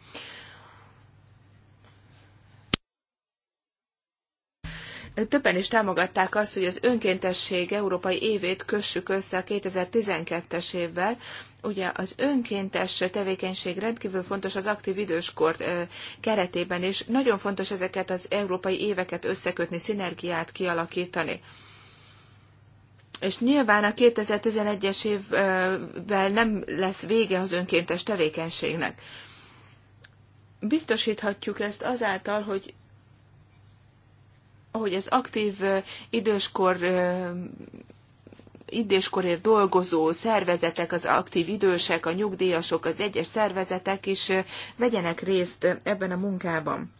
Többen is támogatták azt, hogy az önkéntesség európai évét kössük össze a 2012-es évvel. Ugye az önkéntes tevékenység rendkívül fontos az aktív időskor keretében, és nagyon fontos ezeket az európai éveket összekötni, szinergiát kialakítani. És nyilván a 2011-es évvel nem lesz vége az önkéntes tevékenységnek. Biztosíthatjuk ezt azáltal, hogy hogy az aktív időskor időskorért dolgozó szervezetek, az aktív idősek, a nyugdíjasok, az egyes szervezetek is vegyenek részt ebben a munkában.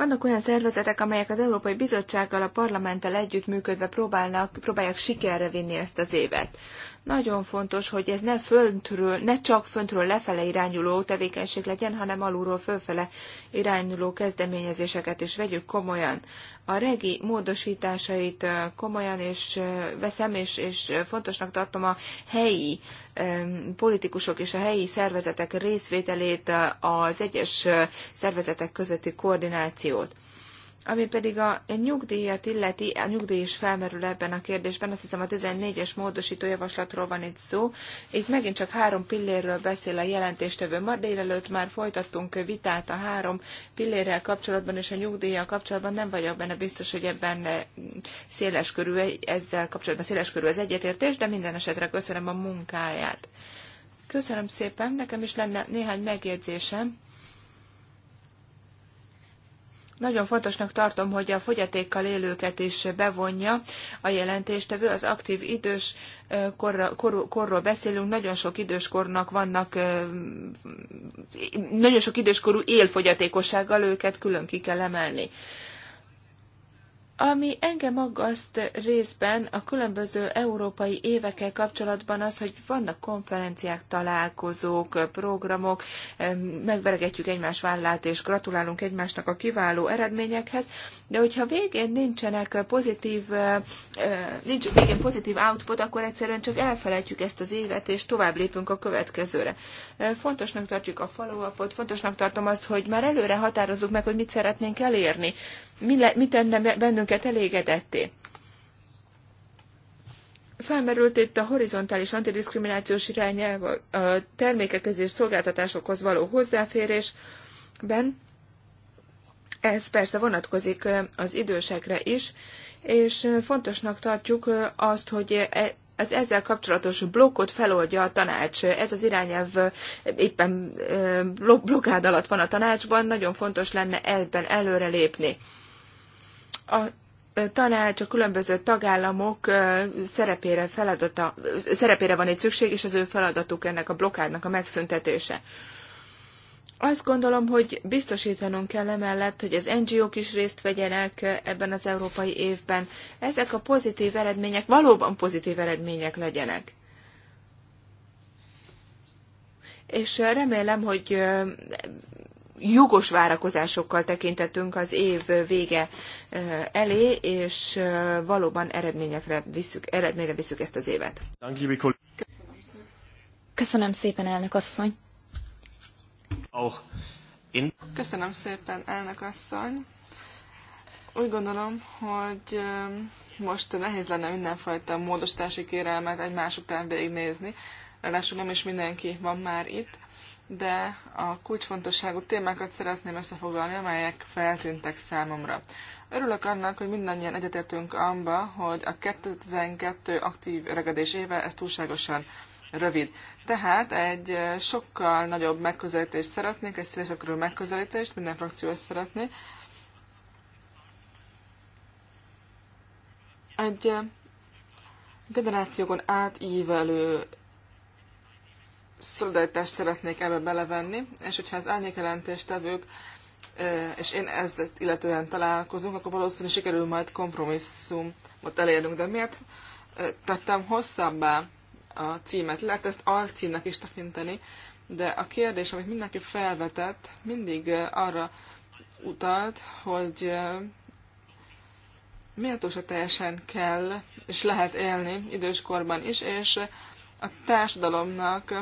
Vannak olyan szervezetek, amelyek az Európai Bizottsággal, a parlamenttel együttműködve próbálnak, próbálják sikerre vinni ezt az évet. Nagyon fontos, hogy ez ne föntről, ne csak föntről lefele irányuló tevékenység legyen, hanem alulról fölfele irányuló kezdeményezéseket is vegyük komolyan a regi módosításait komolyan és veszem, és, és fontosnak tartom a helyi politikusok és a helyi szervezetek részvételét, az egyes szervezetek közötti koordinációt. Ami pedig a nyugdíjat illeti, a nyugdíj is felmerül ebben a kérdésben, azt hiszem a 14-es módosító javaslatról van itt szó. Itt megint csak három pillérről beszél a jelentéstevő. Ma délelőtt már folytattunk vitát a három pillérrel kapcsolatban, és a nyugdíjjal kapcsolatban nem vagyok benne biztos, hogy ebben széles körül, ezzel kapcsolatban széles körül az egyetértés, de minden esetre köszönöm a munkáját. Köszönöm szépen, nekem is lenne néhány megjegyzésem nagyon fontosnak tartom, hogy a fogyatékkal élőket is bevonja a jelentéstevő. Az aktív idős korra, kor, korról beszélünk, nagyon sok időskornak vannak, nagyon sok időskorú él fogyatékossággal, őket külön ki kell emelni. Ami engem aggaszt részben a különböző európai évekkel kapcsolatban az, hogy vannak konferenciák, találkozók, programok, megveregetjük egymás vállát és gratulálunk egymásnak a kiváló eredményekhez, de hogyha végén nincsenek pozitív, eh, eh, nincs végén pozitív output, akkor egyszerűen csak elfelejtjük ezt az évet, és tovább lépünk a következőre. Eh, fontosnak tartjuk a follow-upot, fontosnak tartom azt, hogy már előre határozzuk meg, hogy mit szeretnénk elérni mi, le, mi tenne bennünket elégedetté? Felmerült itt a horizontális antidiszkriminációs irányelv, a termékekhez és szolgáltatásokhoz való hozzáférésben. Ez persze vonatkozik az idősekre is, és fontosnak tartjuk azt, hogy e, az ezzel kapcsolatos blokkot feloldja a tanács. Ez az irányelv éppen blokkád alatt van a tanácsban, nagyon fontos lenne ebben előrelépni a tanács, a különböző tagállamok szerepére, feladata, szerepére van itt szükség, és az ő feladatuk ennek a blokádnak a megszüntetése. Azt gondolom, hogy biztosítanunk kell emellett, hogy az NGO-k is részt vegyenek ebben az európai évben. Ezek a pozitív eredmények valóban pozitív eredmények legyenek. És remélem, hogy jogos várakozásokkal tekintettünk az év vége elé, és valóban eredményekre visszük, eredményre visszük ezt az évet. Köszönöm szépen, elnök asszony. Köszönöm szépen, elnök asszony. Úgy gondolom, hogy most nehéz lenne mindenfajta módosítási kérelmet egymás után végignézni, ráadásul nem is mindenki van már itt de a kulcsfontosságú témákat szeretném összefoglalni, amelyek feltűntek számomra. Örülök annak, hogy mindannyian egyetértünk amba, hogy a 2012 aktív öregedés éve ez túlságosan rövid. Tehát egy sokkal nagyobb megközelítést szeretnék, egy szélesebb körül megközelítést, minden frakció ezt szeretné. Egy generációkon átívelő szolidaritást szeretnék ebbe belevenni, és hogyha az árnyékjelentéstevők és én ezt illetően találkozunk, akkor valószínűleg sikerül majd kompromisszumot elérnünk. De miért tettem hosszabbá a címet? Lehet ezt alcímnek is tekinteni, de a kérdés, amit mindenki felvetett, mindig arra utalt, hogy méltósa teljesen kell és lehet élni időskorban is, és a társadalomnak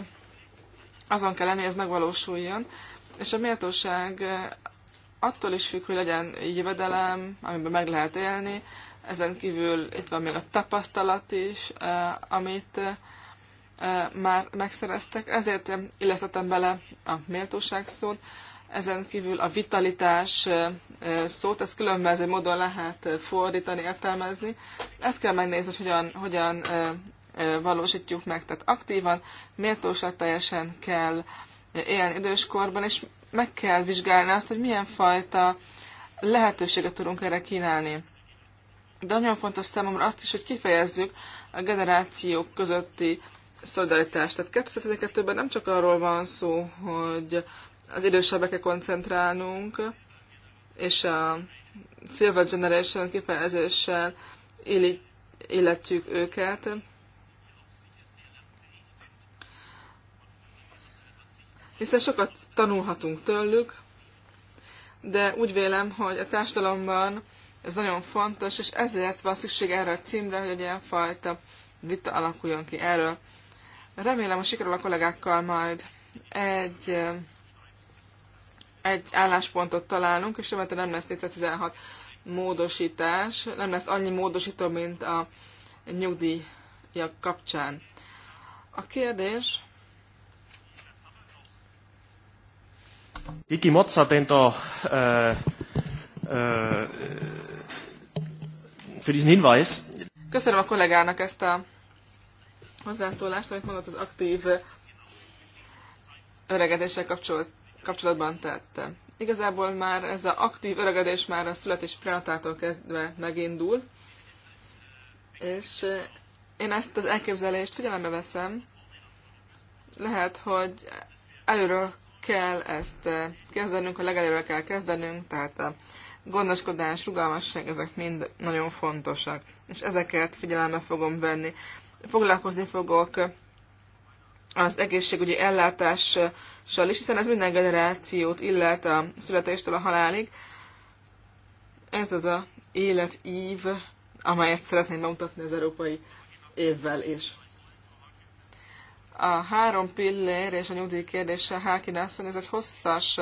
azon kell lenni, hogy ez megvalósuljon, és a méltóság eh, attól is függ, hogy legyen jövedelem, amiben meg lehet élni, ezen kívül itt van még a tapasztalat is, eh, amit eh, már megszereztek, ezért illesztettem bele a méltóság szót, ezen kívül a vitalitás szót, ezt különböző módon lehet fordítani, értelmezni. Ezt kell megnézni, hogy hogyan, hogyan valósítjuk meg. Tehát aktívan, méltóság teljesen kell élni időskorban, és meg kell vizsgálni azt, hogy milyen fajta lehetőséget tudunk erre kínálni. De nagyon fontos számomra azt is, hogy kifejezzük a generációk közötti szolidaritást. Tehát 2012-ben nem csak arról van szó, hogy az idősebbekre koncentrálnunk, és a Silver Generation kifejezéssel illetjük őket, hiszen sokat tanulhatunk tőlük, de úgy vélem, hogy a társadalomban ez nagyon fontos, és ezért van szükség erre a címre, hogy egy ilyen fajta vita alakuljon ki erről. Remélem, hogy sikerül a kollégákkal majd egy, egy álláspontot találunk, és remélem, nem lesz 416 módosítás, nem lesz annyi módosító, mint a nyugdíjak kapcsán. A kérdés Kiki Mozza tento, äh, äh, für diesen Hinweis. Köszönöm a kollégának ezt a hozzászólást, amit mondott az aktív öregedéssel kapcsolatban tette. Igazából már ez az aktív öregedés már a születés prenatától kezdve megindul, és eh, én ezt az elképzelést figyelembe veszem. Lehet, hogy előről kell ezt eh, kezdenünk, a legelőre kell kezdenünk, tehát a gondoskodás, rugalmasság, ezek mind nagyon fontosak, és ezeket figyelembe fogom venni. Foglalkozni fogok az egészségügyi ellátással is, hiszen ez minden generációt illet a születéstől a halálig. Ez az a életív, amelyet szeretném bemutatni az európai évvel is. A három pillér és a nyugdíj kérdése Háki asszony, ez egy hosszas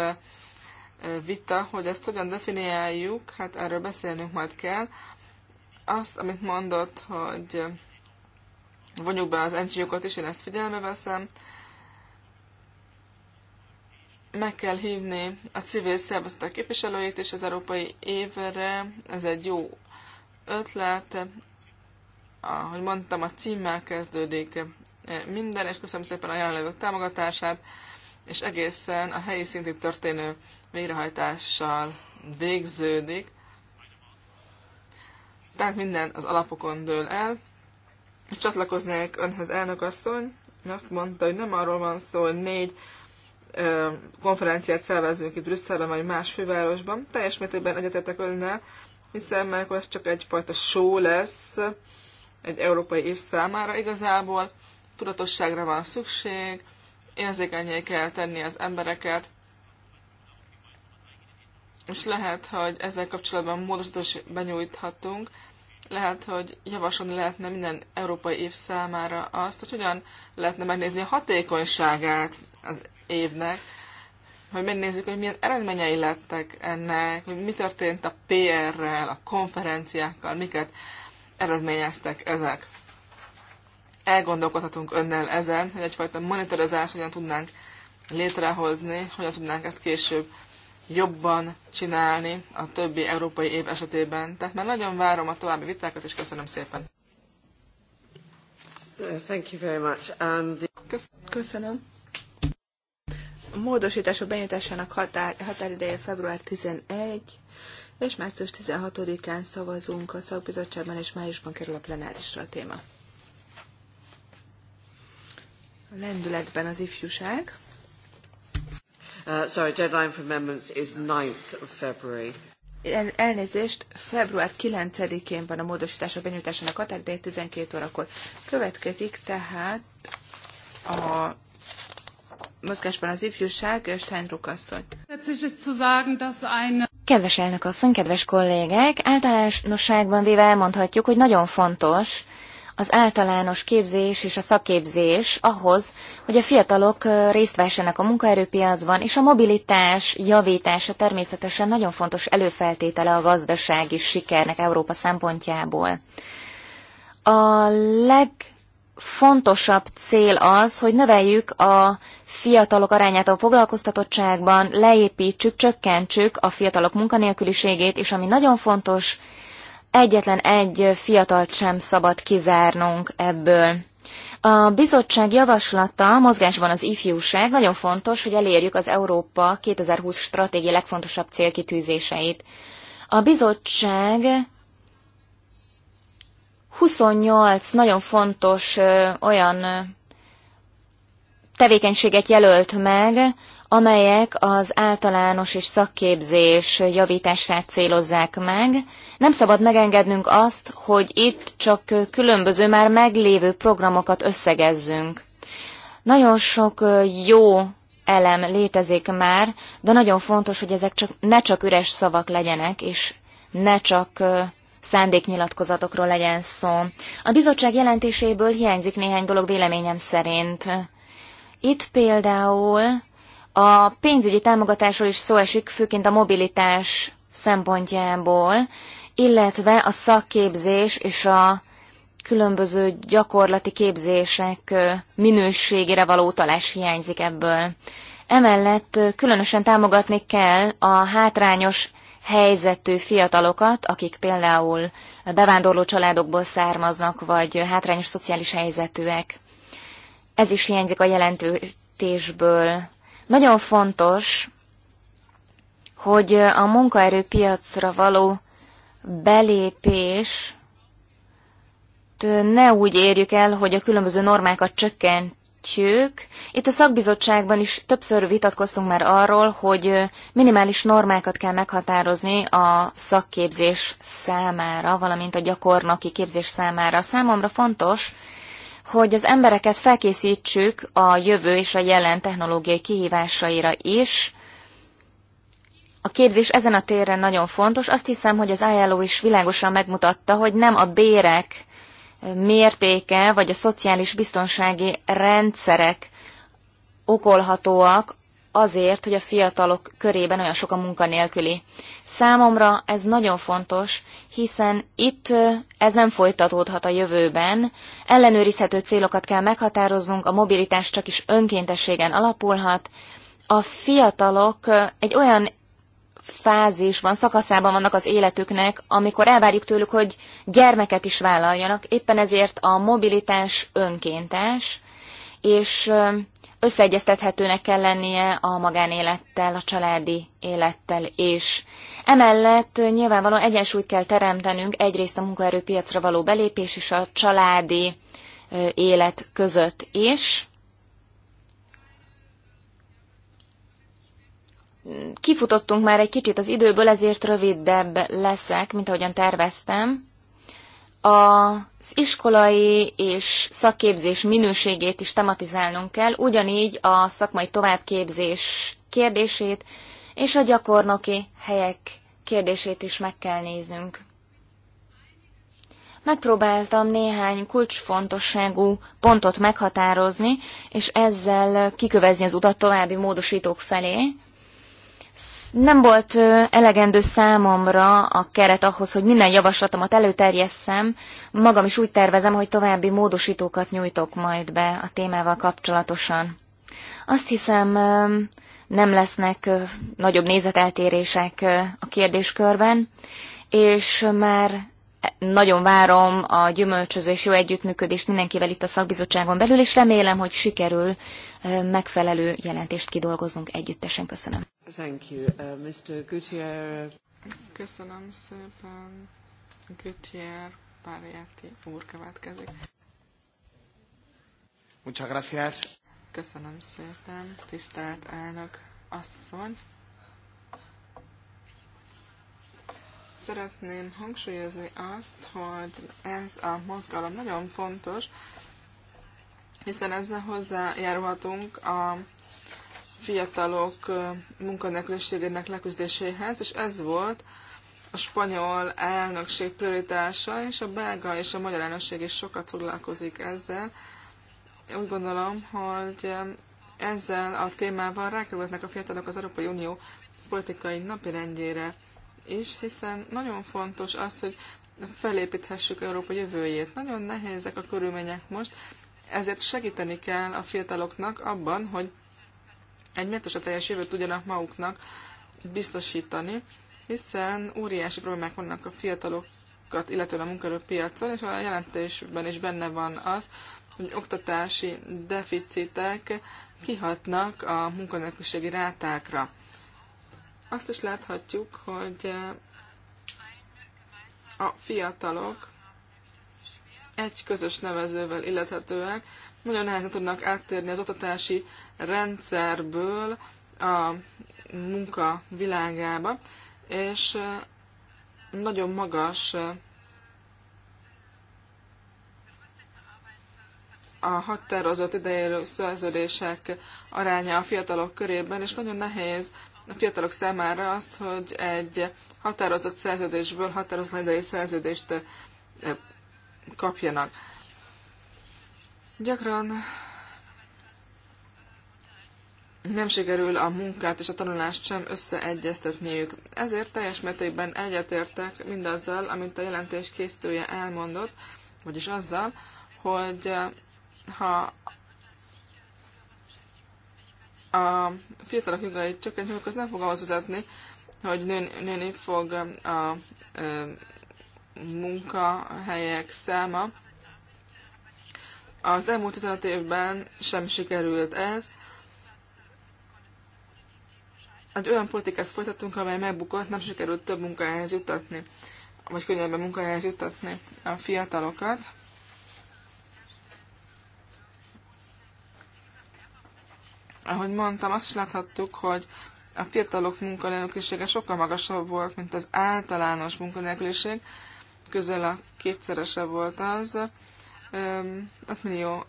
vita, hogy ezt hogyan definiáljuk, hát erről beszélnünk majd kell. Az, amit mondott, hogy vonjuk be az NGO-kat is, én ezt figyelme veszem. Meg kell hívni a civil szervezetek képviselőjét és az európai évre, ez egy jó ötlet. Ahogy mondtam, a címmel kezdődik minden, és köszönöm szépen a jelenlevők támogatását, és egészen a helyi szintű történő végrehajtással végződik. Tehát minden az alapokon dől el. És csatlakoznék önhöz, elnökasszony, azt mondta, hogy nem arról van szó, hogy négy ö, konferenciát szervezünk itt Brüsszelben vagy más fővárosban. Teljes mértékben egyetetek önnel, hiszen mert ez csak egyfajta show lesz egy európai év számára igazából tudatosságra van szükség, érzékenyé kell tenni az embereket, és lehet, hogy ezzel kapcsolatban módosítást benyújthatunk, lehet, hogy javasolni lehetne minden európai év számára azt, hogy hogyan lehetne megnézni a hatékonyságát az évnek, hogy megnézzük, hogy milyen eredményei lettek ennek, hogy mi történt a PR-rel, a konferenciákkal, miket eredményeztek ezek elgondolkodhatunk önnel ezen, hogy egyfajta monitorozást hogyan tudnánk létrehozni, hogyan tudnánk ezt később jobban csinálni a többi európai év esetében. Tehát már nagyon várom a további vitákat, és köszönöm szépen. Uh, thank you very much. And... Köszönöm. A módosítások benyújtásának határ, határideje február 11, és március 16-án szavazunk a szakbizottságban, és májusban kerül a plenárisra a téma lendületben az ifjúság. Uh, sorry, deadline for amendments is 9th of February. El, elnézést, február 9-én van a módosítása benyújtásának határideje 12 órakor. Következik tehát a mozgásban az ifjúság, Steinruck asszony. Kedves elnök asszony, kedves kollégák, általánosságban véve elmondhatjuk, hogy nagyon fontos, az általános képzés és a szakképzés ahhoz, hogy a fiatalok részt vessenek a munkaerőpiacban, és a mobilitás javítása természetesen nagyon fontos előfeltétele a gazdasági sikernek Európa szempontjából. A legfontosabb cél az, hogy növeljük a fiatalok arányát a foglalkoztatottságban, leépítsük, csökkentsük a fiatalok munkanélküliségét, és ami nagyon fontos, egyetlen egy fiatalt sem szabad kizárnunk ebből. A bizottság javaslata, mozgásban az ifjúság, nagyon fontos, hogy elérjük az Európa 2020 stratégia legfontosabb célkitűzéseit. A bizottság 28 nagyon fontos ö, olyan tevékenységet jelölt meg, amelyek az általános és szakképzés javítását célozzák meg. Nem szabad megengednünk azt, hogy itt csak különböző már meglévő programokat összegezzünk. Nagyon sok jó elem létezik már, de nagyon fontos, hogy ezek csak, ne csak üres szavak legyenek, és ne csak szándéknyilatkozatokról legyen szó. A bizottság jelentéséből hiányzik néhány dolog véleményem szerint. Itt például a pénzügyi támogatásról is szó esik, főként a mobilitás szempontjából, illetve a szakképzés és a különböző gyakorlati képzések minőségére való utalás hiányzik ebből. Emellett különösen támogatni kell a hátrányos helyzetű fiatalokat, akik például bevándorló családokból származnak, vagy hátrányos szociális helyzetűek. Ez is hiányzik a jelentésből. Nagyon fontos, hogy a munkaerőpiacra való belépés ne úgy érjük el, hogy a különböző normákat csökkentjük. Itt a szakbizottságban is többször vitatkoztunk már arról, hogy minimális normákat kell meghatározni a szakképzés számára, valamint a gyakornoki képzés számára. Számomra fontos, hogy az embereket felkészítsük a jövő és a jelen technológiai kihívásaira is. A képzés ezen a téren nagyon fontos. Azt hiszem, hogy az ILO is világosan megmutatta, hogy nem a bérek mértéke vagy a szociális biztonsági rendszerek okolhatóak azért, hogy a fiatalok körében olyan sok a munkanélküli. Számomra ez nagyon fontos, hiszen itt ez nem folytatódhat a jövőben. Ellenőrizhető célokat kell meghatároznunk, a mobilitás csak is önkéntességen alapulhat. A fiatalok egy olyan fázisban, szakaszában vannak az életüknek, amikor elvárjuk tőlük, hogy gyermeket is vállaljanak. Éppen ezért a mobilitás önkéntes, és összeegyeztethetőnek kell lennie a magánélettel, a családi élettel és Emellett nyilvánvalóan egyensúlyt kell teremtenünk egyrészt a munkaerőpiacra való belépés és a családi élet között is. Kifutottunk már egy kicsit az időből, ezért rövidebb leszek, mint ahogyan terveztem az iskolai és szakképzés minőségét is tematizálnunk kell, ugyanígy a szakmai továbbképzés kérdését és a gyakornoki helyek kérdését is meg kell néznünk. Megpróbáltam néhány kulcsfontosságú pontot meghatározni, és ezzel kikövezni az utat további módosítók felé, nem volt elegendő számomra a keret ahhoz, hogy minden javaslatomat előterjesszem. Magam is úgy tervezem, hogy további módosítókat nyújtok majd be a témával kapcsolatosan. Azt hiszem, nem lesznek nagyobb nézeteltérések a kérdéskörben, és már nagyon várom a gyümölcsözés jó együttműködést mindenkivel itt a szakbizottságon belül, és remélem, hogy sikerül megfelelő jelentést kidolgozunk együttesen. Köszönöm. Thank you. Uh, Mr. Gutier. Köszönöm szépen. Gutier Párjáti úr következik. Muchas gracias. Köszönöm szépen, tisztelt elnök asszony. szeretném hangsúlyozni azt, hogy ez a mozgalom nagyon fontos, hiszen ezzel hozzájárulhatunk a fiatalok munkanélküliségének leküzdéséhez, és ez volt a spanyol elnökség prioritása, és a belga és a magyar elnökség is sokat foglalkozik ezzel. Én úgy gondolom, hogy ezzel a témával rákerülhetnek a fiatalok az Európai Unió politikai napirendjére is, hiszen nagyon fontos az, hogy felépíthessük Európa jövőjét. Nagyon nehézek a körülmények most, ezért segíteni kell a fiataloknak abban, hogy egy a teljes jövőt tudjanak maguknak biztosítani, hiszen óriási problémák vannak a fiatalokat, illetően a munkaerőpiacon, és a jelentésben is benne van az, hogy oktatási deficitek kihatnak a munkanélküliségi rátákra. Azt is láthatjuk, hogy eh, a fiatalok egy közös nevezővel illethetőek, nagyon nehezen tudnak áttérni az oktatási rendszerből a munka világába, és eh, nagyon magas eh, a határozott idejéről szerződések aránya a fiatalok körében, és nagyon nehéz a fiatalok számára azt, hogy egy határozott szerződésből határozott idei szerződést kapjanak. Gyakran nem sikerül a munkát és a tanulást sem összeegyeztetniük. Ezért teljes mértékben egyetértek mindazzal, amit a jelentés készítője elmondott, vagyis azzal, hogy ha a fiatalok jogait csökkentjük, az nem fog ahhoz vezetni, hogy nő, nőni fog a, a munkahelyek száma. Az elmúlt 15 évben sem sikerült ez. Egy olyan politikát folytattunk, amely megbukott, nem sikerült több munkahelyhez jutatni, vagy könnyebben munkahelyhez jutatni a fiatalokat. Ahogy mondtam, azt is láthattuk, hogy a fiatalok munkanélkülisége sokkal magasabb volt, mint az általános munkanélküliség, közel a kétszerese volt az. 5 millió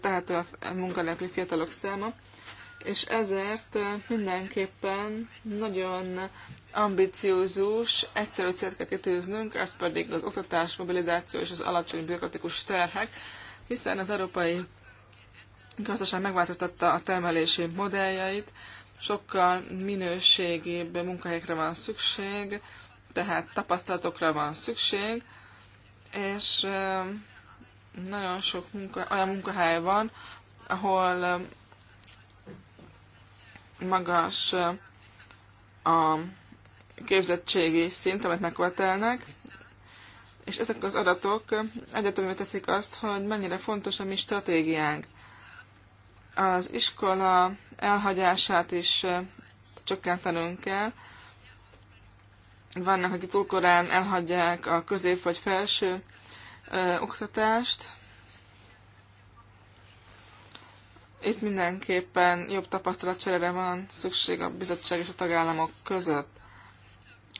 tehető a munkanélküli fiatalok száma, és ezért mindenképpen nagyon ambiciózus, egyszerű célt kell kitűznünk, ez pedig az oktatás, mobilizáció és az alacsony bürokratikus terhek, hiszen az európai gazdaság megváltoztatta a termelési modelljeit, sokkal minőségébb munkahelyekre van szükség, tehát tapasztalatokra van szükség, és nagyon sok munka, olyan munkahely van, ahol magas a képzettségi szint, amit megkövetelnek, és ezek az adatok egyetemű teszik azt, hogy mennyire fontos a mi stratégiánk. Az iskola elhagyását is csökkentenünk kell. Vannak, akik túl korán elhagyják a közép vagy felső ö, oktatást. Itt mindenképpen jobb tapasztalatcserére van szükség a bizottság és a tagállamok között.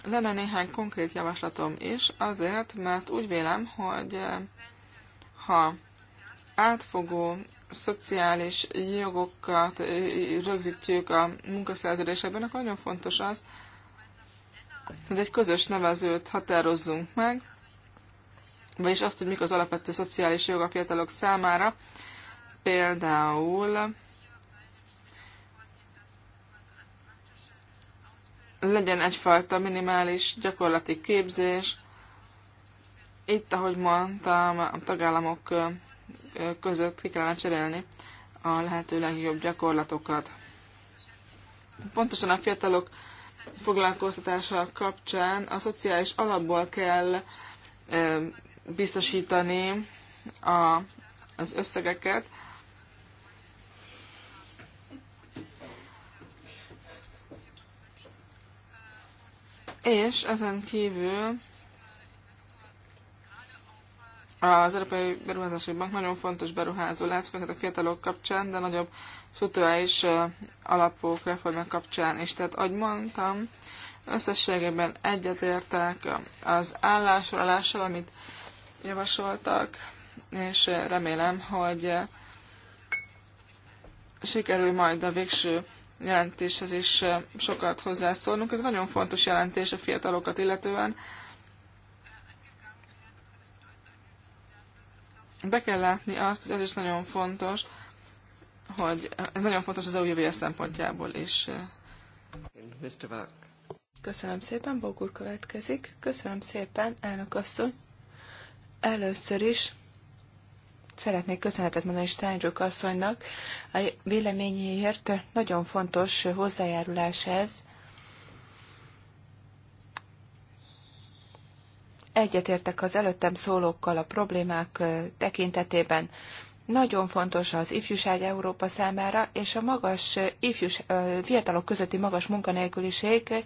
Lenne néhány konkrét javaslatom is, azért, mert úgy vélem, hogy ha átfogó szociális jogokat rögzítjük a munkaszerződésekben, akkor nagyon fontos az, hogy egy közös nevezőt határozzunk meg, vagyis azt, hogy mik az alapvető szociális jog a fiatalok számára, például legyen egyfajta minimális gyakorlati képzés. Itt, ahogy mondtam, a tagállamok között ki kellene cserélni a lehető legjobb gyakorlatokat. Pontosan a fiatalok foglalkoztatása kapcsán a szociális alapból kell biztosítani a, az összegeket. És ezen kívül az Európai Beruházási Bank nagyon fontos beruházó lehet, főleg a fiatalok kapcsán, de nagyobb struktúrális alapok reformák kapcsán is. Tehát, ahogy mondtam, összességében egyetértek az állásolással, amit javasoltak, és remélem, hogy sikerül majd a végső jelentéshez is sokat hozzászólnunk. Ez nagyon fontos jelentés a fiatalokat illetően, be kell látni azt, hogy az is nagyon fontos, hogy ez nagyon fontos az EU jövője szempontjából is. Köszönöm szépen, Bogur következik. Köszönöm szépen, elnök asszony. Először is szeretnék köszönetet mondani Steinrück asszonynak a véleményéért. Nagyon fontos hozzájárulás ez Egyetértek az előttem szólókkal a problémák tekintetében. Nagyon fontos az ifjúság Európa számára, és a magas ifjús, fiatalok közötti magas munkanélküliség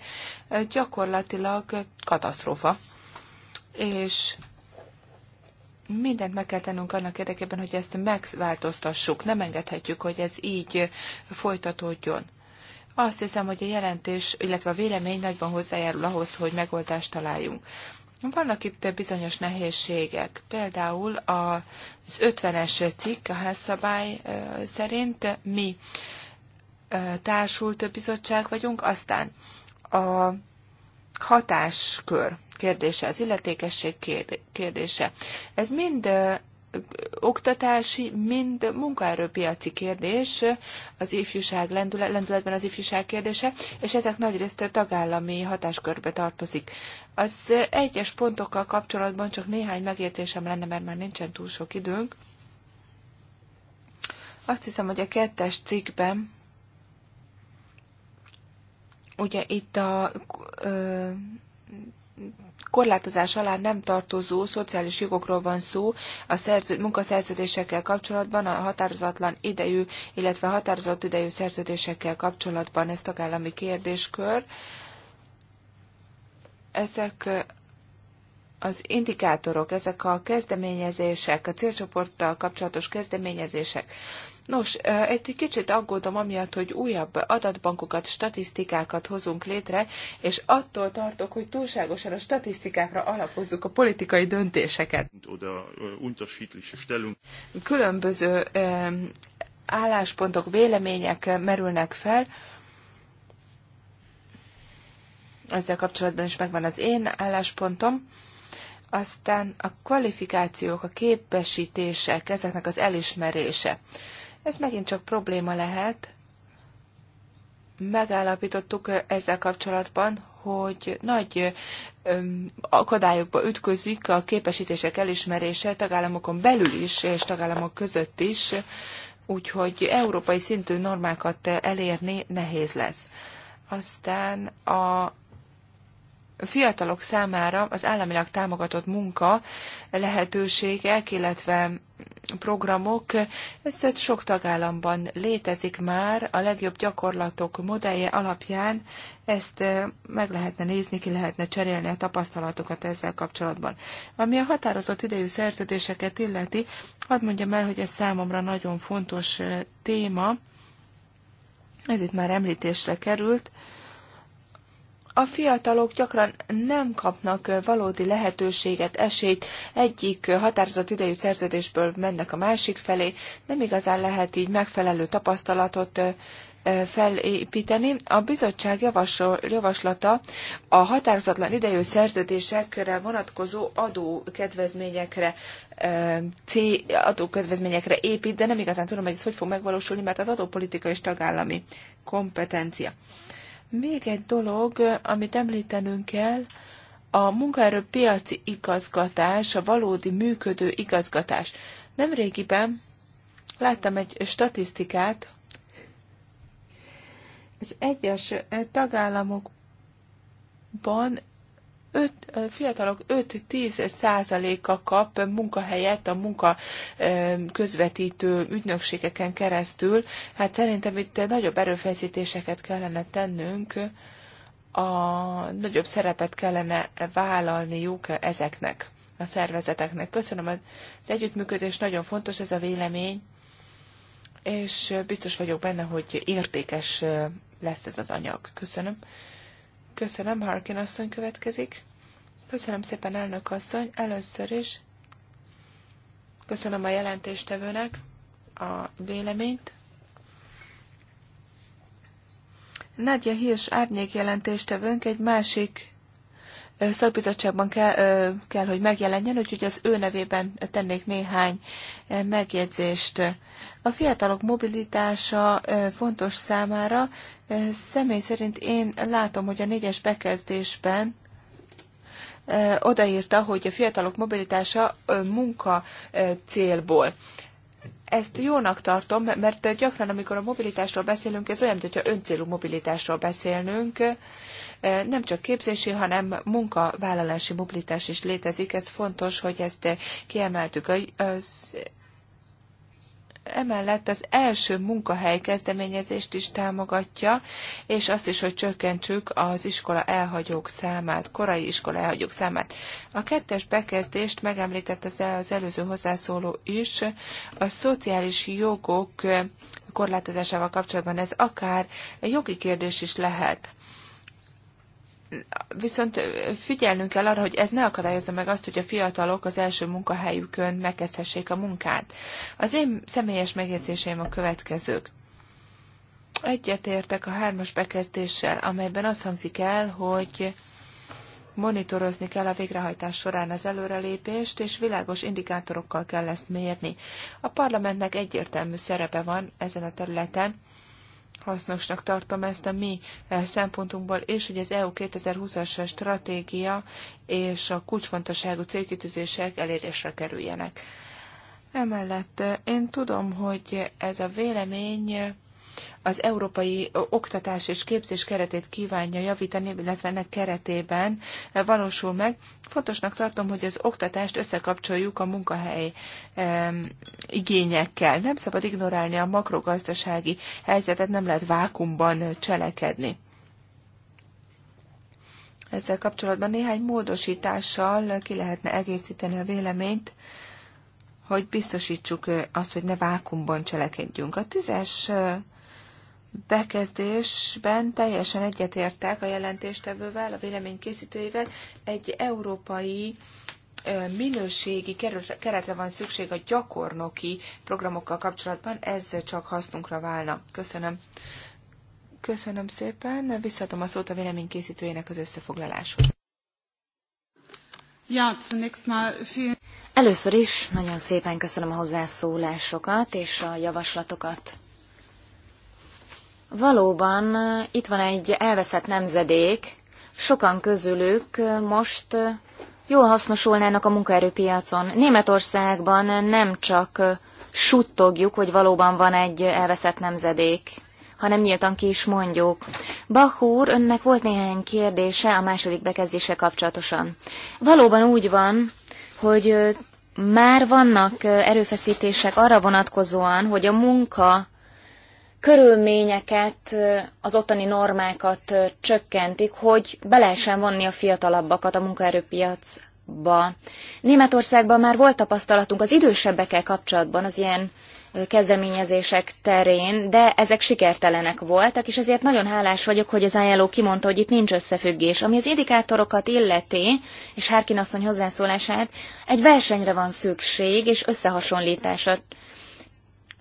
gyakorlatilag katasztrófa. És mindent meg kell tennünk annak érdekében, hogy ezt megváltoztassuk. Nem engedhetjük, hogy ez így folytatódjon. Azt hiszem, hogy a jelentés, illetve a vélemény nagyban hozzájárul ahhoz, hogy megoldást találjunk. Vannak itt bizonyos nehézségek. Például az 50-es cikk a házszabály szerint mi társult bizottság vagyunk, aztán a hatáskör kérdése, az illetékesség kérdése. Ez mind oktatási, mind munkaerőpiaci kérdés, az ifjúság lendület, lendületben az ifjúság kérdése, és ezek nagyrészt tagállami hatáskörbe tartozik. Az egyes pontokkal kapcsolatban csak néhány megértésem lenne, mert már nincsen túl sok időnk. Azt hiszem, hogy a kettes cikkben ugye itt a ö, korlátozás alá nem tartozó szociális jogokról van szó a szerző, munkaszerződésekkel kapcsolatban, a határozatlan idejű, illetve határozott idejű szerződésekkel kapcsolatban. Ez tagállami kérdéskör. Ezek az indikátorok, ezek a kezdeményezések, a célcsoporttal kapcsolatos kezdeményezések, Nos, egy kicsit aggódom amiatt, hogy újabb adatbankokat, statisztikákat hozunk létre, és attól tartok, hogy túlságosan a statisztikákra alapozzuk a politikai döntéseket. Különböző álláspontok, vélemények merülnek fel, ezzel kapcsolatban is megvan az én álláspontom. Aztán a kvalifikációk, a képesítések, ezeknek az elismerése. Ez megint csak probléma lehet. Megállapítottuk ezzel kapcsolatban, hogy nagy akadályokba ütközik a képesítések elismerése tagállamokon belül is, és tagállamok között is, úgyhogy európai szintű normákat elérni nehéz lesz. Aztán a fiatalok számára az államilag támogatott munka lehetőségek, illetve programok, ez sok tagállamban létezik már, a legjobb gyakorlatok modellje alapján ezt eh, meg lehetne nézni, ki lehetne cserélni a tapasztalatokat ezzel kapcsolatban. Ami a határozott idejű szerződéseket illeti, hadd mondjam el, hogy ez számomra nagyon fontos eh, téma, ez itt már említésre került, a fiatalok gyakran nem kapnak valódi lehetőséget, esélyt, egyik határozott idejű szerződésből mennek a másik felé, nem igazán lehet így megfelelő tapasztalatot felépíteni. A bizottság javaslata a határozatlan idejű szerződésekre vonatkozó adókedvezményekre C adókedvezményekre épít, de nem igazán tudom, hogy ez hogy fog megvalósulni, mert az adópolitika és tagállami kompetencia. Még egy dolog, amit említenünk kell, a munkaerőpiaci igazgatás, a valódi működő igazgatás. Nemrégiben láttam egy statisztikát, az egyes tagállamokban öt, fiatalok 5-10 százaléka kap munkahelyet a munka közvetítő ügynökségeken keresztül. Hát szerintem itt nagyobb erőfeszítéseket kellene tennünk, a nagyobb szerepet kellene vállalniuk ezeknek a szervezeteknek. Köszönöm az együttműködés, nagyon fontos ez a vélemény, és biztos vagyok benne, hogy értékes lesz ez az anyag. Köszönöm. Köszönöm, Harkin asszony következik. Köszönöm szépen, elnök asszony. Először is köszönöm a jelentéstevőnek a véleményt. Nadja Hirsch árnyék jelentéstevőnk egy másik szakbizottságban kell, kell, hogy megjelenjen, úgyhogy az ő nevében tennék néhány megjegyzést. A fiatalok mobilitása fontos számára. Személy szerint én látom, hogy a négyes bekezdésben odaírta, hogy a fiatalok mobilitása munka célból ezt jónak tartom, mert gyakran, amikor a mobilitásról beszélünk, ez olyan, hogyha öncélú mobilitásról beszélnünk, e, nem csak képzési, hanem munkavállalási mobilitás is létezik. Ez fontos, hogy ezt kiemeltük. Az emellett az első munkahely kezdeményezést is támogatja, és azt is, hogy csökkentsük az iskola elhagyók számát, korai iskola elhagyók számát. A kettes bekezdést megemlített az, az előző hozzászóló is, a szociális jogok korlátozásával kapcsolatban ez akár jogi kérdés is lehet viszont figyelnünk kell arra, hogy ez ne akadályozza meg azt, hogy a fiatalok az első munkahelyükön megkezdhessék a munkát. Az én személyes megjegyzéseim a következők. Egyetértek a hármas bekezdéssel, amelyben az hangzik el, hogy monitorozni kell a végrehajtás során az előrelépést, és világos indikátorokkal kell ezt mérni. A parlamentnek egyértelmű szerepe van ezen a területen, hasznosnak tartom ezt a mi eh, szempontunkból, és hogy az EU 2020-as stratégia és a kulcsfontosságú célkitűzések elérésre kerüljenek. Emellett eh, én tudom, hogy ez a vélemény az európai oktatás és képzés keretét kívánja javítani, illetve ennek keretében valósul meg. Fontosnak tartom, hogy az oktatást összekapcsoljuk a munkahely igényekkel. Nem szabad ignorálni a makrogazdasági helyzetet, nem lehet vákumban cselekedni. Ezzel kapcsolatban néhány módosítással ki lehetne egészíteni a véleményt, hogy biztosítsuk azt, hogy ne vákumban cselekedjünk. A tízes bekezdésben teljesen egyetértek a jelentéstevővel, a vélemény készítőivel. Egy európai minőségi keretre van szükség a gyakornoki programokkal kapcsolatban, ez csak hasznunkra válna. Köszönöm. Köszönöm szépen, Visszatom a szót a véleménykészítőjének az összefoglaláshoz. Ja, zunächst mal Először is nagyon szépen köszönöm a hozzászólásokat és a javaslatokat. Valóban eh, itt van egy elveszett nemzedék, sokan közülük eh, most eh, jól hasznosulnának a munkaerőpiacon. Németországban nem csak suttogjuk, hogy valóban van egy elveszett nemzedék, hanem nyíltan ki is mondjuk. Bach úr, önnek volt néhány kérdése a második bekezdése kapcsolatosan. Valóban úgy van, hogy már vannak erőfeszítések arra vonatkozóan, hogy a munka körülményeket, az ottani normákat csökkentik, hogy be lehessen vonni a fiatalabbakat a munkaerőpiacba. Németországban már volt tapasztalatunk az idősebbekkel kapcsolatban az ilyen kezdeményezések terén, de ezek sikertelenek voltak, és ezért nagyon hálás vagyok, hogy az ILO kimondta, hogy itt nincs összefüggés. Ami az indikátorokat illeti, és Hárkin asszony hozzászólását, egy versenyre van szükség, és összehasonlításra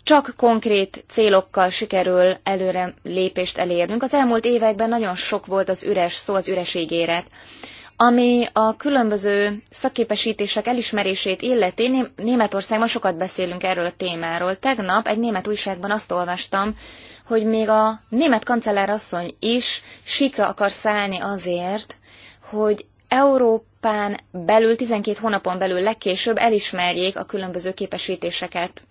csak konkrét célokkal sikerül előre lépést elérnünk. Az elmúlt években nagyon sok volt az üres szó, az üres ígéret. Ami a különböző szakképesítések elismerését illeti, Németországban sokat beszélünk erről a témáról. Tegnap egy német újságban azt olvastam, hogy még a német kancellár is sikra akar szállni azért, hogy Európán belül, 12 hónapon belül legkésőbb elismerjék a különböző képesítéseket.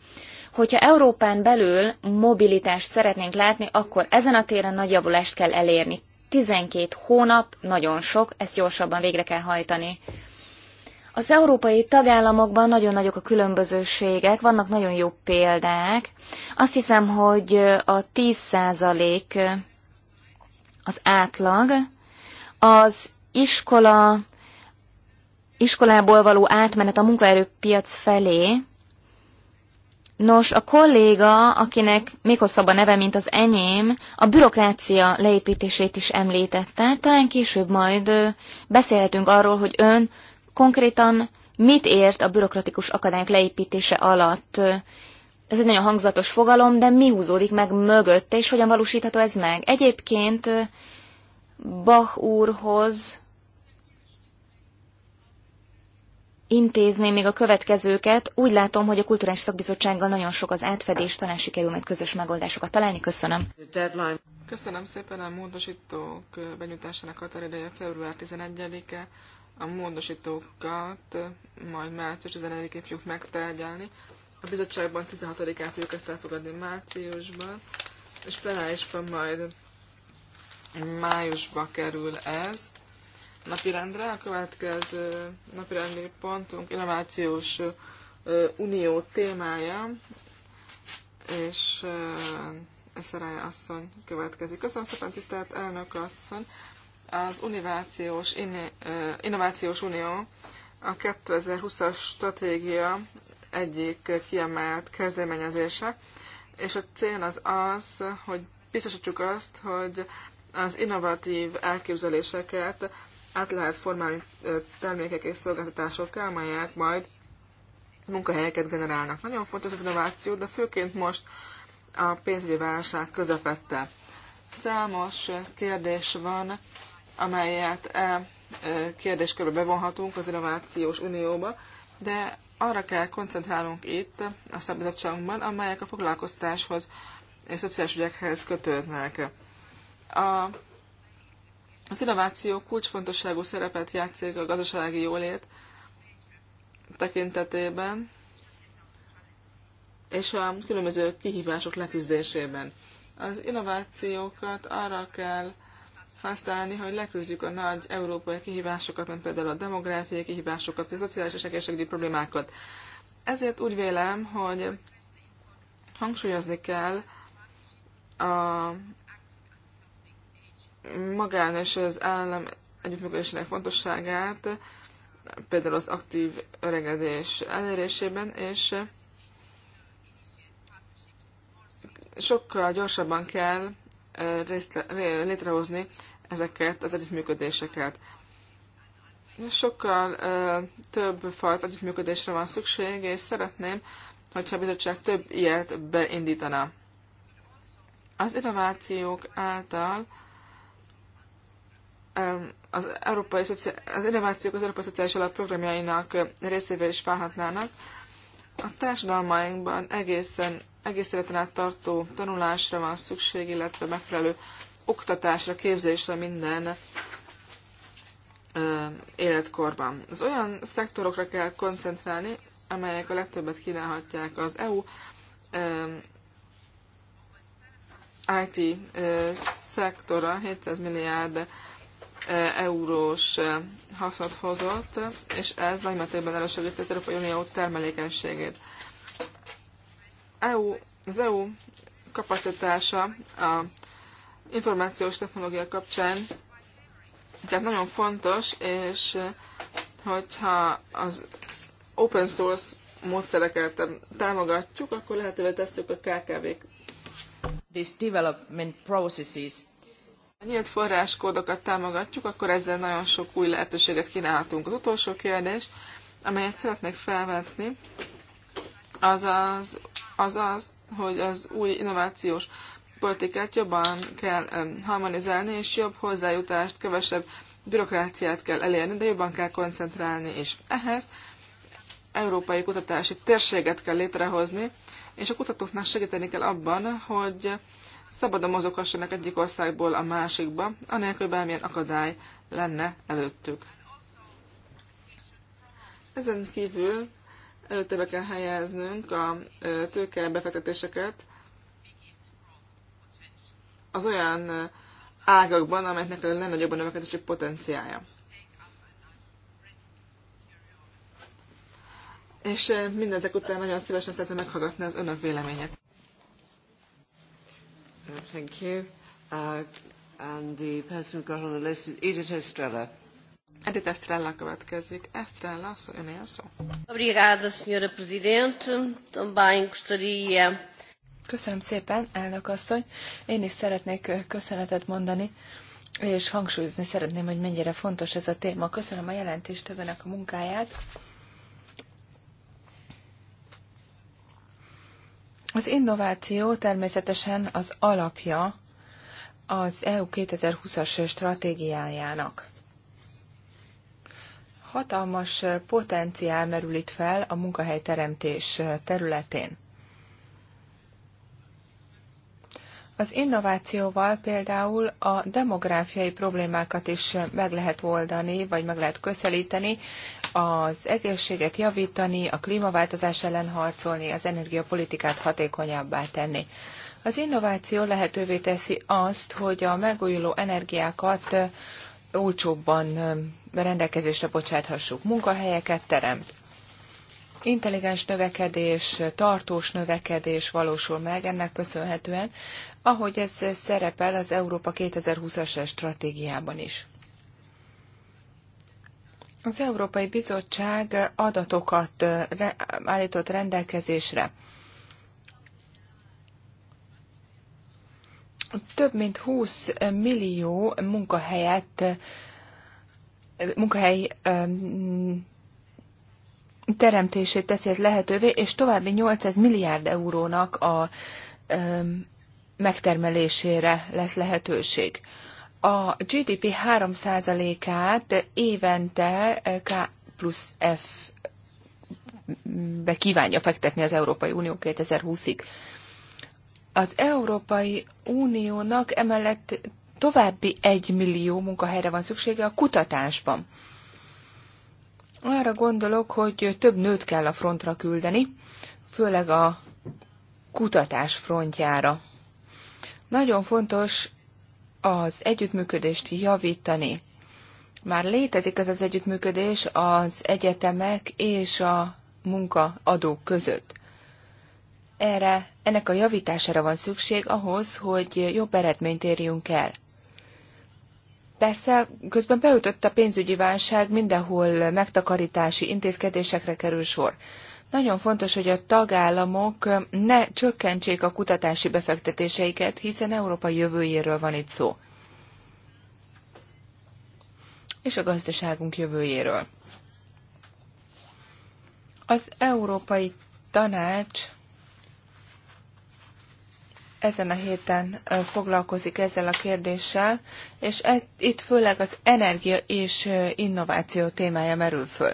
Hogyha Európán belül mobilitást szeretnénk látni, akkor ezen a téren nagy javulást kell elérni. 12 hónap nagyon sok, ezt gyorsabban végre kell hajtani. Az európai tagállamokban nagyon nagyok a különbözőségek, vannak nagyon jó példák. Azt hiszem, hogy a 10% az átlag, az iskola, iskolából való átmenet a munkaerőpiac felé Nos, a kolléga, akinek még hosszabb a neve, mint az enyém, a bürokrácia leépítését is említette, talán később majd beszélhetünk arról, hogy ön konkrétan mit ért a bürokratikus akadályok leépítése alatt. Ez egy nagyon hangzatos fogalom, de mi húzódik meg mögötte és hogyan valósítható ez meg? Egyébként Bach úrhoz intézni még a következőket. Úgy látom, hogy a Kulturális Szakbizottsággal nagyon sok az átfedés, talán sikerül majd közös megoldásokat találni. Köszönöm. Köszönöm szépen a módosítók benyújtásának határideje február 11-e. A módosítókat majd március 11-én fogjuk megtárgyalni. A bizottságban 16-án fogjuk ezt elfogadni márciusban, és plenárisban majd májusba kerül ez napirendre. A következő napirendi pontunk innovációs unió témája, és Eszerája asszony következik. Köszönöm szépen, tisztelt elnök asszony! Az innovációs, Innovációs Unió a 2020-as stratégia egyik kiemelt kezdeményezése, és a cél az az, hogy biztosítjuk azt, hogy az innovatív elképzeléseket át lehet formálni termékek és szolgáltatások, amelyek majd munkahelyeket generálnak. Nagyon fontos az innováció, de főként most a pénzügyi válság közepette. Számos kérdés van, amelyet e, e kérdéskörbe bevonhatunk az Innovációs Unióba, de arra kell koncentrálnunk itt a szabadságban, amelyek a foglalkoztáshoz és szociális ügyekhez kötődnek. A az innováció kulcsfontosságú szerepet játszik a gazdasági jólét tekintetében és a különböző kihívások leküzdésében. Az innovációkat arra kell használni, hogy leküzdjük a nagy európai kihívásokat, mint például a demográfiai kihívásokat, vagy a szociális és egészségügyi problémákat. Ezért úgy vélem, hogy hangsúlyozni kell a magán és az állam együttműködésének fontosságát, például az aktív öregedés elérésében, és sokkal gyorsabban kell részt, létrehozni ezeket az együttműködéseket. Sokkal több fajta együttműködésre van szükség, és szeretném, hogyha a bizottság több ilyet beindítana. Az innovációk által az, európai, az innovációk az Európai Szociális Alap programjainak részévé is válhatnának. A társadalmainkban egészen, egész életen át tartó tanulásra van szükség, illetve megfelelő oktatásra, képzésre minden ö, életkorban. Az olyan szektorokra kell koncentrálni, amelyek a legtöbbet kínálhatják az EU ö, IT ö, szektora 700 milliárd eurós eh, hasznot hozott, és ez nagymértékben elősegíti az Európai Unió termelékenységét. EU, az EU kapacitása a információs technológia kapcsán tehát nagyon fontos, és eh, hogyha az open source módszereket támogatjuk, akkor lehetővé tesszük a KKV-k. These development processes ha nyílt forráskódokat támogatjuk, akkor ezzel nagyon sok új lehetőséget kínálhatunk. Az utolsó kérdés, amelyet szeretnék felvetni, az az, az, az hogy az új innovációs politikát jobban kell harmonizálni, és jobb hozzájutást, kevesebb bürokráciát kell elérni, de jobban kell koncentrálni is. Ehhez európai kutatási térséget kell létrehozni, és a kutatóknak segíteni kell abban, hogy szabadon mozoghassanak egyik országból a másikba, anélkül bármilyen akadály lenne előttük. Ezen kívül előtte be kell helyeznünk a tőkebefektetéseket az olyan ágakban, amelyeknek a legnagyobb a növekedési potenciája. És mindezek után nagyon szívesen szeretném meghallgatni az önök véleményét. Uh, thank you. Uh, and the person who got on the list is Edith Estrella. Edith Estrella következik. Estrella, a szó. Obrigada, senhora presidente. Também gostaria... Köszönöm szépen, elnök asszony. Én is szeretnék köszönetet mondani, és hangsúlyozni szeretném, hogy mennyire fontos ez a téma. Köszönöm a jelentéstevőnek a munkáját Az innováció természetesen az alapja az EU 2020-as stratégiájának. Hatalmas potenciál merül itt fel a munkahelyteremtés területén. Az innovációval például a demográfiai problémákat is meg lehet oldani, vagy meg lehet közelíteni, az egészséget javítani, a klímaváltozás ellen harcolni, az energiapolitikát hatékonyabbá tenni. Az innováció lehetővé teszi azt, hogy a megújuló energiákat olcsóbban rendelkezésre bocsáthassuk. Munkahelyeket teremt. Intelligens növekedés, tartós növekedés valósul meg ennek köszönhetően, ahogy ez szerepel az Európa 2020-as stratégiában is. Az Európai Bizottság adatokat állított rendelkezésre. Több mint 20 millió munkahelyet, munkahely teremtését teszi ez lehetővé, és további 800 milliárd eurónak a megtermelésére lesz lehetőség a GDP 3%-át évente eh, K plusz F be kívánja fektetni az Európai Unió 2020-ig. Az Európai Uniónak emellett további egy millió munkahelyre van szüksége a kutatásban. Arra gondolok, hogy több nőt kell a frontra küldeni, főleg a kutatás frontjára. Nagyon fontos az együttműködést javítani. Már létezik ez az együttműködés az egyetemek és a munkaadók között. Erre, ennek a javítására van szükség ahhoz, hogy jobb eredményt érjünk el. Persze, közben beütött a pénzügyi válság, mindenhol megtakarítási intézkedésekre kerül sor. Nagyon fontos, hogy a tagállamok ne csökkentsék a kutatási befektetéseiket, hiszen Európa jövőjéről van itt szó. És a gazdaságunk jövőjéről. Az Európai Tanács ezen a héten foglalkozik ezzel a kérdéssel, és e- itt főleg az energia és innováció témája merül föl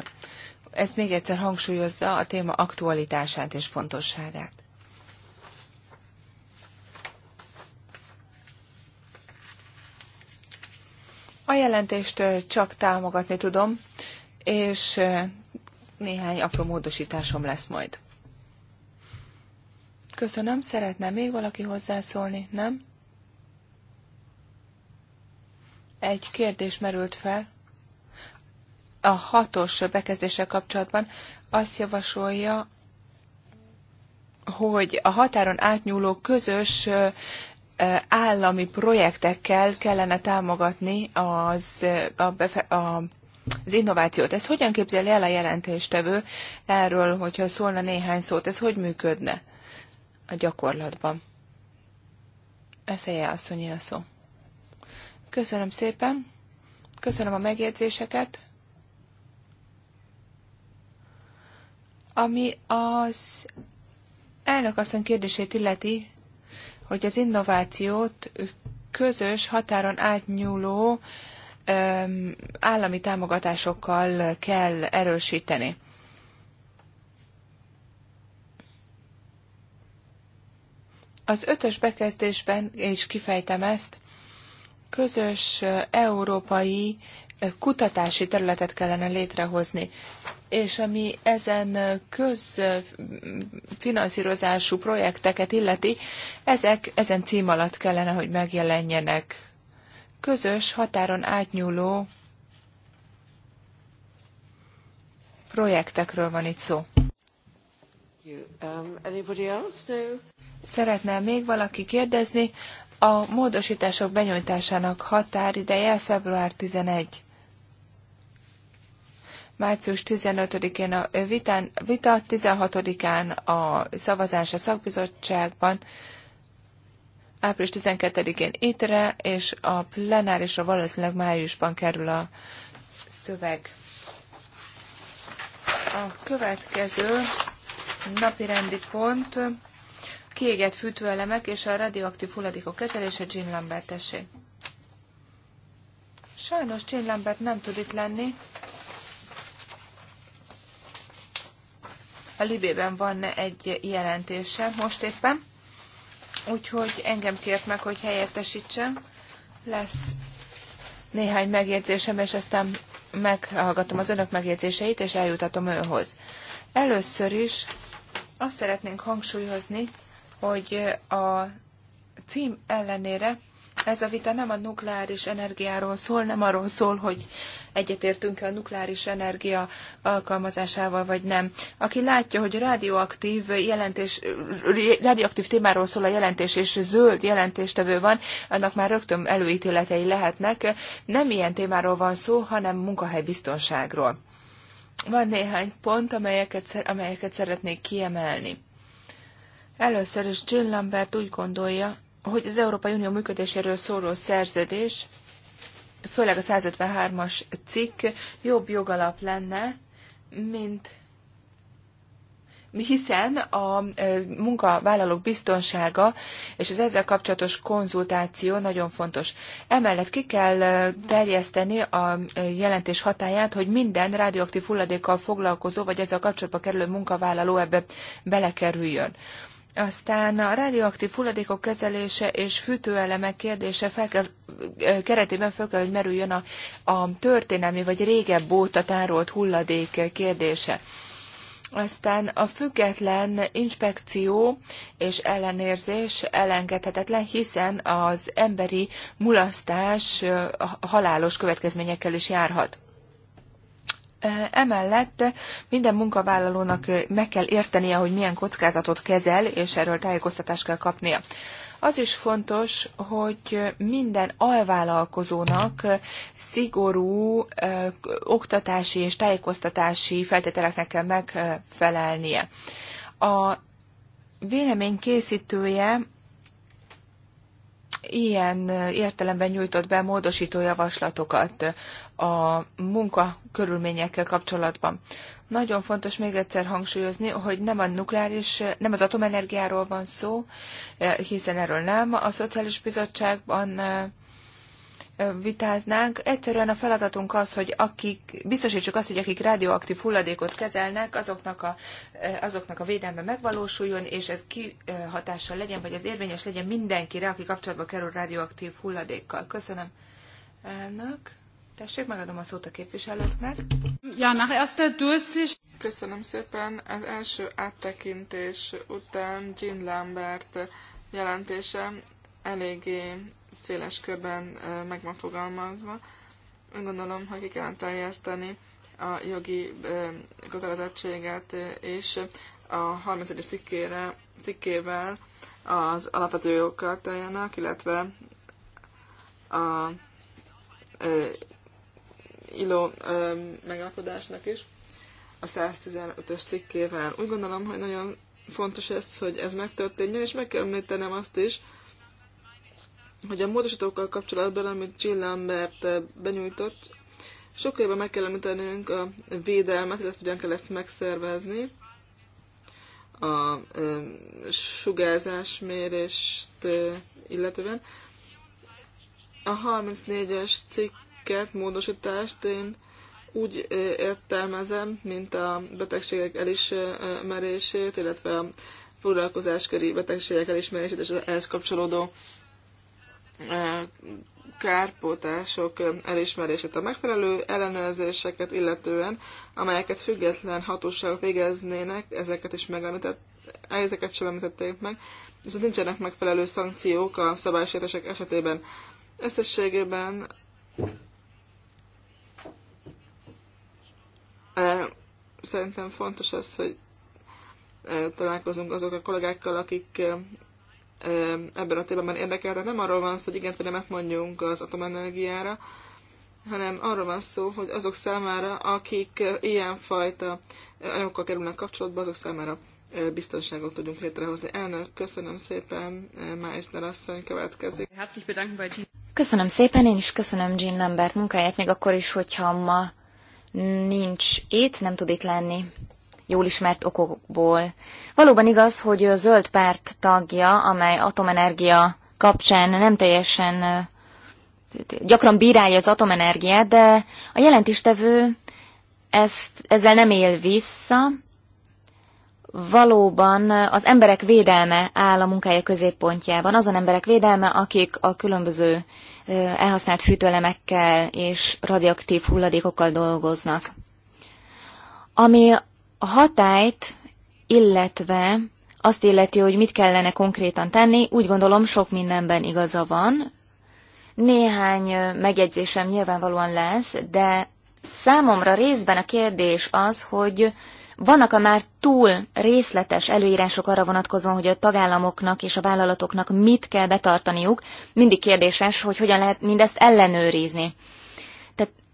ezt még egyszer hangsúlyozza a téma aktualitását és fontosságát. A jelentést csak támogatni tudom, és néhány apró módosításom lesz majd. Köszönöm, szeretne még valaki hozzászólni, nem? Egy kérdés merült fel a hatos bekezdéssel kapcsolatban azt javasolja, hogy a határon átnyúló közös állami projektekkel kellene támogatni az, a, befe, a, az innovációt. Ezt hogyan képzeli el a jelentéstevő erről, hogyha szólna néhány szót? Ez hogy működne a gyakorlatban? Eszeje asszonyi a szó. Köszönöm szépen. Köszönöm a megjegyzéseket. Ami az asszony kérdését illeti, hogy az innovációt közös, határon átnyúló állami támogatásokkal kell erősíteni. Az ötös bekezdésben, és kifejtem ezt, közös európai kutatási területet kellene létrehozni, és ami ezen közfinanszírozású projekteket illeti, ezek ezen cím alatt kellene, hogy megjelenjenek. Közös határon átnyúló projektekről van itt szó. Szeretne még valaki kérdezni? A módosítások benyújtásának határideje február 11 március 15-én a vitán, vita, 16-án a szavazás a szakbizottságban, április 12-én ittre és a plenárisra valószínűleg májusban kerül a szöveg. A következő napirendi pont kiégett fűtőelemek és a radioaktív hulladékok kezelése Jean Lambert -esé. Sajnos Jean Lambert nem tud itt lenni, A Libében van egy jelentése most éppen, úgyhogy engem kért meg, hogy helyettesítsem. Lesz néhány megjegyzésem, és aztán meghallgatom az önök megjegyzéseit, és eljutatom őhoz. Először is azt szeretnénk hangsúlyozni, hogy a cím ellenére ez a vita nem a nukleáris energiáról szól, nem arról szól, hogy egyetértünk-e a nukleáris energia alkalmazásával, vagy nem. Aki látja, hogy radioaktív, jelentés, radioaktív témáról szól a jelentés, és zöld jelentéstevő van, annak már rögtön előítéletei lehetnek. Nem ilyen témáról van szó, hanem munkahelybiztonságról. Van néhány pont, amelyeket, amelyeket szeretnék kiemelni. Először is Jill Lambert úgy gondolja, hogy az Európai Unió működéséről szóló szerződés, főleg a 153-as cikk jobb jogalap lenne, mint hiszen a munkavállalók biztonsága és az ezzel kapcsolatos konzultáció nagyon fontos. Emellett ki kell terjeszteni a jelentés hatáját, hogy minden radioaktív hulladékkal foglalkozó vagy ezzel kapcsolatban kerülő munkavállaló ebbe belekerüljön. Aztán a radioaktív hulladékok kezelése és fűtőelemek kérdése fel kell, keretében fel kell, hogy merüljön a, a történelmi vagy régebb óta tárolt hulladék kérdése. Aztán a független inspekció és ellenérzés elengedhetetlen, hiszen az emberi mulasztás halálos következményekkel is járhat. Emellett minden munkavállalónak meg kell értenie, hogy milyen kockázatot kezel, és erről tájékoztatást kell kapnia. Az is fontos, hogy minden alvállalkozónak szigorú oktatási és tájékoztatási feltételeknek kell megfelelnie. A vélemény készítője ilyen értelemben nyújtott be módosító javaslatokat a munkakörülményekkel kapcsolatban. Nagyon fontos még egyszer hangsúlyozni, hogy nem a nukleáris, nem az atomenergiáról van szó, eh, hiszen erről nem. A Szociális Bizottságban eh, vitáznánk. Egyszerűen a feladatunk az, hogy akik, biztosítsuk azt, hogy akik radioaktív hulladékot kezelnek, azoknak a, eh, azoknak a védelme megvalósuljon, és ez kihatással legyen, vagy ez érvényes legyen mindenkire, aki kapcsolatba kerül radioaktív hulladékkal. Köszönöm. Elnök. Tessék, megadom a szót a képviselőknek. Ja, nach erster Durchsicht. Köszönöm szépen. Az első áttekintés után Jean Lambert jelentése eléggé széles körben meg van fogalmazva. Én gondolom, hogy ki kellene terjeszteni a jogi kötelezettséget, és a 31. cikkére, cikkével az alapvető jogokkal teljenek, illetve a e, ILO e, megállapodásnak is, a 115-ös cikkével. Úgy gondolom, hogy nagyon fontos ez, hogy ez megtörténjen, és meg kell említenem azt is, hogy a módosítókkal kapcsolatban, amit Jill Lambert eh, benyújtott, sok évben meg kell említenünk a védelmet, illetve hogyan kell ezt megszervezni, a eh, sugárzásmérést eh, illetően. A 34-es cikket, módosítást én úgy értelmezem, mint a betegségek elismerését, illetve a foglalkozásköri betegségek elismerését és ehhez kapcsolódó kárpótások elismerését a megfelelő ellenőrzéseket illetően, amelyeket független hatóságok végeznének, ezeket is megemlített, ezeket sem említették meg, viszont nincsenek megfelelő szankciók a szabálysértések esetében. Összességében szerintem fontos az, hogy találkozunk azok a kollégákkal, akik ebben a témában Tehát Nem arról van szó, hogy igent vagy nemet mondjunk az atomenergiára, hanem arról van szó, hogy azok számára, akik ilyenfajta anyagokkal kerülnek kapcsolatba, azok számára biztonságot tudjunk létrehozni. Elnök, köszönöm szépen, Meissner asszony következik. Köszönöm szépen, én is köszönöm Jean Lambert munkáját, még akkor is, hogyha ma nincs itt, nem tud itt lenni jól ismert okokból. Valóban igaz, hogy a zöld párt tagja, amely atomenergia kapcsán nem teljesen gyakran bírálja az atomenergiát, de a jelentéstevő ezt, ezzel nem él vissza. Valóban az emberek védelme áll a munkája középpontjában, azon emberek védelme, akik a különböző elhasznált fűtőelemekkel és radioaktív hulladékokkal dolgoznak. Ami a hatályt, illetve azt illeti, hogy mit kellene konkrétan tenni, úgy gondolom sok mindenben igaza van. Néhány megjegyzésem nyilvánvalóan lesz, de számomra részben a kérdés az, hogy vannak a már túl részletes előírások arra vonatkozóan, hogy a tagállamoknak és a vállalatoknak mit kell betartaniuk? Mindig kérdéses, hogy hogyan lehet mindezt ellenőrizni.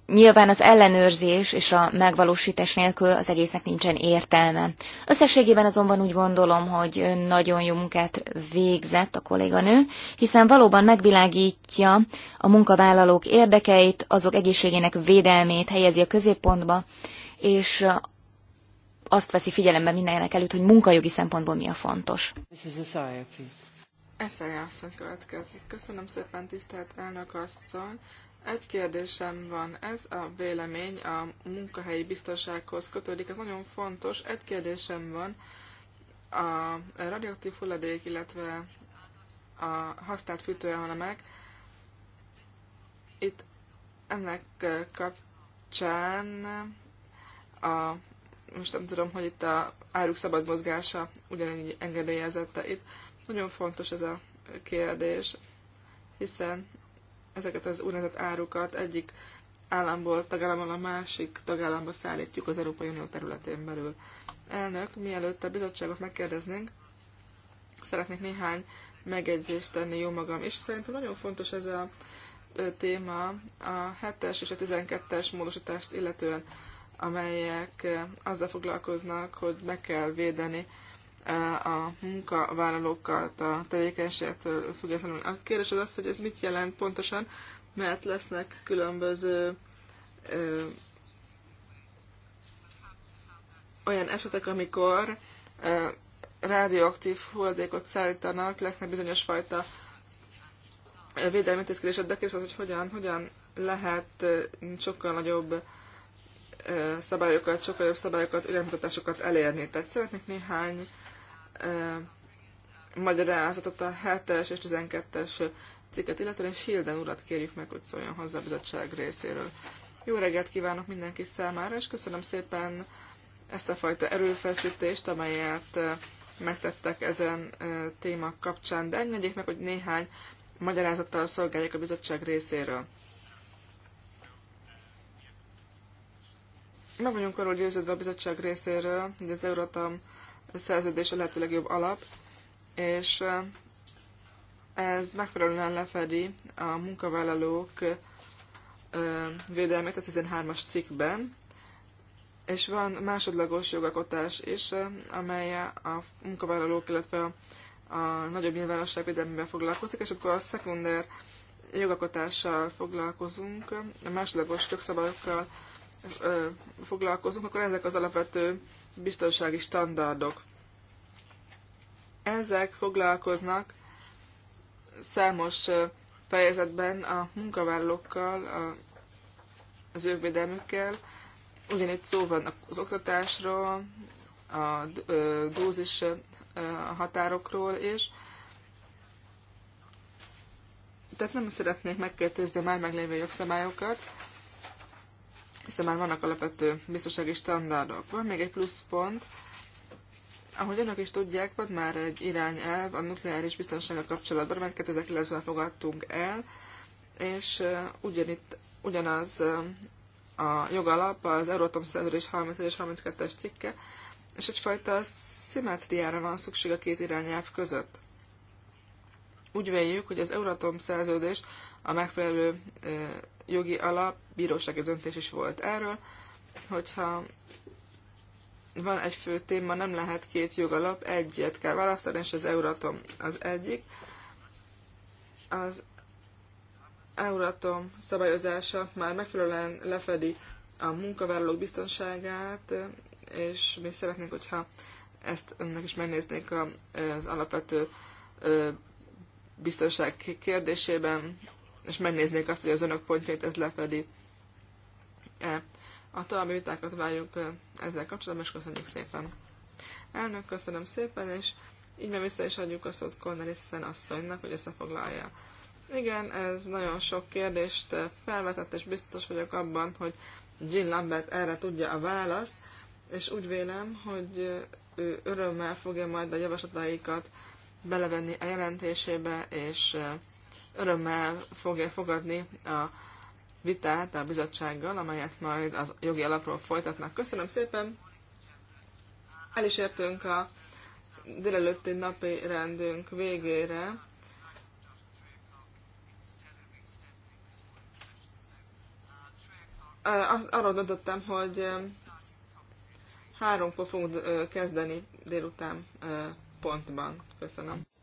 Nyilván az ellenőrzés és a megvalósítás nélkül az egésznek nincsen értelme. Összességében azonban úgy gondolom, hogy nagyon jó munkát végzett a kolléganő, hiszen valóban megvilágítja a munkavállalók érdekeit, azok egészségének védelmét helyezi a középpontba, és azt veszi figyelembe mindenek előtt, hogy munkajogi szempontból mi a fontos. Eszelje asszony következik. Köszönöm szépen, tisztelt elnök asszony. Egy kérdésem van, ez a vélemény a munkahelyi biztonsághoz kötődik, ez nagyon fontos. Egy kérdésem van, a radioaktív hulladék, illetve a használt fűtőelemek, itt ennek kapcsán a, most nem tudom, hogy itt a áruk szabad mozgása ugyanígy engedélyezette itt. Nagyon fontos ez a kérdés, hiszen ezeket az úgynevezett árukat egyik államból, tagállamból a másik tagállamba szállítjuk az Európai Unió területén belül. Elnök, mielőtt a bizottságot megkérdeznénk, szeretnék néhány megjegyzést tenni jó magam, és szerintem nagyon fontos ez a téma a 7-es és a 12-es módosítást illetően, amelyek azzal foglalkoznak, hogy meg kell védeni a munkavállalókat a tevékenységtől függetlenül. A kérdés az az, hogy ez mit jelent pontosan, mert lesznek különböző ö, olyan esetek, amikor ö, rádióaktív hulladékot szállítanak, lesznek bizonyos fajta védelmi intézkedések, de kérdés az, hogy hogyan, hogyan lehet sokkal nagyobb szabályokat, sokkal jobb szabályokat, iránymutatásokat elérni. Tehát szeretnék néhány magyarázatot a 7-es és 12-es cikket, illetően Silden urat kérjük meg, hogy szóljon hozzá a bizottság részéről. Jó reggelt kívánok mindenki számára, és köszönöm szépen ezt a fajta erőfeszítést, amelyet megtettek ezen téma kapcsán, de engedjék meg, hogy néhány magyarázattal szolgálják a bizottság részéről. Meg vagyunk arról győződve a bizottság részéről, hogy az Euratom szerződés a lehető legjobb alap, és ez megfelelően lefedi a munkavállalók védelmét a 13-as cikkben, és van másodlagos jogalkotás is, amely a munkavállalók, illetve a nagyobb nyilvánosság védelmével foglalkozik, és akkor a szekunder jogalkotással foglalkozunk, a másodlagos jogszabályokkal foglalkozunk, akkor ezek az alapvető biztonsági standardok. Ezek foglalkoznak számos fejezetben a munkavállalókkal, a, az ővédelmükkel, védelmükkel. Ugyanitt szó van az oktatásról, a dózis határokról is. Tehát nem szeretnék megkértőzni a már meglévő jogszabályokat, hiszen már vannak alapvető biztonsági standardok. Van még egy plusz pont, ahogy önök is tudják, van már egy irányelv a nukleáris biztonsággal kapcsolatban, mert 2009-ben fogadtunk el, és ugyanitt, ugyanaz a jogalap, az Euratom szerződés 31 és 32-es cikke, és egyfajta szimmetriára van szükség a két irányelv között. Úgy véljük, hogy az Euratom szerződés a megfelelő jogi alap, bírósági döntés is volt erről, hogyha van egy fő téma, nem lehet két jogalap, egyet kell választani, és az Euratom az egyik. Az Euratom szabályozása már megfelelően lefedi a munkavállalók biztonságát, és mi szeretnénk, hogyha ezt önnek is megnéznék az alapvető biztonság kérdésében és megnéznék azt, hogy az önök pontjait ez lefedi. E, a további vitákat várjuk e, ezzel kapcsolatban, és köszönjük szépen. Elnök, köszönöm szépen, és így meg vissza is adjuk a szót Cornelissen asszonynak, hogy összefoglalja. Igen, ez nagyon sok kérdést e, felvetett, és biztos vagyok abban, hogy Jean Lambert erre tudja a választ, és úgy vélem, hogy e, ő örömmel fogja majd a javaslataikat belevenni a jelentésébe, és örömmel fogja fogadni a vitát a bizottsággal, amelyet majd az jogi alapról folytatnak. Köszönöm szépen! El is értünk a délelőtti napi rendünk végére. Azt, arról döntöttem, hogy háromkor fogunk kezdeni délután pontban. Köszönöm.